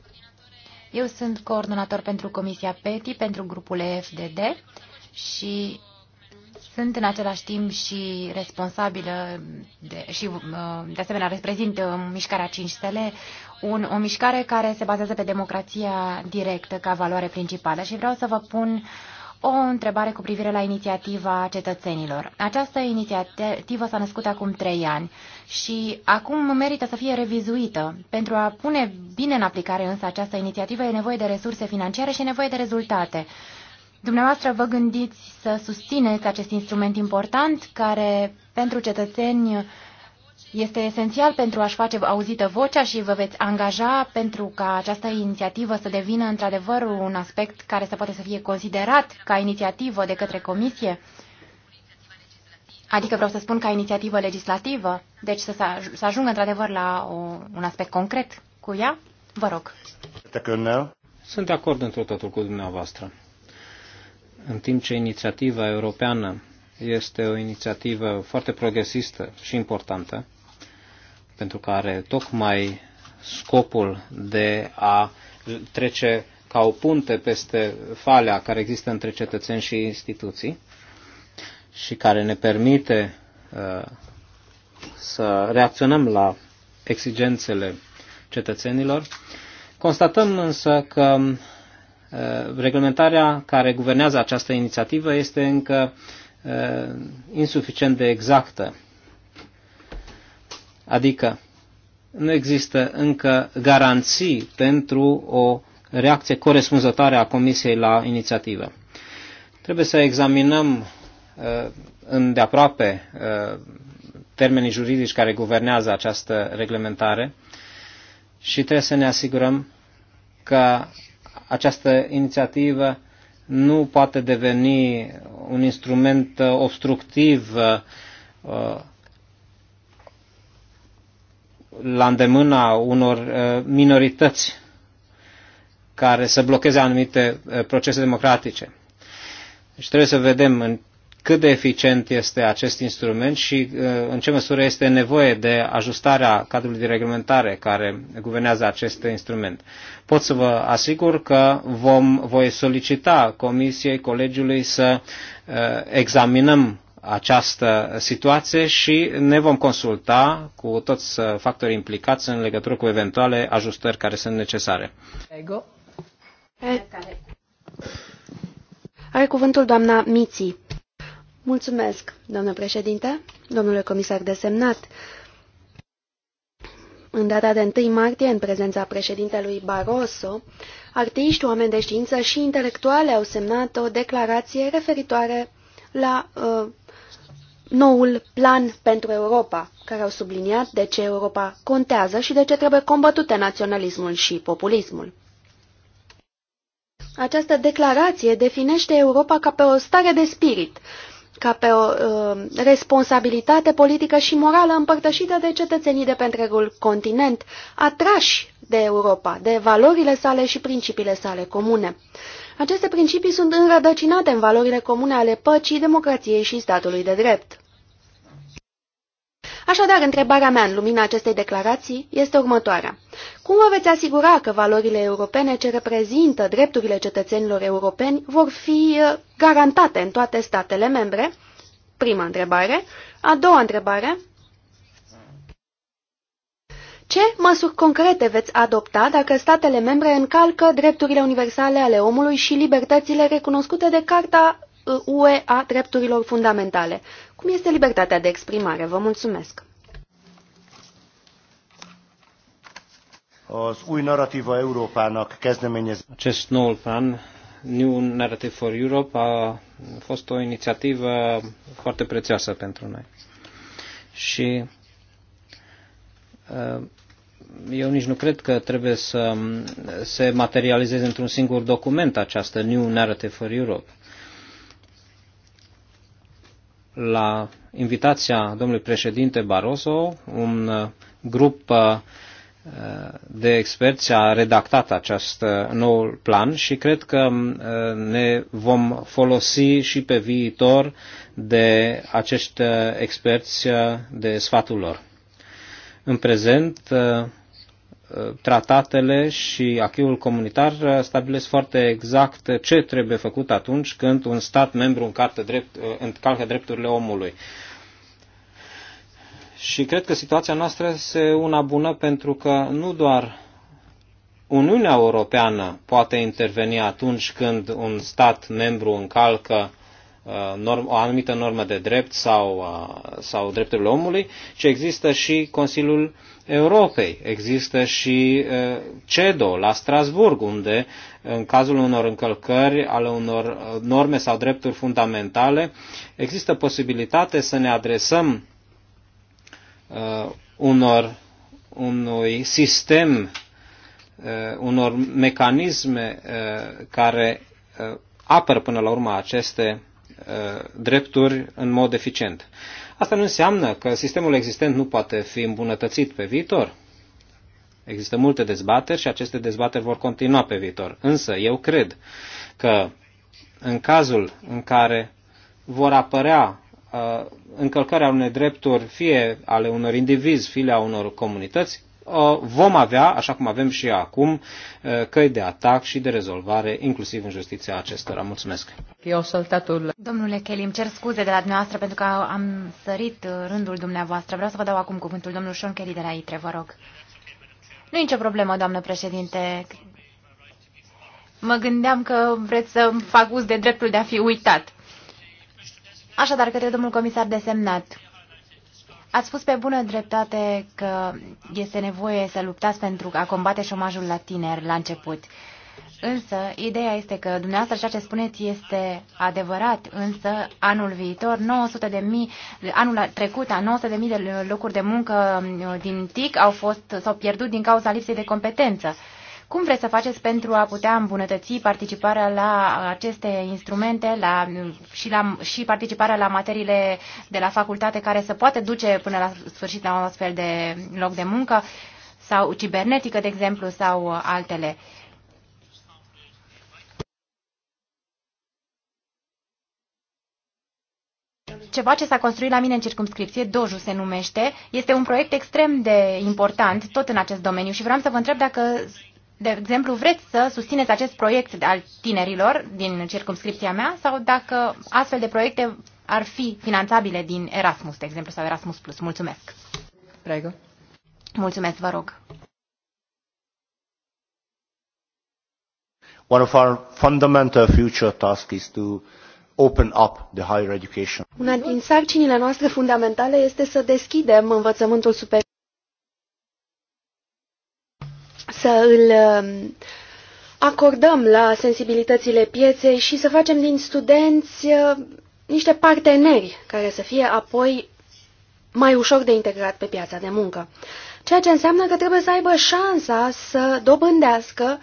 eu sunt coordonator pentru Comisia PETI, pentru grupul EFDD și sunt în același timp și responsabilă de, și uh, de asemenea reprezint uh, mișcarea 5 stele, un, o mișcare care se bazează pe democrația directă ca valoare principală și vreau să vă pun o întrebare cu privire la inițiativa cetățenilor. Această inițiativă s-a născut acum trei ani și acum merită să fie revizuită. Pentru a pune bine în aplicare însă această inițiativă e nevoie de resurse financiare și e nevoie de rezultate. Dumneavoastră vă gândiți să susțineți acest instrument important care pentru cetățeni este esențial pentru a-și face auzită vocea și vă veți angaja pentru ca această inițiativă să devină într-adevăr un aspect care să poate să fie considerat ca inițiativă de către Comisie? Adică vreau să spun ca inițiativă legislativă, deci să, să ajungă într-adevăr la o, un aspect concret cu ea? Vă rog. Sunt de acord într totul cu dumneavoastră în timp ce inițiativa europeană este o inițiativă foarte progresistă și importantă, pentru că are tocmai scopul de a trece ca o punte peste falea care există între cetățeni și instituții și care ne permite uh, să reacționăm la exigențele cetățenilor. Constatăm însă că Uh, reglementarea care guvernează această inițiativă este încă uh, insuficient de exactă. Adică nu există încă garanții pentru o reacție corespunzătoare a Comisiei la inițiativă. Trebuie să examinăm uh, îndeaproape termenii juridici care guvernează această reglementare și trebuie să ne asigurăm că această inițiativă nu poate deveni un instrument uh, obstructiv uh, uh, la îndemâna unor minorități care să blocheze anumite procese democratice. Deci trebuie să vedem în cât de eficient este acest instrument și uh, în ce măsură este nevoie de ajustarea cadrului de reglementare care guvernează acest instrument. Pot să vă asigur că vom, voi solicita Comisiei, Colegiului să uh, examinăm această situație și ne vom consulta cu toți factorii implicați în legătură cu eventuale ajustări care sunt necesare. Eh. Are cuvântul doamna Miții. Mulțumesc, domnule președinte, domnule comisar desemnat. În data de 1 martie, în prezența președintelui Barroso, artiști, oameni de știință și intelectuale au semnat o declarație referitoare la uh, noul plan pentru Europa, care au subliniat de ce Europa contează și de ce trebuie combătute naționalismul și populismul. Această declarație definește Europa ca pe o stare de spirit, ca pe o uh, responsabilitate politică și morală împărtășită de cetățenii de pe întregul continent, atrași de Europa, de valorile sale și principiile sale comune. Aceste principii sunt înrădăcinate în valorile comune ale păcii, democrației și statului de drept. Așadar, întrebarea mea în lumina acestei declarații este următoarea. Cum vă veți asigura că valorile europene ce reprezintă drepturile cetățenilor europeni vor fi uh, garantate în toate statele membre? Prima întrebare. A doua întrebare. Ce măsuri concrete veți adopta dacă statele membre încalcă drepturile universale ale omului și libertățile recunoscute de Carta UE uh, a drepturilor fundamentale? cum este libertatea de exprimare. Vă mulțumesc! Az új narratíva Európának kezdeményez. Acest noul plan, New Narrative for Europe, a fost o inițiativă foarte prețioasă pentru noi. Și uh, eu nici nu cred că trebuie să se materializeze într-un singur document această New Narrative for Europe la invitația domnului președinte Barroso, un grup uh, de experți a redactat acest uh, nou plan și cred că uh, ne vom folosi și pe viitor de acești experți de sfatul lor. În prezent, tratatele și acquis comunitar uh, stabilesc foarte exact ce trebuie făcut atunci când un stat membru uh, încalcă, drept, drepturile omului. Și cred că situația noastră se una bună pentru că nu doar Uniunea Europeană poate interveni atunci când un stat membru încalcă Uh, norm, o anumită normă de drept sau, uh, sau drepturile omului, ci există și Consiliul Europei, există și uh, CEDO la Strasburg, unde în cazul unor încălcări ale unor norme sau drepturi fundamentale, există posibilitate să ne adresăm unor, unui sistem, unor mecanisme care apăr până la urmă aceste Uh, drepturi în mod eficient. Asta nu înseamnă că sistemul existent nu poate fi îmbunătățit pe viitor. Există multe dezbateri și aceste dezbateri vor continua pe viitor. Însă eu cred că în cazul în care vor apărea uh, încălcarea unei drepturi, fie ale unor indivizi, fie ale unor comunități, vom avea, așa cum avem și acum, căi de atac și de rezolvare, inclusiv în justiția acestora. Mulțumesc! Domnule Kelly, îmi cer scuze de la dumneavoastră pentru că am sărit uh, rândul dumneavoastră. Vreau să vă dau acum cuvântul domnul Sean Kelly de la ITRE, vă rog. Nu e nicio problemă, doamnă președinte. Mă gândeam că vreți să fac uz de dreptul de a fi uitat. Așadar, către domnul comisar desemnat, Ați spus pe bună dreptate că este nevoie să luptați pentru a combate șomajul la tineri la început. Însă, ideea este că dumneavoastră ceea ce spuneți este adevărat, însă anul viitor, 900 de mii, anul trecut, 900 de mii de locuri de muncă din TIC au fost, s-au pierdut din cauza lipsei de competență. Cum vreți să faceți pentru a putea îmbunătăți participarea la aceste instrumente la, și, la, și participarea la materiile de la facultate care să poate duce până la sfârșit la un astfel de loc de muncă sau cibernetică, de exemplu, sau altele? ceva ce s-a construit la mine în circumscripție, Doju se numește, este un proiect extrem de important tot în acest domeniu și vreau să vă întreb dacă de exemplu, vreți să susțineți acest proiect al tinerilor din circumscripția mea sau dacă astfel de proiecte ar fi finanțabile din Erasmus, de exemplu, sau Erasmus+. Plus. Mulțumesc! Prego. Mulțumesc, vă rog! One of our fundamental future tasks is to open up the higher education. Una din sarcinile noastre fundamentale este să deschidem învățământul superior să îl um, acordăm la sensibilitățile pieței și să facem din studenți uh, niște parteneri care să fie apoi mai ușor de integrat pe piața de muncă. Ceea ce înseamnă că trebuie să aibă șansa să dobândească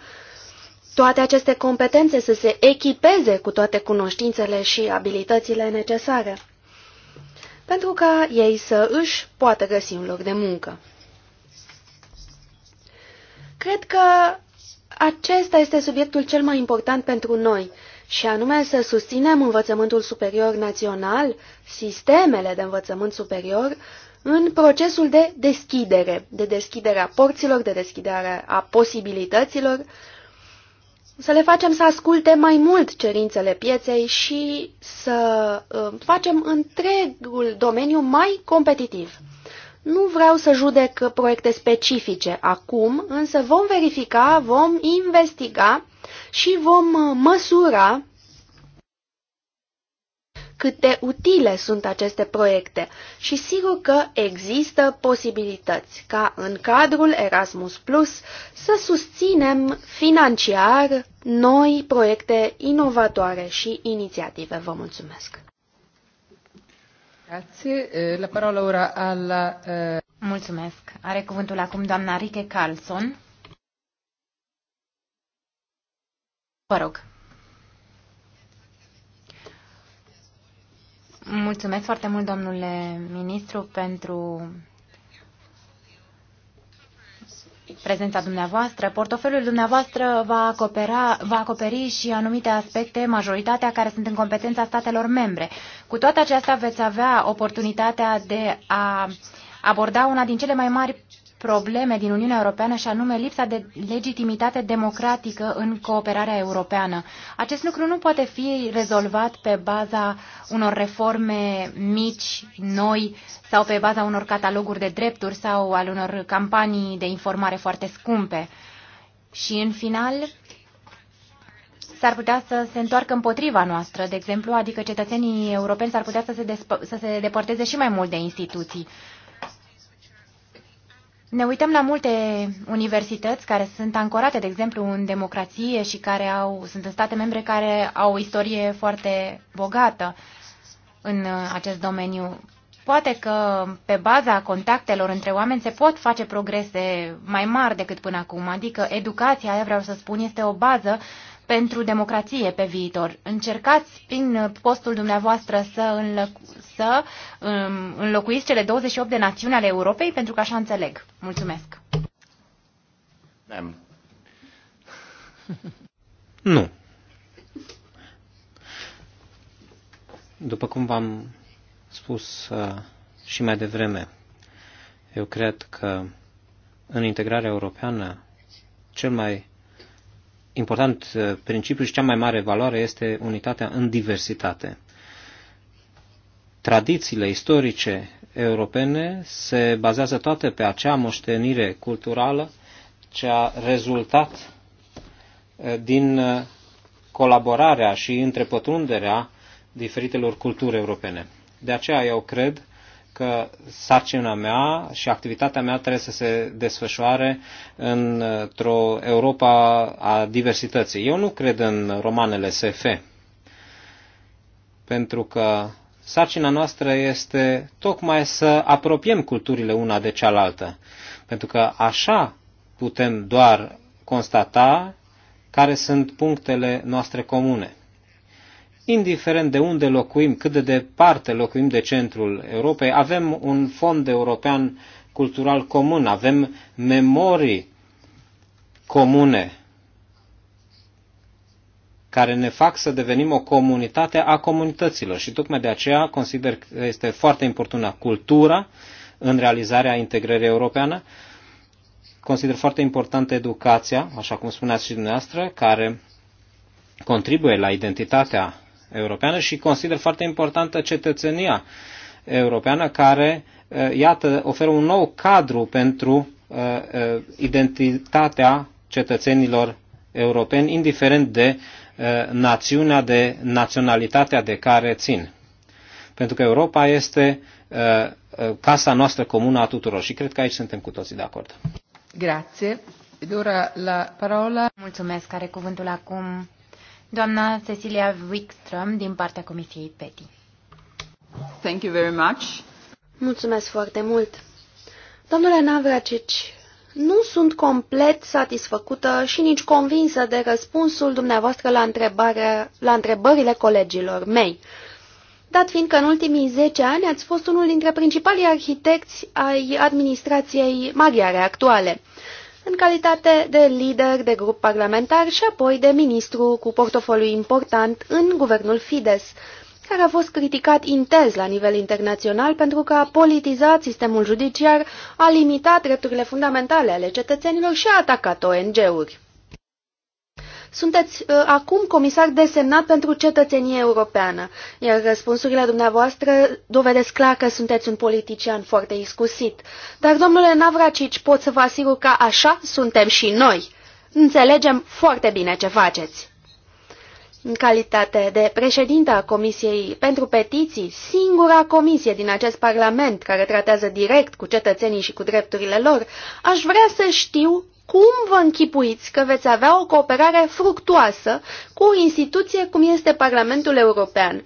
toate aceste competențe, să se echipeze cu toate cunoștințele și abilitățile necesare, pentru ca ei să își poată găsi un loc de muncă. Cred că acesta este subiectul cel mai important pentru noi, și anume să susținem învățământul superior național, sistemele de învățământ superior, în procesul de deschidere, de deschidere a porților, de deschidere a posibilităților, să le facem să asculte mai mult cerințele pieței și să uh, facem întregul domeniu mai competitiv. Nu vreau să judec proiecte specifice acum, însă vom verifica, vom investiga și vom uh, măsura câte utile sunt aceste proiecte și sigur că există posibilități ca în cadrul Erasmus Plus să susținem financiar noi proiecte inovatoare și inițiative. Vă mulțumesc! Eh, eh, Mulțumesc. Are cuvântul acum doamna Rike Carlson. Vă rog. Mulțumesc foarte mult, domnule ministru, pentru prezența dumneavoastră. Portofelul dumneavoastră va, acopera, va acoperi și anumite aspecte, majoritatea care sunt în competența statelor membre. Cu toate acestea veți avea oportunitatea de a aborda una din cele mai mari probleme din Uniunea Europeană și anume lipsa de legitimitate democratică în cooperarea europeană. Acest lucru nu poate fi rezolvat pe baza unor reforme mici, noi sau pe baza unor cataloguri de drepturi sau al unor campanii de informare foarte scumpe. Și în final, s-ar putea să se întoarcă împotriva noastră, de exemplu, adică cetățenii europeni s-ar putea să se, să se depărteze și mai mult de instituții. Ne uităm la multe universități care sunt ancorate, de exemplu, în democrație și care au, sunt în state membre care au o istorie foarte bogată în uh, acest domeniu. Poate că pe baza contactelor între oameni se pot face progrese mai mari decât până acum, adică educația, vreau să spun, este o bază pentru democrație pe viitor. Încercați prin postul dumneavoastră să, înlăcu- să um, înlocuiți cele 28 de națiuni ale Europei, pentru că așa înțeleg. Mulțumesc. (laughs) nu. După cum v-am spus uh, și mai devreme, eu cred că în integrarea europeană cel mai important uh, principiu și cea mai mare valoare este unitatea în diversitate. Tradițiile istorice europene se bazează toate pe acea moștenire culturală ce a rezultat uh, din uh, colaborarea și întrepătrunderea diferitelor culturi europene. De aceea eu cred că sarcina mea și activitatea mea trebuie să se desfășoare într-o Europa a diversității. Eu nu cred în romanele SF, pentru că sarcina noastră este tocmai să apropiem culturile una de cealaltă, pentru că așa putem doar constata care sunt punctele noastre comune indiferent de unde locuim, cât de departe locuim de centrul Europei, avem un fond european cultural comun, avem memorii comune care ne fac să devenim o comunitate a comunităților și tocmai de aceea consider că este foarte importantă cultura în realizarea integrării europeană, consider foarte importantă educația, așa cum spuneați și dumneavoastră, care contribuie la identitatea europeană și consider foarte importantă cetățenia europeană care, iată, oferă un nou cadru pentru identitatea cetățenilor europeni, indiferent de națiunea, de naționalitatea de care țin. Pentru că Europa este casa noastră comună a tuturor și cred că aici suntem cu toții de acord. Grazie. Dora la parola. Mulțumesc. Are cuvântul acum doamna Cecilia Wickström din partea Comisiei PETI. Thank you very much. Mulțumesc foarte mult. Domnule Navracic, nu sunt complet satisfăcută și nici convinsă de răspunsul dumneavoastră la, întrebare, la întrebările colegilor mei. Dat fiindcă în ultimii 10 ani ați fost unul dintre principalii arhitecți ai administrației maghiare actuale în calitate de lider de grup parlamentar și apoi de ministru cu portofoliu important în guvernul Fides, care a fost criticat intens la nivel internațional pentru că a politizat sistemul judiciar, a limitat drepturile fundamentale ale cetățenilor și a atacat ONG-uri sunteți uh, acum comisar desemnat pentru cetățenie europeană, iar răspunsurile dumneavoastră dovedesc clar că sunteți un politician foarte iscusit. Dar, domnule Navracici, pot să vă asigur că așa suntem și noi. Înțelegem foarte bine ce faceți. În calitate de președinte a Comisiei pentru Petiții, singura comisie din acest Parlament care tratează direct cu cetățenii și cu drepturile lor, aș vrea să știu cum vă închipuiți că veți avea o cooperare fructuoasă cu o instituție cum este Parlamentul European,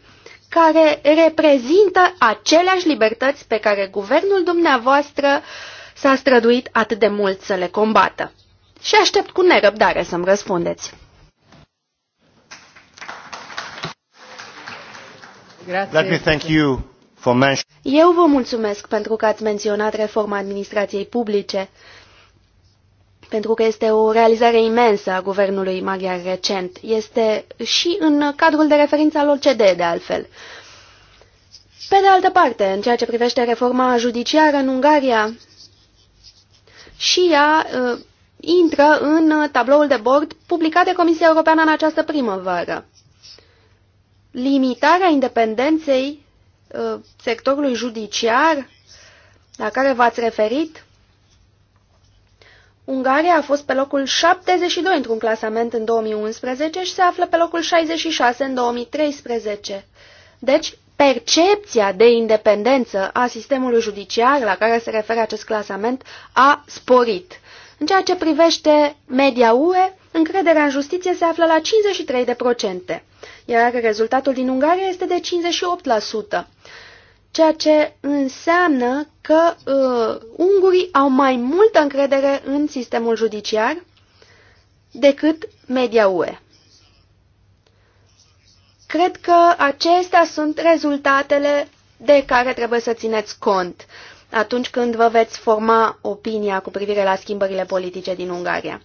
care reprezintă aceleași libertăți pe care guvernul dumneavoastră s-a străduit atât de mult să le combată? Și aștept cu nerăbdare să-mi răspundeți. Let me thank you for Eu vă mulțumesc pentru că ați menționat reforma administrației publice pentru că este o realizare imensă a guvernului maghiar recent. Este și în cadrul de referință al OCD, de altfel. Pe de altă parte, în ceea ce privește reforma judiciară în Ungaria, și ea uh, intră în tabloul de bord publicat de Comisia Europeană în această primăvară. Limitarea independenței uh, sectorului judiciar, la care v-ați referit, Ungaria a fost pe locul 72 într-un clasament în 2011 și se află pe locul 66 în 2013. Deci, percepția de independență a sistemului judiciar la care se referă acest clasament a sporit. În ceea ce privește media UE, încrederea în justiție se află la 53%, iar rezultatul din Ungaria este de 58% ceea ce înseamnă că uh, ungurii au mai multă încredere în sistemul judiciar decât media UE. Cred că acestea sunt rezultatele de care trebuie să țineți cont atunci când vă veți forma opinia cu privire la schimbările politice din Ungaria.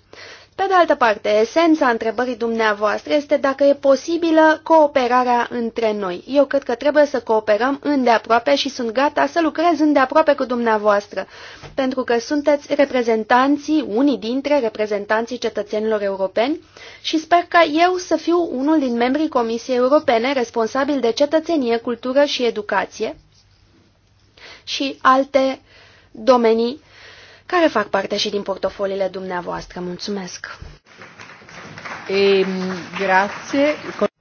Pe de altă parte, esența întrebării dumneavoastră este dacă e posibilă cooperarea între noi. Eu cred că trebuie să cooperăm îndeaproape și sunt gata să lucrez îndeaproape cu dumneavoastră, pentru că sunteți reprezentanții, unii dintre reprezentanții cetățenilor europeni și sper ca eu să fiu unul din membrii Comisiei Europene responsabil de cetățenie, cultură și educație și alte domenii care fac parte și din portofoliile dumneavoastră. Mulțumesc! E, ehm, grație!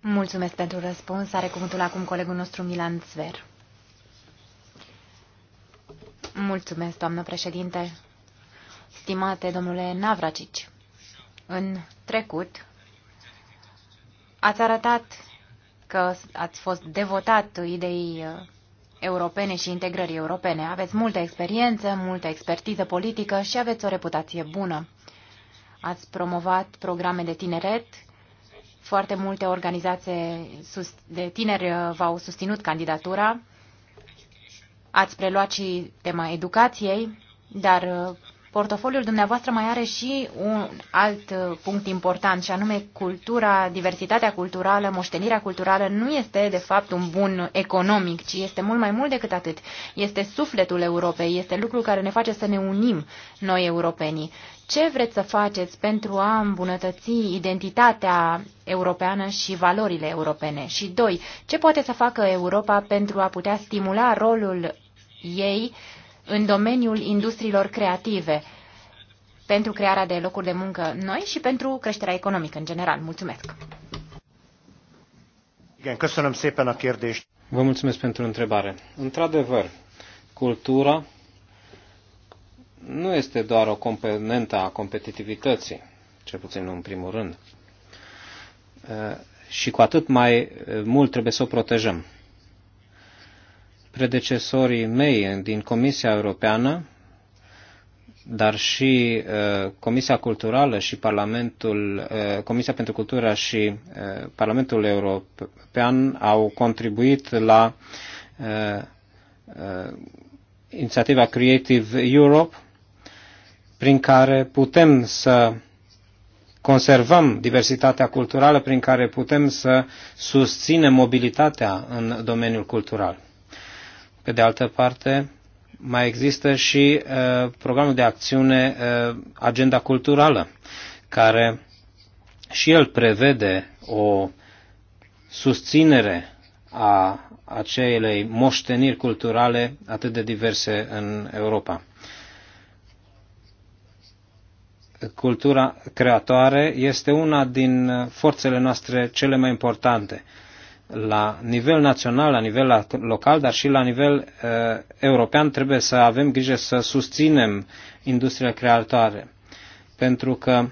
Mulțumesc pentru răspuns. Are cuvântul acum colegul nostru Milan Zver. Mulțumesc, doamnă președinte. Stimate domnule Navracici, în trecut ați arătat că ați fost devotat ideii europene și integrării europene. Aveți multă experiență, multă expertiză politică și aveți o reputație bună. Ați promovat programe de tineret, foarte multe organizații de tineri uh, v-au susținut candidatura, ați preluat și tema educației, dar uh, portofoliul dumneavoastră mai are și un alt uh, punct important, și anume cultura, diversitatea culturală, moștenirea culturală nu este de fapt un bun economic, ci este mult mai mult decât atât. Este sufletul Europei, este lucru care ne face să ne unim noi europenii. Ce vreți să faceți pentru a îmbunătăți identitatea europeană și valorile europene? Și doi, ce poate să facă Europa pentru a putea stimula rolul ei în domeniul industriilor creative pentru crearea de locuri de muncă noi și pentru creșterea economică în general. Mulțumesc! Vă mulțumesc pentru întrebare. Într-adevăr, cultura nu este doar o componentă a competitivității, cel puțin nu în primul rând, și cu atât mai mult trebuie să o protejăm predecesorii mei din Comisia Europeană, dar și uh, Comisia Culturală și Parlamentul, uh, Comisia pentru Cultura și uh, Parlamentul European au contribuit la uh, uh, inițiativa Creative Europe, prin care putem să conservăm diversitatea culturală, prin care putem să susținem mobilitatea în domeniul cultural. Pe de altă parte, mai există și uh, programul de acțiune uh, Agenda Culturală, care și el prevede o susținere a acelei moșteniri culturale atât de diverse în Europa. Cultura creatoare este una din forțele noastre cele mai importante la nivel național, la nivel local, dar și la nivel uh, european trebuie să avem grijă să susținem industria creatoare. Pentru că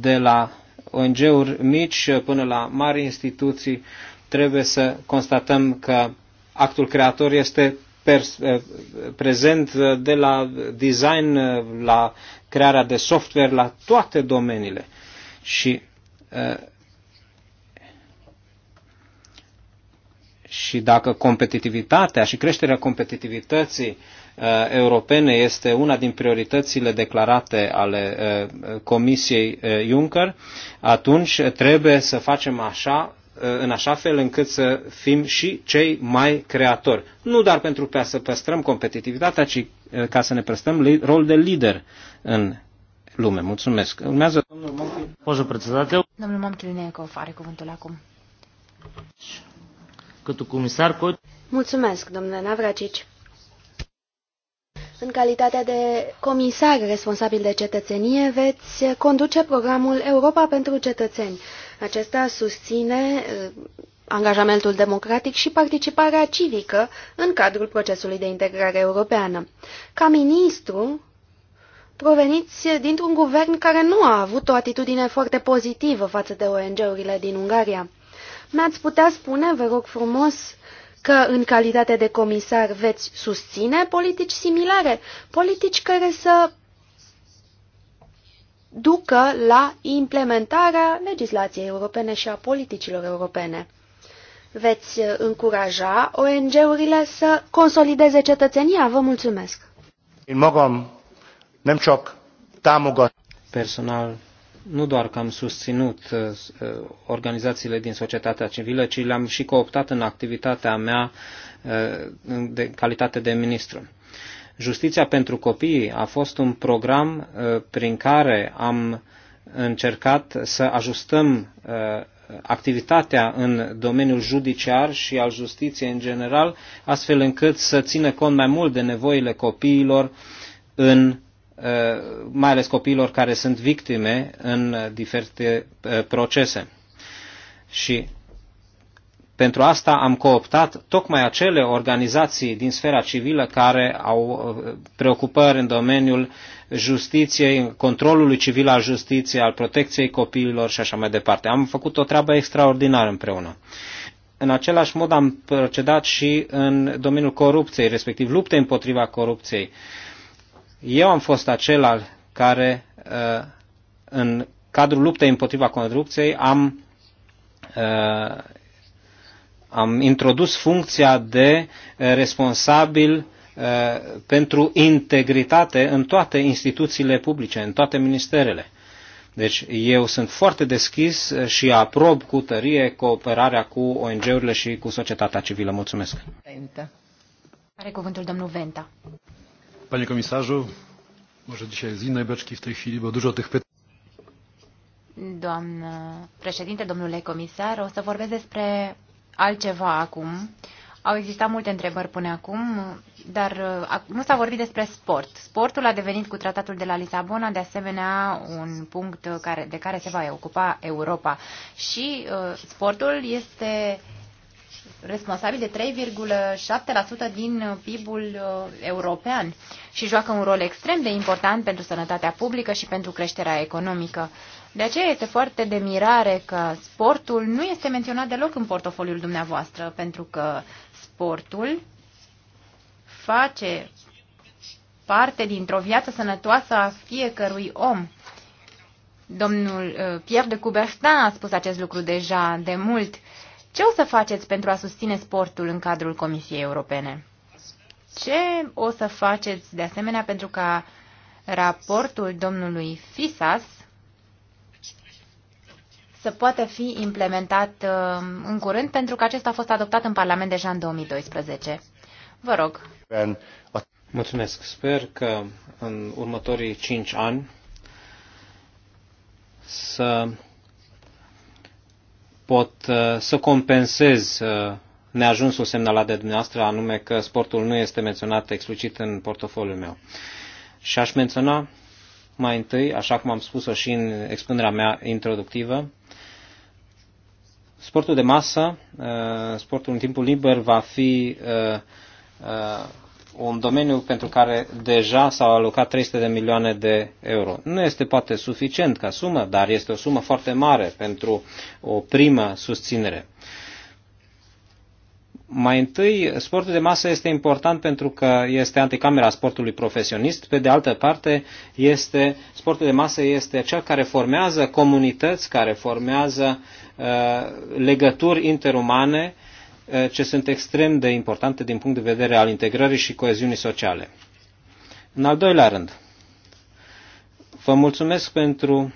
de la ONG-uri mici până la mari instituții trebuie să constatăm că actul creator este uh, prezent uh, de la design uh, la crearea de software la toate domeniile. Și și dacă competitivitatea și creșterea competitivității uh, europene este una din prioritățile declarate ale uh, Comisiei uh, Juncker, atunci trebuie să facem așa uh, în așa fel încât să fim și cei mai creatori. Nu doar pentru ca să păstrăm competitivitatea, ci uh, ca să ne păstrăm rol de lider în lume. Mulțumesc. Urmează domnul Momchil. Domnul Momchil are cuvântul acum като комисар, който... Mulțumesc, domnule Navracici. În calitate de comisar responsabil de cetățenie, veți conduce programul Europa pentru cetățeni. Acesta susține uh, angajamentul democratic și participarea civică în cadrul procesului de integrare europeană. Ca ministru, proveniți dintr-un guvern care nu a avut o atitudine foarte pozitivă față de ONG-urile din Ungaria mi ați putea spune, vă rog frumos, că în calitate de comisar veți susține politici similare, politici care să ducă la implementarea legislației europene și a politicilor europene. Veți încuraja ONG-urile să consolideze cetățenia? Vă mulțumesc! magam Personal nu doar că am susținut uh, uh, organizațiile din societatea civilă, ci le-am și cooptat în activitatea mea uh, de calitate de ministru. Justiția pentru copii a fost un program prin care am încercat să ajustăm activitatea în domeniul judiciar și al justiției în general, astfel încât să țină cont mai mult de nevoile copiilor în Uh, mai ales copiilor care sunt victime în diferite uh, procese. Și pentru asta am cooptat tocmai acele organizații din sfera civilă care au uh, preocupări în domeniul justiției, controlului civil al justiției, al protecției copiilor și așa mai departe. Am făcut o treabă extraordinară împreună. În același mod am procedat și în domeniul corupției, respectiv lupte împotriva corupției. Uh, eu am fost acela care, uh, în cadrul luptei împotriva corupției, am, uh, am introdus funcția de uh, responsabil pentru integritate în toate instituțiile publice, în toate ministerele. Deci eu sunt foarte deschis și aprob cu tărie cooperarea cu ONG-urile și cu societatea civilă. Mulțumesc. Venta. Are cuvântul domnul Venta. Panie komisarzu, może dzisiaj z innej beczki w tej chwili, bo dużo tych pytań. Doamnă președinte, domnule comisar, o să vorbesc despre altceva acum. Au existat multe întrebări până acum, dar uh, nu s-a vorbit despre sport. Sportul a devenit cu tratatul de la Lisabona, de asemenea, un punct care, de care se va ocupa Europa. Și uh, sportul este responsabil de 3,7% din uh, PIB-ul uh, european și joacă un rol extrem de important pentru sănătatea publică și pentru creșterea economică. De aceea este foarte de mirare că sportul nu este menționat deloc în portofoliul dumneavoastră, pentru că sportul face parte dintr-o viață sănătoasă a fiecărui om. Domnul uh, Pierre de Coubertin a spus acest lucru deja de mult ce o să faceți pentru a susține sportul în cadrul Comisiei Europene? Ce o să faceți de asemenea pentru ca raportul domnului Fisas să poată fi implementat uh, în curând, pentru că acesta a fost adoptat în Parlament deja în 2012. Vă rog. Mulțumesc. Sper că în următorii cinci ani să pot uh, să compensez uh, neajunsul semnalat de dumneavoastră, anume că sportul nu este menționat explicit în portofoliul meu. Și aș menționa mai întâi, așa cum am spus-o și în expunerea mea introductivă, sportul de masă, uh, sportul în timpul liber va fi un domeniu pentru care deja s-au alocat 300 de milioane de euro. Nu este poate suficient ca sumă, dar este o sumă foarte mare pentru o primă susținere. Mai întâi, sportul de masă este important pentru că este anticamera sportului profesionist. Pe de altă parte, este, sportul de masă este cel care formează comunități, care formează uh, legături interumane Eh, ce sunt extrem de importante din punct de vedere al integrării și coeziunii sociale. În al doilea rând, vă mulțumesc pentru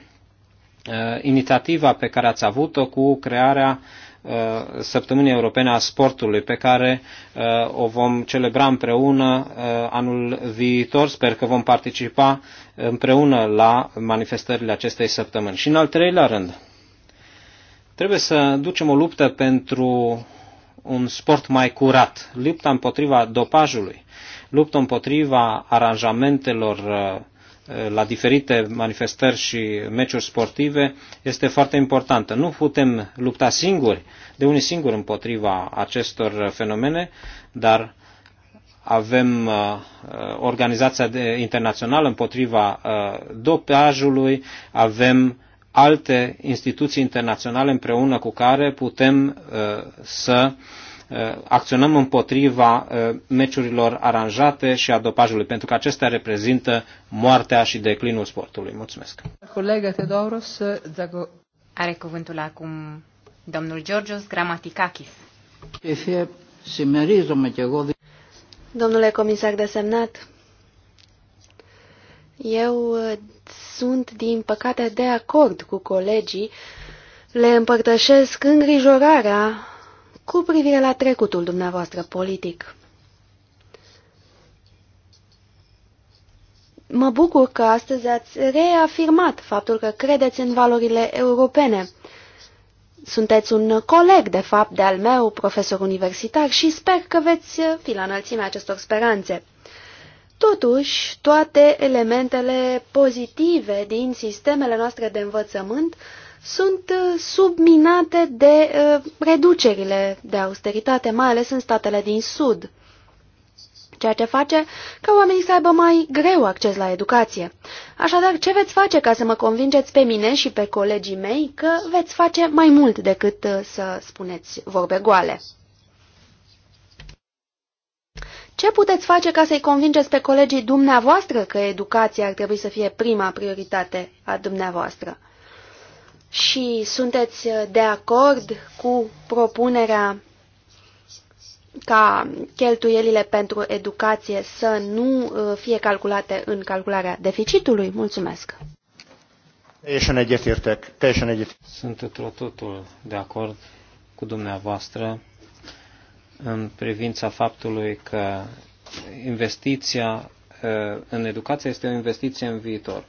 eh, inițiativa pe care ați avut-o cu crearea eh, Săptămânii Europene a Sportului, pe care o vom celebra împreună anul viitor. Sper că vom participa împreună la manifestările acestei săptămâni. Și în al treilea rând, trebuie să ducem o luptă pentru un sport mai curat, lupta împotriva dopajului, lupta împotriva aranjamentelor uh, uh, la diferite manifestări și meciuri sportive este foarte importantă. Nu putem lupta singuri, de unii singuri împotriva acestor fenomene, dar avem uh, organizația internațională împotriva dopajului, avem alte instituții internaționale împreună cu care putem uh, să uh, acționăm împotriva uh, meciurilor aranjate și a dopajului, pentru că acestea reprezintă moartea și declinul sportului. Mulțumesc. Colega Teodoros, dacă... Are cuvântul acum domnul Georgios Gramaticakis. Domnule comisar desemnat, eu uh, sunt, din păcate, de acord cu colegii, le împărtășesc îngrijorarea cu privire la trecutul dumneavoastră politic. Mă bucur că astăzi ați reafirmat faptul că credeți în valorile europene. Sunteți un coleg, de fapt, de-al meu, profesor universitar, și sper că veți fi la înălțimea acestor speranțe. Totuși, toate elementele pozitive din sistemele noastre de învățământ sunt uh, subminate de uh, reducerile de austeritate, mai ales în statele din Sud, ceea ce face ca oamenii să aibă mai greu acces la educație. Așadar, ce veți face ca să mă convingeți pe mine și pe colegii mei că veți face mai mult decât uh, să spuneți vorbe goale? Ce puteți face ca să-i convingeți pe colegii dumneavoastră că educația ar trebui să fie prima prioritate a dumneavoastră? Și sunteți de acord cu propunerea ca cheltuielile pentru educație să nu uh, fie calculate în calcularea deficitului? Mulțumesc! Sunt totul de acord cu dumneavoastră în privința faptului că investiția eh, în educație este o investiție în viitor.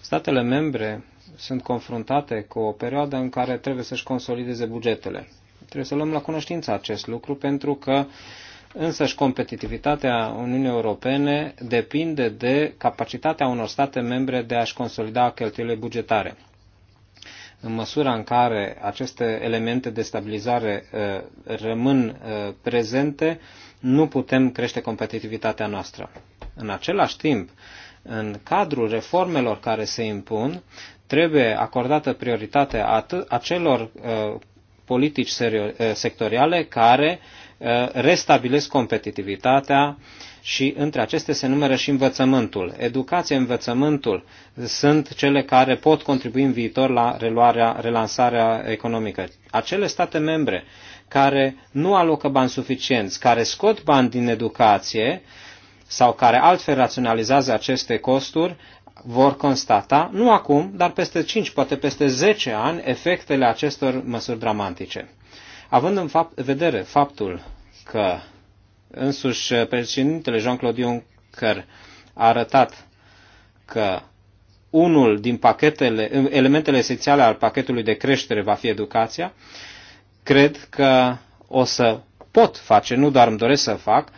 Statele membre sunt confruntate cu o perioadă în care trebuie să-și consolideze bugetele. Trebuie să luăm la cunoștință acest lucru pentru că însăși competitivitatea Uniunii Europene depinde de capacitatea unor state membre de a-și consolida cheltuielile bugetare în măsura în care aceste elemente de stabilizare uh, rămân uh, prezente, nu putem crește competitivitatea noastră. În același timp, în cadrul reformelor care se impun, trebuie acordată prioritate atât acelor uh, politici sectoriale care restabilesc competitivitatea uh, și între acestea se numără și învățământul. Educația, învățământul sunt cele care pot contribui în viitor la reluarea, relansarea economică. Acele state membre care nu alocă bani suficienți, care scot bani din educație sau care altfel raționalizează aceste costuri, vor constata, nu acum, dar peste 5, poate peste 10 ani, efectele acestor măsuri dramatice. Având în fapt, vedere faptul că însuși președintele Jean-Claude Juncker a arătat că unul din pachetele, elementele esențiale al pachetului de creștere va fi educația, cred că o să pot face, nu doar îmi doresc să fac,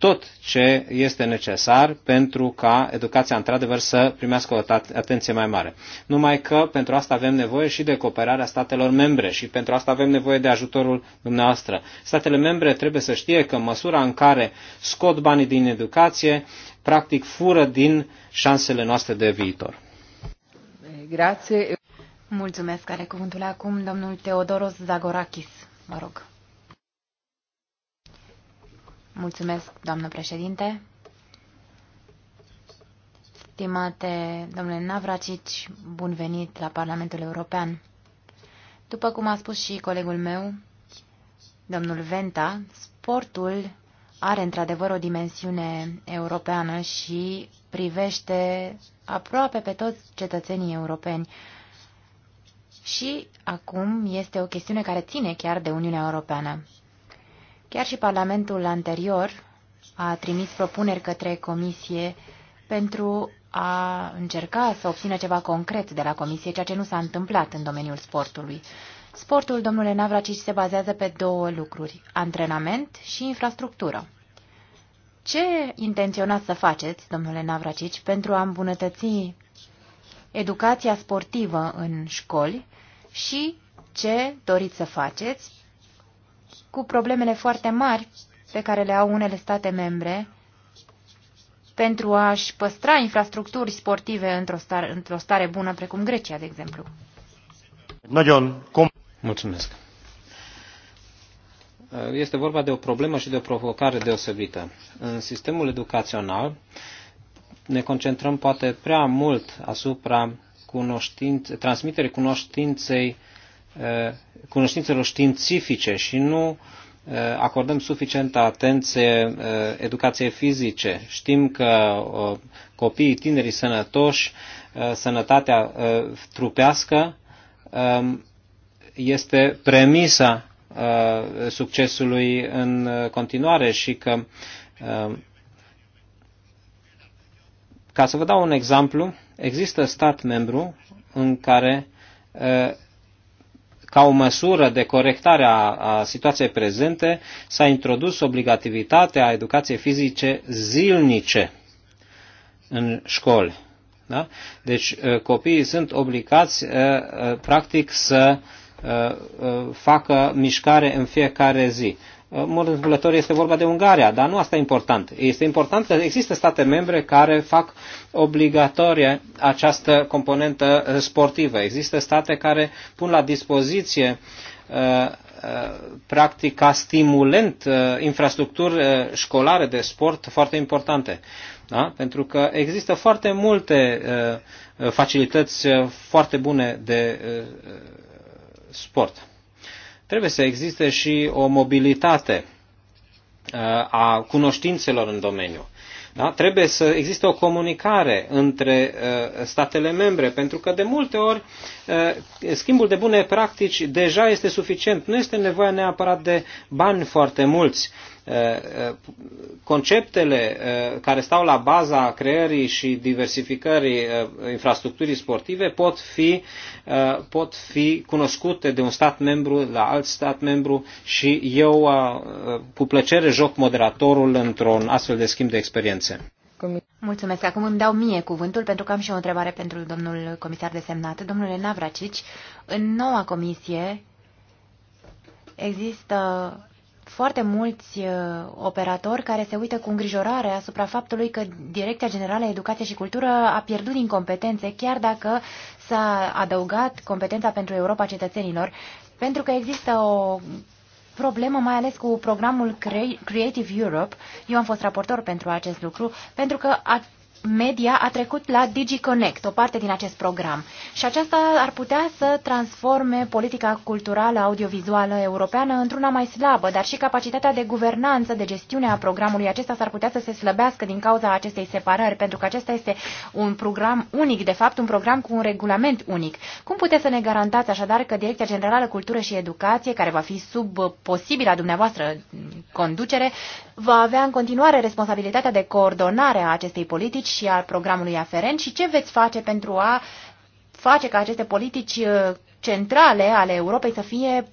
tot ce este necesar pentru ca educația într-adevăr să primească o atenție mai mare. Numai că pentru asta avem nevoie și de cooperarea statelor membre și pentru asta avem nevoie de ajutorul dumneavoastră. Statele membre trebuie să știe că în măsura în care scot banii din educație, practic fură din șansele noastre de viitor. Grație. Mulțumesc. Are cuvântul acum domnul Teodoros Zagorakis. Mă rog. Mulțumesc, doamnă președinte. Stimate domnule Navracici, bun venit la Parlamentul European. După cum a spus și colegul meu, domnul Venta, sportul are într-adevăr o dimensiune europeană și privește aproape pe toți cetățenii europeni. Și acum este o chestiune care ține chiar de Uniunea Europeană. Chiar și Parlamentul anterior a trimis propuneri către Comisie pentru a încerca să obțină ceva concret de la Comisie, ceea ce nu s-a întâmplat în domeniul sportului. Sportul, domnule Navracici, se bazează pe două lucruri, antrenament și infrastructură. Ce intenționați să faceți, domnule Navracici, pentru a îmbunătăți educația sportivă în școli și ce doriți să faceți cu problemele foarte mari pe care le au unele state membre pentru a-și păstra infrastructuri sportive într-o stare, într stare bună, precum Grecia, de exemplu. Mulțumesc. Este vorba de o problemă și de o provocare deosebită. În sistemul educațional ne concentrăm poate prea mult asupra cunoștinț- transmiterii cunoștinței eh, cunoștințelor științifice și nu acordăm suficientă atenție educației fizice. Știm că copiii tinerii sănătoși, sănătatea trupească este premisa succesului în continuare și că ca să vă dau un exemplu, există stat membru în care ca o măsură de corectare a, a situației prezente, s-a introdus obligativitatea educației fizice zilnice în școli. Da? Deci ă, copiii sunt obligați ă, ă, practic să facă mișcare în fiecare zi mod întâmplător este vorba de Ungaria, dar nu asta e important. Este important că există state membre care fac obligatorie această componentă sportivă. Există state care pun la dispoziție uh, uh, practic ca stimulent uh, infrastructuri școlare de sport foarte importante. Da? Pentru că există foarte multe facilități foarte bune de sport. Trebuie să existe și o mobilitate uh, a cunoștințelor în domeniu. Da? Trebuie să existe o comunicare între uh, statele membre, pentru că de multe ori uh, schimbul de bune practici deja este suficient. Nu este nevoie neapărat de bani foarte mulți. Eh, eh, conceptele eh, care stau la baza creării și diversificării infrastructurii sportive pot fi, pot fi cunoscute de un stat membru la alt stat membru și eu cu plăcere joc moderatorul într-un astfel de schimb de experiențe. Mulțumesc. Acum îmi dau mie cuvântul pentru că am și o întrebare pentru domnul comisar desemnat. Domnule Navracici, în noua comisie există foarte mulți uh, operatori care se uită cu îngrijorare asupra faptului că Direcția Generală Educație și Cultură a pierdut din competențe, chiar dacă s-a adăugat competența pentru Europa cetățenilor, pentru că există o problemă, mai ales cu programul Creative Europe. Eu am fost raportor pentru acest lucru, pentru că media a trecut la DigiConnect, o parte din acest program. Și aceasta ar putea să transforme politica culturală audiovizuală europeană într-una mai slabă, dar și capacitatea de guvernanță, de gestiune a programului acesta s-ar putea să se slăbească din cauza acestei separări, pentru că acesta este un program unic, de fapt un program cu un regulament unic. Cum puteți să ne garantați așadar că Direcția Generală Cultură și Educație, care va fi sub posibilă dumneavoastră conducere, va avea în continuare responsabilitatea de coordonare a acestei politici și al programului aferent și ce veți face pentru a face ca aceste politici uh, centrale ale Europei să fie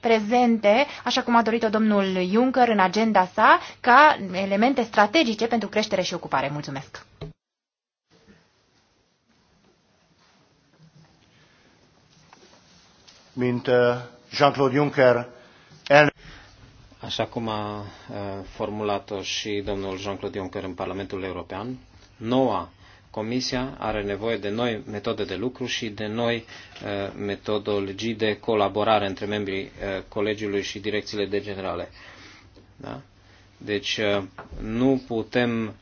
prezente, așa cum a dorit-o domnul Juncker în agenda sa, ca elemente strategice pentru creștere și ocupare. Mulțumesc! Mint uh, Jean-Claude Juncker, el... Așa cum a uh, formulat-o și domnul Jean-Claude Juncker în Parlamentul European, noua Comisia are nevoie de noi metode de lucru și de noi uh, metodologii de colaborare între membrii uh, colegiului și direcțiile de generale. Da? Deci uh, nu putem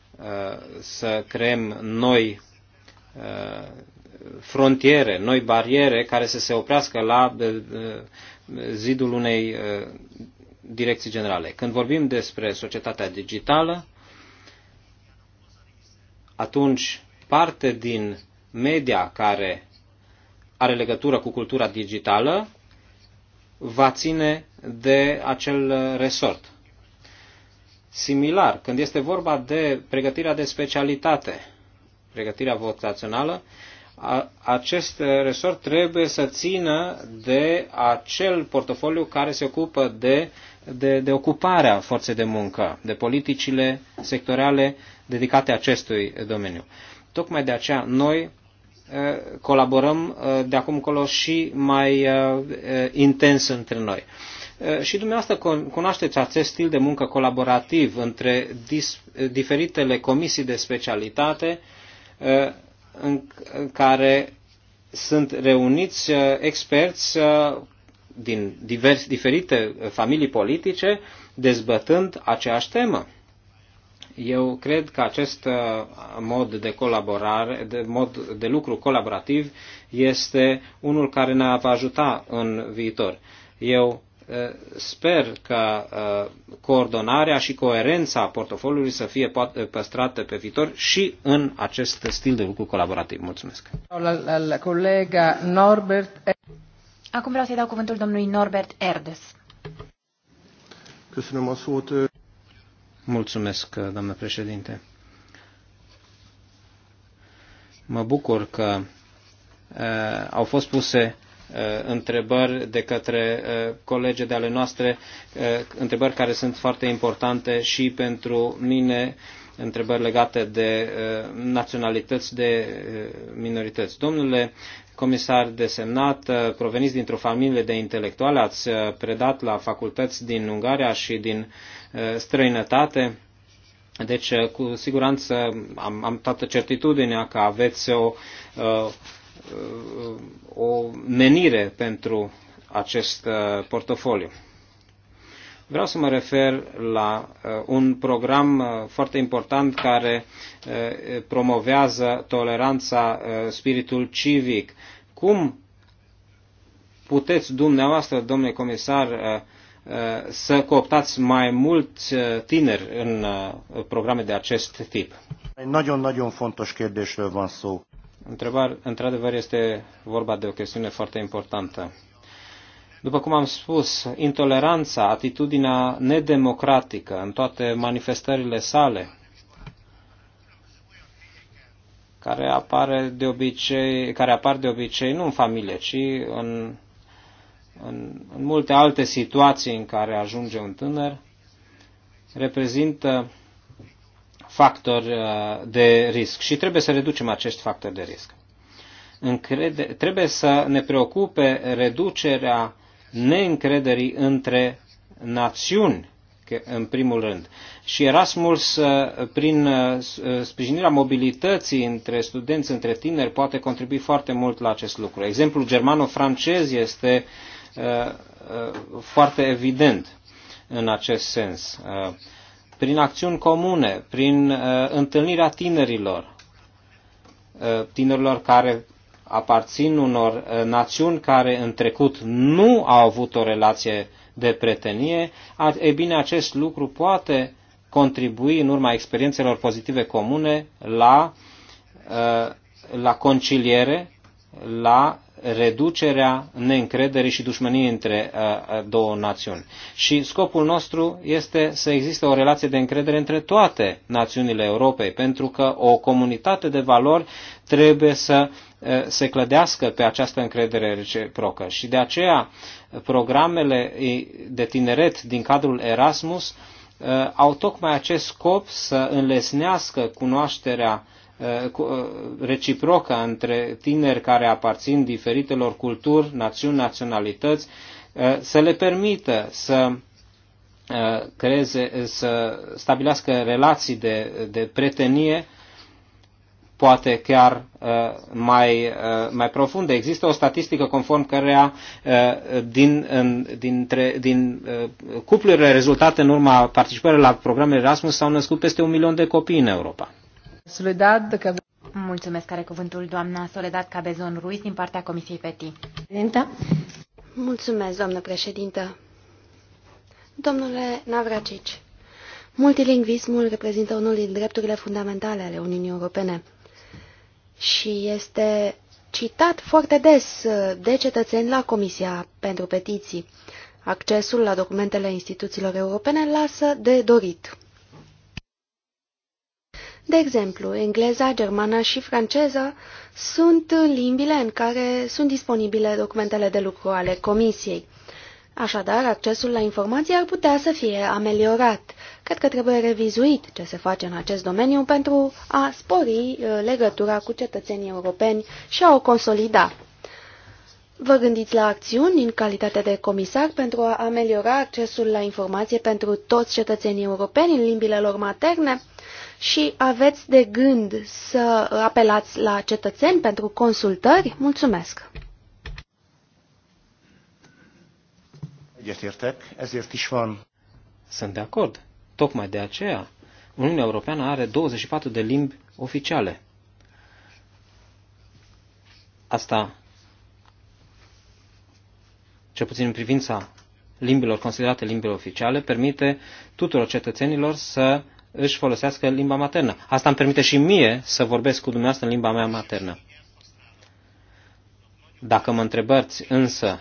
să creăm noi frontiere, noi bariere care să se oprească la zidul unei direcții generale. Când vorbim despre societatea digitală, atunci parte din media care are legătură cu cultura digitală va ține de acel resort. Similar, când este vorba de pregătirea de specialitate, pregătirea vocațională, acest resort trebuie să țină de acel portofoliu care se ocupă de, de, de ocuparea forței de muncă, de politicile sectoriale dedicate acestui domeniu. Tocmai de aceea noi eh, colaborăm eh, de acum încolo și mai eh, intens între noi. Și dumneavoastră cunoașteți acest stil de muncă colaborativ între diferitele comisii de specialitate în care sunt reuniți experți din divers, diferite familii politice dezbătând aceeași temă. Eu cred că acest uh, mod de colaborare, de mod de lucru colaborativ este unul care ne va ajuta în viitor. Eu uh, sper că uh, coordonarea și coerența portofoliului să fie păstrată pe viitor și în acest stil de lucru colaborativ. Mulțumesc. La, la, la colega Norbert. Acum vreau să-i dau cuvântul domnului Norbert Erdes. Köszönöm a Mulțumesc, doamnă președinte. Mă bucur că uh, au fost puse uh, întrebări de către uh, colegii de ale noastre, uh, întrebări care sunt foarte importante și pentru mine, întrebări legate de uh, naționalități, de uh, minorități. Domnule comisar desemnat, uh, proveniți dintr-o familie de intelectuale, ați uh, predat la facultăți din Ungaria și din uh, străinătate. Deci, cu siguranță, am, am toată certitudinea că aveți o, o menire pentru acest portofoliu. Vreau să mă refer la uh, un program uh, foarte important care uh, promovează toleranța, spiritul civic. Cum puteți dumneavoastră, domnule comisar, să cooptați mai mulți tineri în programe de acest tip? nagyon Întrebare, într-adevăr, este vorba de o chestiune foarte importantă. După cum am spus, intoleranța, atitudinea nedemocratică în toate manifestările sale, care, apare de obicei, care apar de obicei nu în familie, ci în, în, în multe alte situații în care ajunge un tânăr, reprezintă factori uh, de risc și trebuie să reducem acest factor de risc. Încrede, trebuie să ne preocupe reducerea neîncrederii între națiuni în primul rând. Și Erasmus, uh, prin uh, uh, sprijinirea mobilității între studenți, între tineri, poate contribui foarte mult la acest lucru. Exemplul germano-francez este foarte evident în acest sens. Prin acțiuni comune, prin întâlnirea tinerilor, tinerilor care aparțin unor uh, națiuni care în trecut nu au avut o relație de pretenie, e bine, acest lucru poate contribui în urma experiențelor pozitive comune la, uh, la conciliere, la reducerea neîncrederii și dușmăniei între uh, două națiuni. Și scopul nostru este să existe o relație de încredere între toate națiunile Europei, pentru că o comunitate de valori trebuie să se clădească pe această încredere reciprocă. Și de aceea programele de tineret din cadrul Erasmus au tocmai acest scop să înlesnească cunoașterea reciprocă între tineri care aparțin diferitelor culturi, națiuni, naționalități, să le permită să creeze, să stabilească relații de, de pretenie poate chiar uh, mai, uh, mai profundă. Există o statistică conform cărea uh, din, dintre, din cuplurile rezultate în urma participării la programele Erasmus s-au născut peste un milion de copii în Europa. Soledad, că... Mulțumesc, are cuvântul doamna Soledad Cabezon Ruiz din partea Comisiei PETI. Mulțumesc, doamnă președintă. Domnule Navracici, multilingvismul reprezintă unul din drepturile fundamentale ale Uniunii Europene și este citat foarte des de cetățeni la Comisia pentru Petiții. Accesul la documentele instituțiilor europene lasă de dorit. De exemplu, engleza, germana și franceza sunt limbile în care sunt disponibile documentele de lucru ale Comisiei. Așadar, accesul la informații ar putea să fie ameliorat. Cred că trebuie revizuit ce se face în acest domeniu pentru a spori uh, legătura cu cetățenii europeni și a o consolida. Vă gândiți la acțiuni în calitate de comisar pentru a ameliora accesul la informație pentru toți cetățenii europeni în limbile lor materne și aveți de gând să apelați la cetățeni pentru consultări? Mulțumesc! Egyetértek, ezért is van. Sunt de acord. Tocmai de aceea Uniunea Europeană are 24 de limbi oficiale. Asta, cel puțin în privința limbilor considerate limbile oficiale, permite tuturor cetățenilor să își folosească limba maternă. Asta îmi permite și mie să vorbesc cu dumneavoastră în limba mea maternă. Dacă mă întrebați însă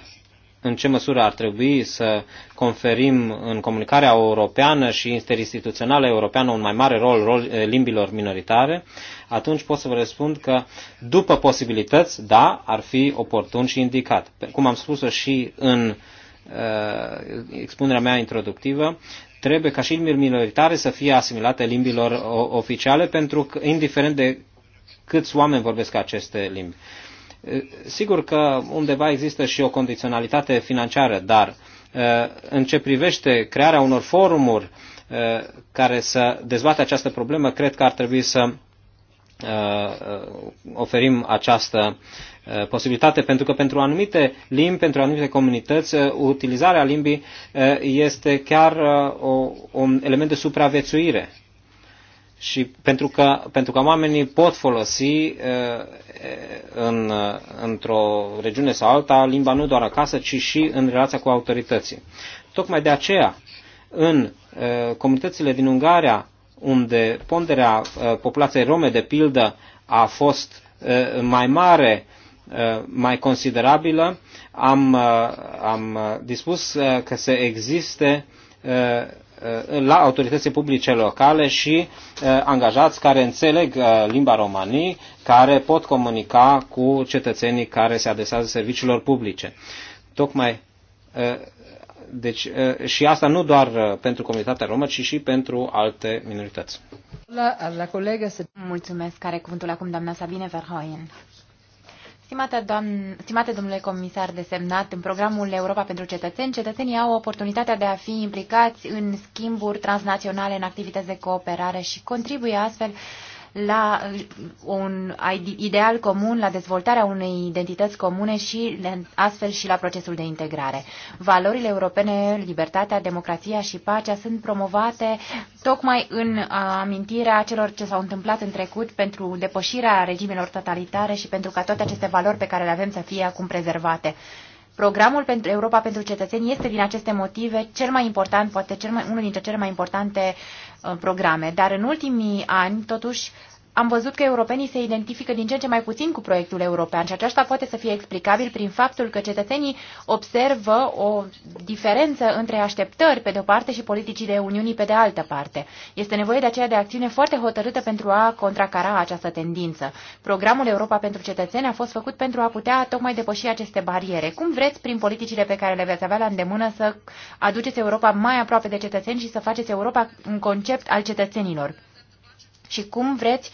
în ce măsură ar trebui să conferim în comunicarea europeană și interinstituțională europeană un mai mare rol, rol eh, limbilor minoritare, atunci pot să vă răspund că după posibilități, da, ar fi oportun și indicat. Cum am spus-o și în uh, expunerea mea introductivă, trebuie ca și limbile minoritare să fie asimilate limbilor oficiale, pentru că, indiferent de câți oameni vorbesc aceste limbi. Uh, Sigur că undeva există și o condiționalitate financiară, dar uh, în ce privește crearea unor forumuri uh, care să dezbate această problemă, cred că ar trebui să uh, oferim această posibilitate, pentru că pentru anumite limbi, pentru anumite comunități, utilizarea limbii este chiar un element de supraviețuire și pentru că, pentru că oamenii pot folosi uh, în, într-o regiune sau alta limba nu doar acasă, ci și în relația cu autorității. Tocmai de aceea, în uh, comunitățile din Ungaria, unde ponderea uh, populației rome, de pildă, a fost mai mare, mai considerabilă, am, am dispus că se existe Uh, la autoritățile publice locale și uh, angajați care înțeleg uh, limba romanii, care pot comunica cu cetățenii care se adresează serviciilor publice. Tocmai deci, și asta nu doar pentru comunitatea romă, ci și pentru alte minorități. La, la colegă se... Mulțumesc. Care cuvântul acum, doamna Sabine Verhoeyen. Stimate, doam... stimate domnule comisar desemnat, în programul Europa pentru cetățeni, cetățenii au oportunitatea de a fi implicați în schimburi transnaționale, în activități de cooperare și contribuie astfel la uh, un ideal comun, la dezvoltarea unei identități comune și astfel și la procesul de integrare. Valorile europene, libertatea, democrația și pacea sunt promovate tocmai în amintirea celor ce s-au întâmplat în trecut pentru depășirea regimelor totalitare și pentru ca toate aceste valori pe care le avem să fie acum prezervate. Programul pentru Europa pentru cetățeni este din aceste motive cel mai important, poate cel mai, unul dintre cele mai importante uh, programe. Dar în ultimii ani, totuși, am văzut că europenii se identifică din ce în ce mai puțin cu proiectul european și aceasta poate să fie explicabil prin faptul că cetățenii observă o diferență între așteptări pe de o parte și politicile Uniunii pe de altă parte. Este nevoie de aceea de acțiune foarte hotărâtă pentru a contracara această tendință. Programul Europa pentru cetățeni a fost făcut pentru a putea tocmai depăși aceste bariere. Cum vreți, prin politicile pe care le veți avea la îndemână, să aduceți Europa mai aproape de cetățeni și să faceți Europa un concept al cetățenilor? și cum vreți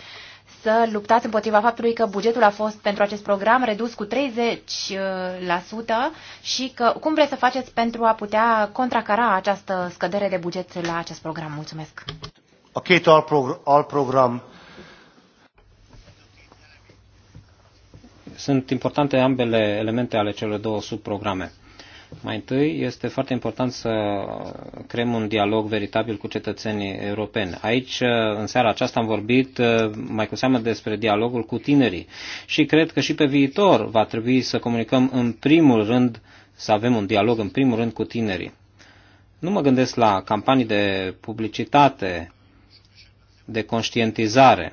să luptați împotriva faptului că bugetul a fost pentru acest program redus cu 30% uh, și că, cum vreți să faceți pentru a putea contracara această scădere de buget la acest program. Mulțumesc! Ok, to all, progr all program. Sunt importante ambele elemente ale celor două subprograme. Mai întâi, este foarte important să creăm un dialog veritabil cu cetățenii europeni. Aici, în seara aceasta, am vorbit uh, mai cu seamă despre dialogul cu tinerii și cred că și pe viitor va trebui să comunicăm în primul rând, să avem un dialog în primul rând cu tinerii. Nu mă gândesc la campanii de publicitate, de conștientizare,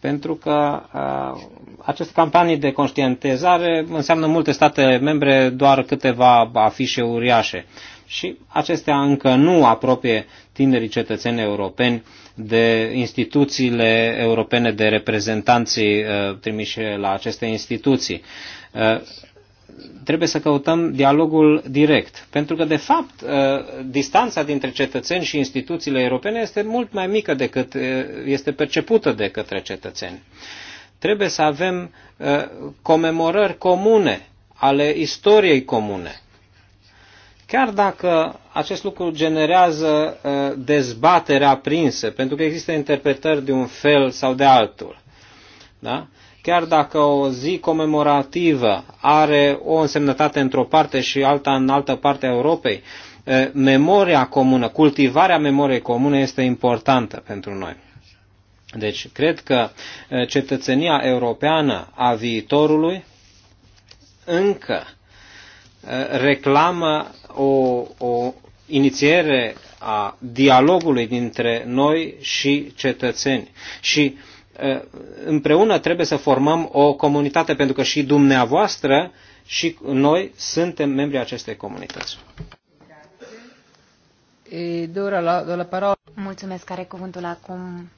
pentru că uh, aceste campanii de conștientizare înseamnă multe state membre doar câteva afișe uriașe și acestea încă nu apropie tinerii cetățeni europeni de instituțiile europene, de reprezentanții uh, trimiși la aceste instituții. Uh, trebuie să căutăm dialogul direct. Pentru că, de fapt, uh, distanța dintre cetățeni și instituțiile europene este mult mai mică decât uh, este percepută de către cetățeni. Trebuie să avem uh, comemorări comune ale istoriei comune. Chiar dacă acest lucru generează dezbatere aprinsă, pentru că există interpretări de un fel sau de altul. Da? chiar dacă o zi comemorativă are o însemnătate într-o parte și alta în altă parte a Europei, memoria comună, cultivarea memoriei comune este importantă pentru noi. Deci, cred că cetățenia europeană a viitorului încă reclamă o, o inițiere a dialogului dintre noi și cetățeni. Și uh, împreună trebuie să formăm o comunitate, pentru că și dumneavoastră și noi suntem membri acestei comunități. Mulțumesc, care cuvântul acum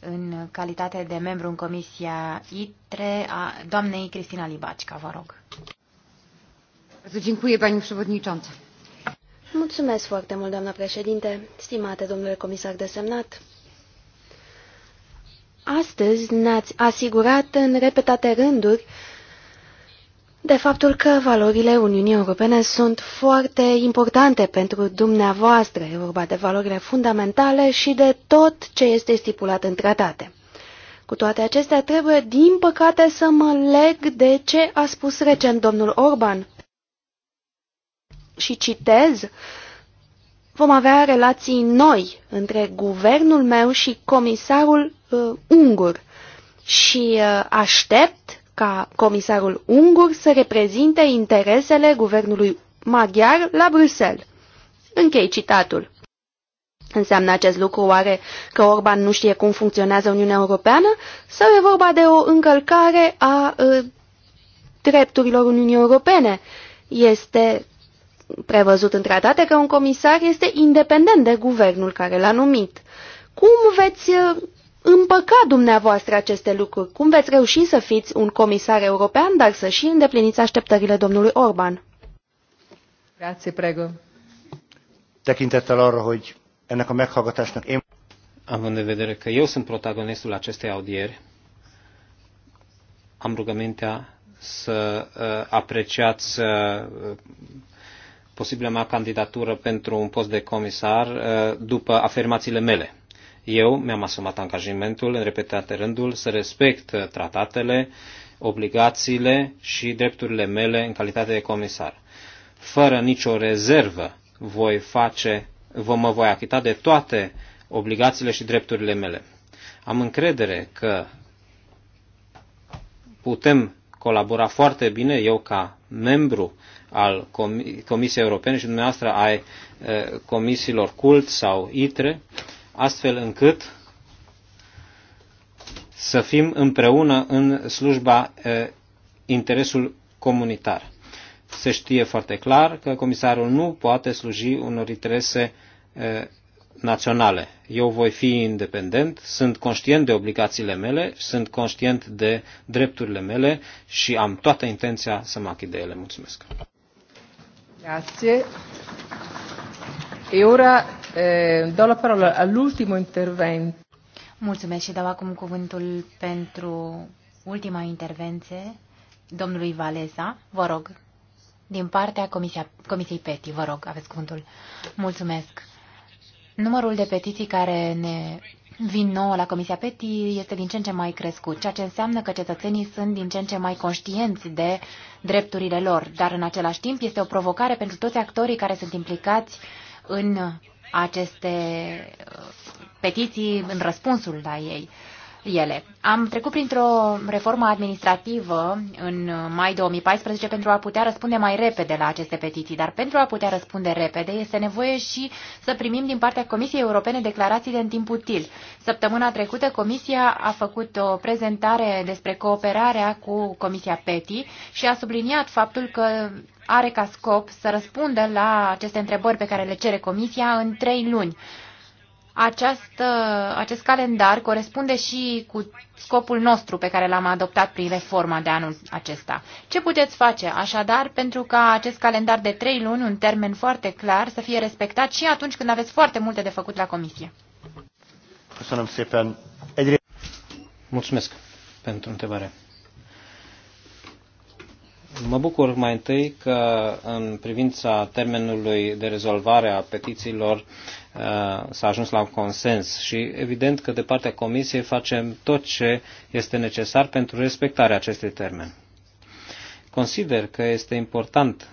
în calitate de membru în Comisia ITRE a doamnei Cristina Libacica, vă rog. Mulțumesc foarte mult, doamna președinte, stimate domnule comisar desemnat. Astăzi ne-ați asigurat în repetate rânduri de faptul că valorile Uniunii Europene sunt foarte importante pentru dumneavoastră. E vorba de valorile fundamentale și de tot ce este stipulat în tratate. Cu toate acestea, trebuie, din păcate, să mă leg de ce a spus recent domnul Orban. Și citez, vom avea relații noi între guvernul meu și comisarul uh, ungur și uh, aștept ca comisarul ungur să reprezinte interesele guvernului maghiar la Bruxelles. Închei citatul. Înseamnă acest lucru oare că Orban nu știe cum funcționează Uniunea Europeană sau e vorba de o încălcare a uh, drepturilor Uniunii Europene? Este prevăzut în tratate că un comisar este independent de guvernul care l-a numit. Cum veți uh, împăca dumneavoastră aceste lucruri? Cum veți reuși să fiți un comisar european, dar să și îndepliniți așteptările domnului Orban? Grazie, prego. Tekintettel arra, hogy ennek a meghallgatásnak én... Având în vedere că eu sunt protagonistul acestei audieri, am rugămintea să uh, apreciați uh, posibilă mea candidatură pentru un post de comisar uh, după afirmațiile mele. Eu mi-am asumat angajamentul în repetate rândul să respect uh, tratatele, obligațiile și drepturile mele în calitate de comisar. Fără nicio rezervă voi face, vă mă voi achita de toate obligațiile și drepturile mele. Am încredere că putem colabora foarte bine, eu ca membru al Comisiei Europene și dumneavoastră ai comisiilor CULT sau ITRE, astfel încât să fim împreună în slujba interesul comunitar. Se știe foarte clar că comisarul nu poate sluji unor interese naționale. Eu voi fi independent, sunt conștient de obligațiile mele, sunt conștient de drepturile mele și am toată intenția să mă achid de ele. Mulțumesc! Grazie. E ora eh, do la parola all'ultimo intervento. Mulțumesc și dau acum cuvântul pentru ultima intervenție domnului Valeza. Vă rog, din partea Comisia, Comisiei PETI, vă rog, aveți cuvântul. Mulțumesc. Numărul de petiții care ne vin nouă la Comisia PETI este din ce în ce mai crescut, ceea ce înseamnă că cetățenii sunt din ce în ce mai conștienți de drepturile lor, dar în același timp este o provocare pentru toți actorii care sunt implicați în aceste uh, petiții, în răspunsul la ei ele. Am trecut printr-o reformă administrativă în mai 2014 pentru a putea răspunde mai repede la aceste petiții, dar pentru a putea răspunde repede este nevoie și să primim din partea Comisiei Europene de în timp util. Săptămâna trecută Comisia a făcut o prezentare despre cooperarea cu Comisia PETI și a subliniat faptul că are ca scop să răspundă la aceste întrebări pe care le cere Comisia în trei luni. Această, acest calendar corespunde și cu scopul nostru pe care l-am adoptat prin reforma de anul acesta. Ce puteți face așadar pentru ca acest calendar de trei luni, un termen foarte clar, să fie respectat și atunci când aveți foarte multe de făcut la comisie? Mulțumesc pentru întrebare. Mă bucur mai întâi că în privința termenului de rezolvare a petițiilor s-a ajuns la un consens și evident că de partea Comisiei facem tot ce este necesar pentru respectarea acestui termen. Consider că este important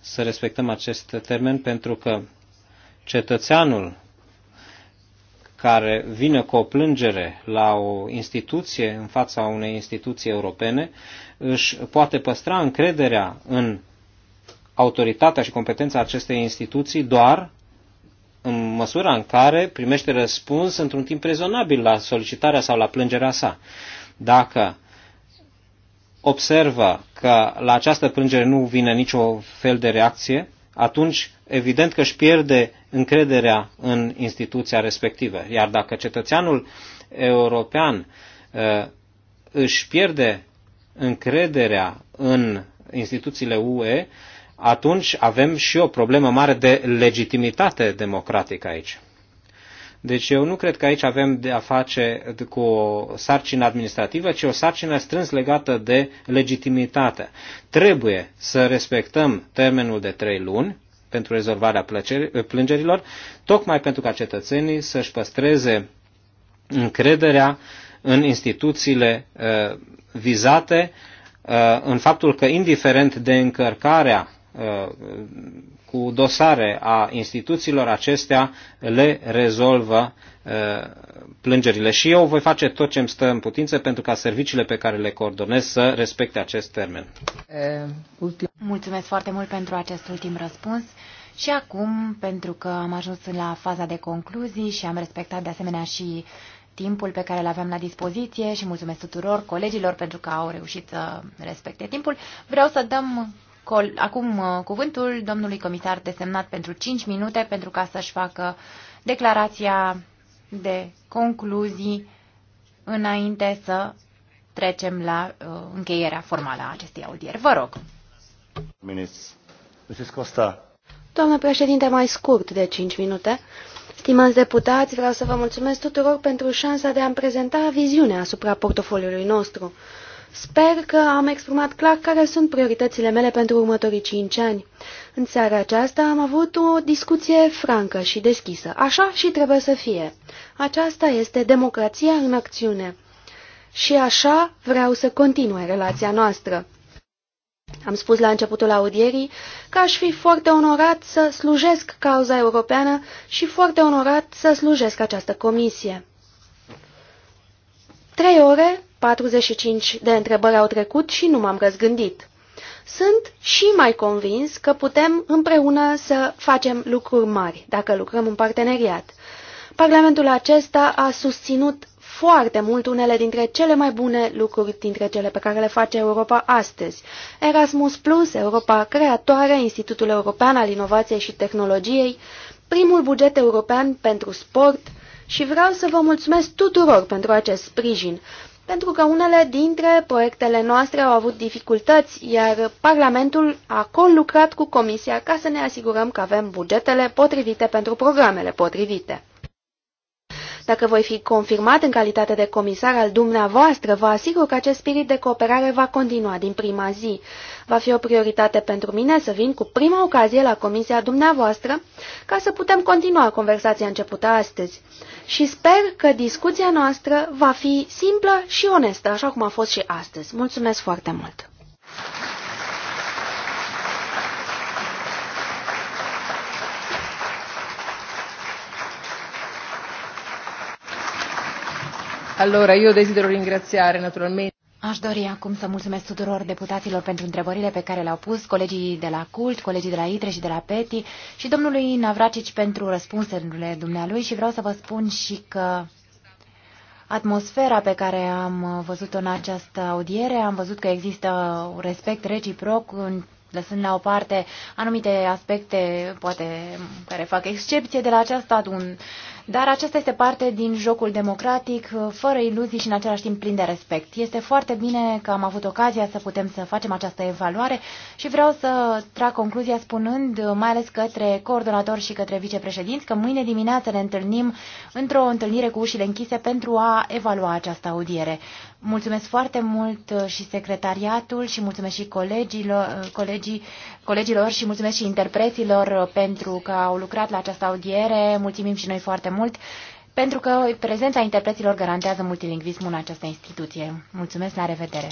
să respectăm acest termen pentru că cetățeanul care vine cu o plângere la o instituție, în fața unei instituții europene, își poate păstra încrederea în autoritatea și competența acestei instituții doar în măsura în care primește răspuns într-un timp rezonabil la solicitarea sau la plângerea sa. Dacă observă că la această plângere nu vine nicio fel de reacție, atunci evident că își pierde încrederea în instituția respectivă. Iar dacă cetățeanul european uh, își pierde încrederea în instituțiile UE, atunci avem și o problemă mare de legitimitate democratică aici. Deci eu nu cred că aici avem de a face cu o sarcină administrativă, ci o sarcină strâns legată de legitimitate. Trebuie să respectăm termenul de trei luni pentru rezolvarea plângerilor, tocmai pentru ca cetățenii să-și păstreze încrederea în instituțiile uh, vizate, uh, în faptul că indiferent de încărcarea Uh, cu dosare a instituțiilor acestea le rezolvă uh, plângerile. Și eu voi face tot ce îmi stă în putință pentru ca serviciile pe care le coordonez să respecte acest termen. Uh, mulțumesc foarte mult pentru acest ultim răspuns. Și acum, pentru că am ajuns la faza de concluzii și am respectat de asemenea și timpul pe care îl aveam la dispoziție și mulțumesc tuturor colegilor pentru că au reușit să respecte timpul, vreau să dăm acum uh, cuvântul domnului comisar desemnat pentru 5 minute pentru ca să-și facă declarația de concluzii înainte să trecem la uh, încheierea formală a acestei audieri. Vă rog. Minis. Doamnă președinte, mai scurt de 5 minute. Stimați deputați, vreau să vă mulțumesc tuturor pentru șansa de a-mi prezenta viziunea asupra portofoliului nostru. Sper că am exprimat clar care sunt prioritățile mele pentru următorii cinci ani. În seara aceasta am avut o discuție francă și deschisă. Așa și trebuie să fie. Aceasta este democrația în acțiune. Și așa vreau să continue relația noastră. Am spus la începutul audierii că aș fi foarte onorat să slujesc cauza europeană și foarte onorat să slujesc această comisie. Trei ore, 45 de întrebări au trecut și nu m-am răzgândit. Sunt și mai convins că putem împreună să facem lucruri mari, dacă lucrăm în parteneriat. Parlamentul acesta a susținut foarte mult unele dintre cele mai bune lucruri dintre cele pe care le face Europa astăzi. Erasmus Plus, Europa Creatoare, Institutul European al Inovației și Tehnologiei, primul buget european pentru sport, și vreau să vă mulțumesc tuturor pentru acest sprijin, pentru că unele dintre proiectele noastre au avut dificultăți, iar Parlamentul a conlucrat cu Comisia ca să ne asigurăm că avem bugetele potrivite pentru programele potrivite. Dacă voi fi confirmat în calitate de comisar al dumneavoastră, vă asigur că acest spirit de cooperare va continua din prima zi. Va fi o prioritate pentru mine să vin cu prima ocazie la comisia dumneavoastră ca să putem continua conversația începută astăzi. Și sper că discuția noastră va fi simplă și onestă, așa cum a fost și astăzi. Mulțumesc foarte mult! eu Aș dori acum să mulțumesc tuturor deputaților pentru întrebările pe care le-au pus, colegii de la CULT, colegii de la ITRE și de la PETI și domnului Navracici pentru răspunsurile dumnealui și vreau să vă spun și că atmosfera pe care am văzut-o în această audiere, am văzut că există un respect reciproc în lăsând la o parte anumite aspecte, poate, care fac excepție de la această un, dar acesta este parte din jocul democratic, uh, fără iluzii și în același timp plin de respect. Este foarte bine că am avut ocazia să putem să facem această evaluare și vreau să trag concluzia spunând, uh, mai ales către coordonator și către vicepreședinți, că mâine dimineață ne întâlnim într-o întâlnire cu ușile închise pentru a evalua această audiere. Mulțumesc foarte mult uh, și secretariatul și mulțumesc și colegilor, colegii colegilor și mulțumesc și interpreților pentru că au lucrat la această audiere. Mulțumim și noi foarte mult pentru că prezența interpreților garantează multilingvismul în această instituție. Mulțumesc, la revedere!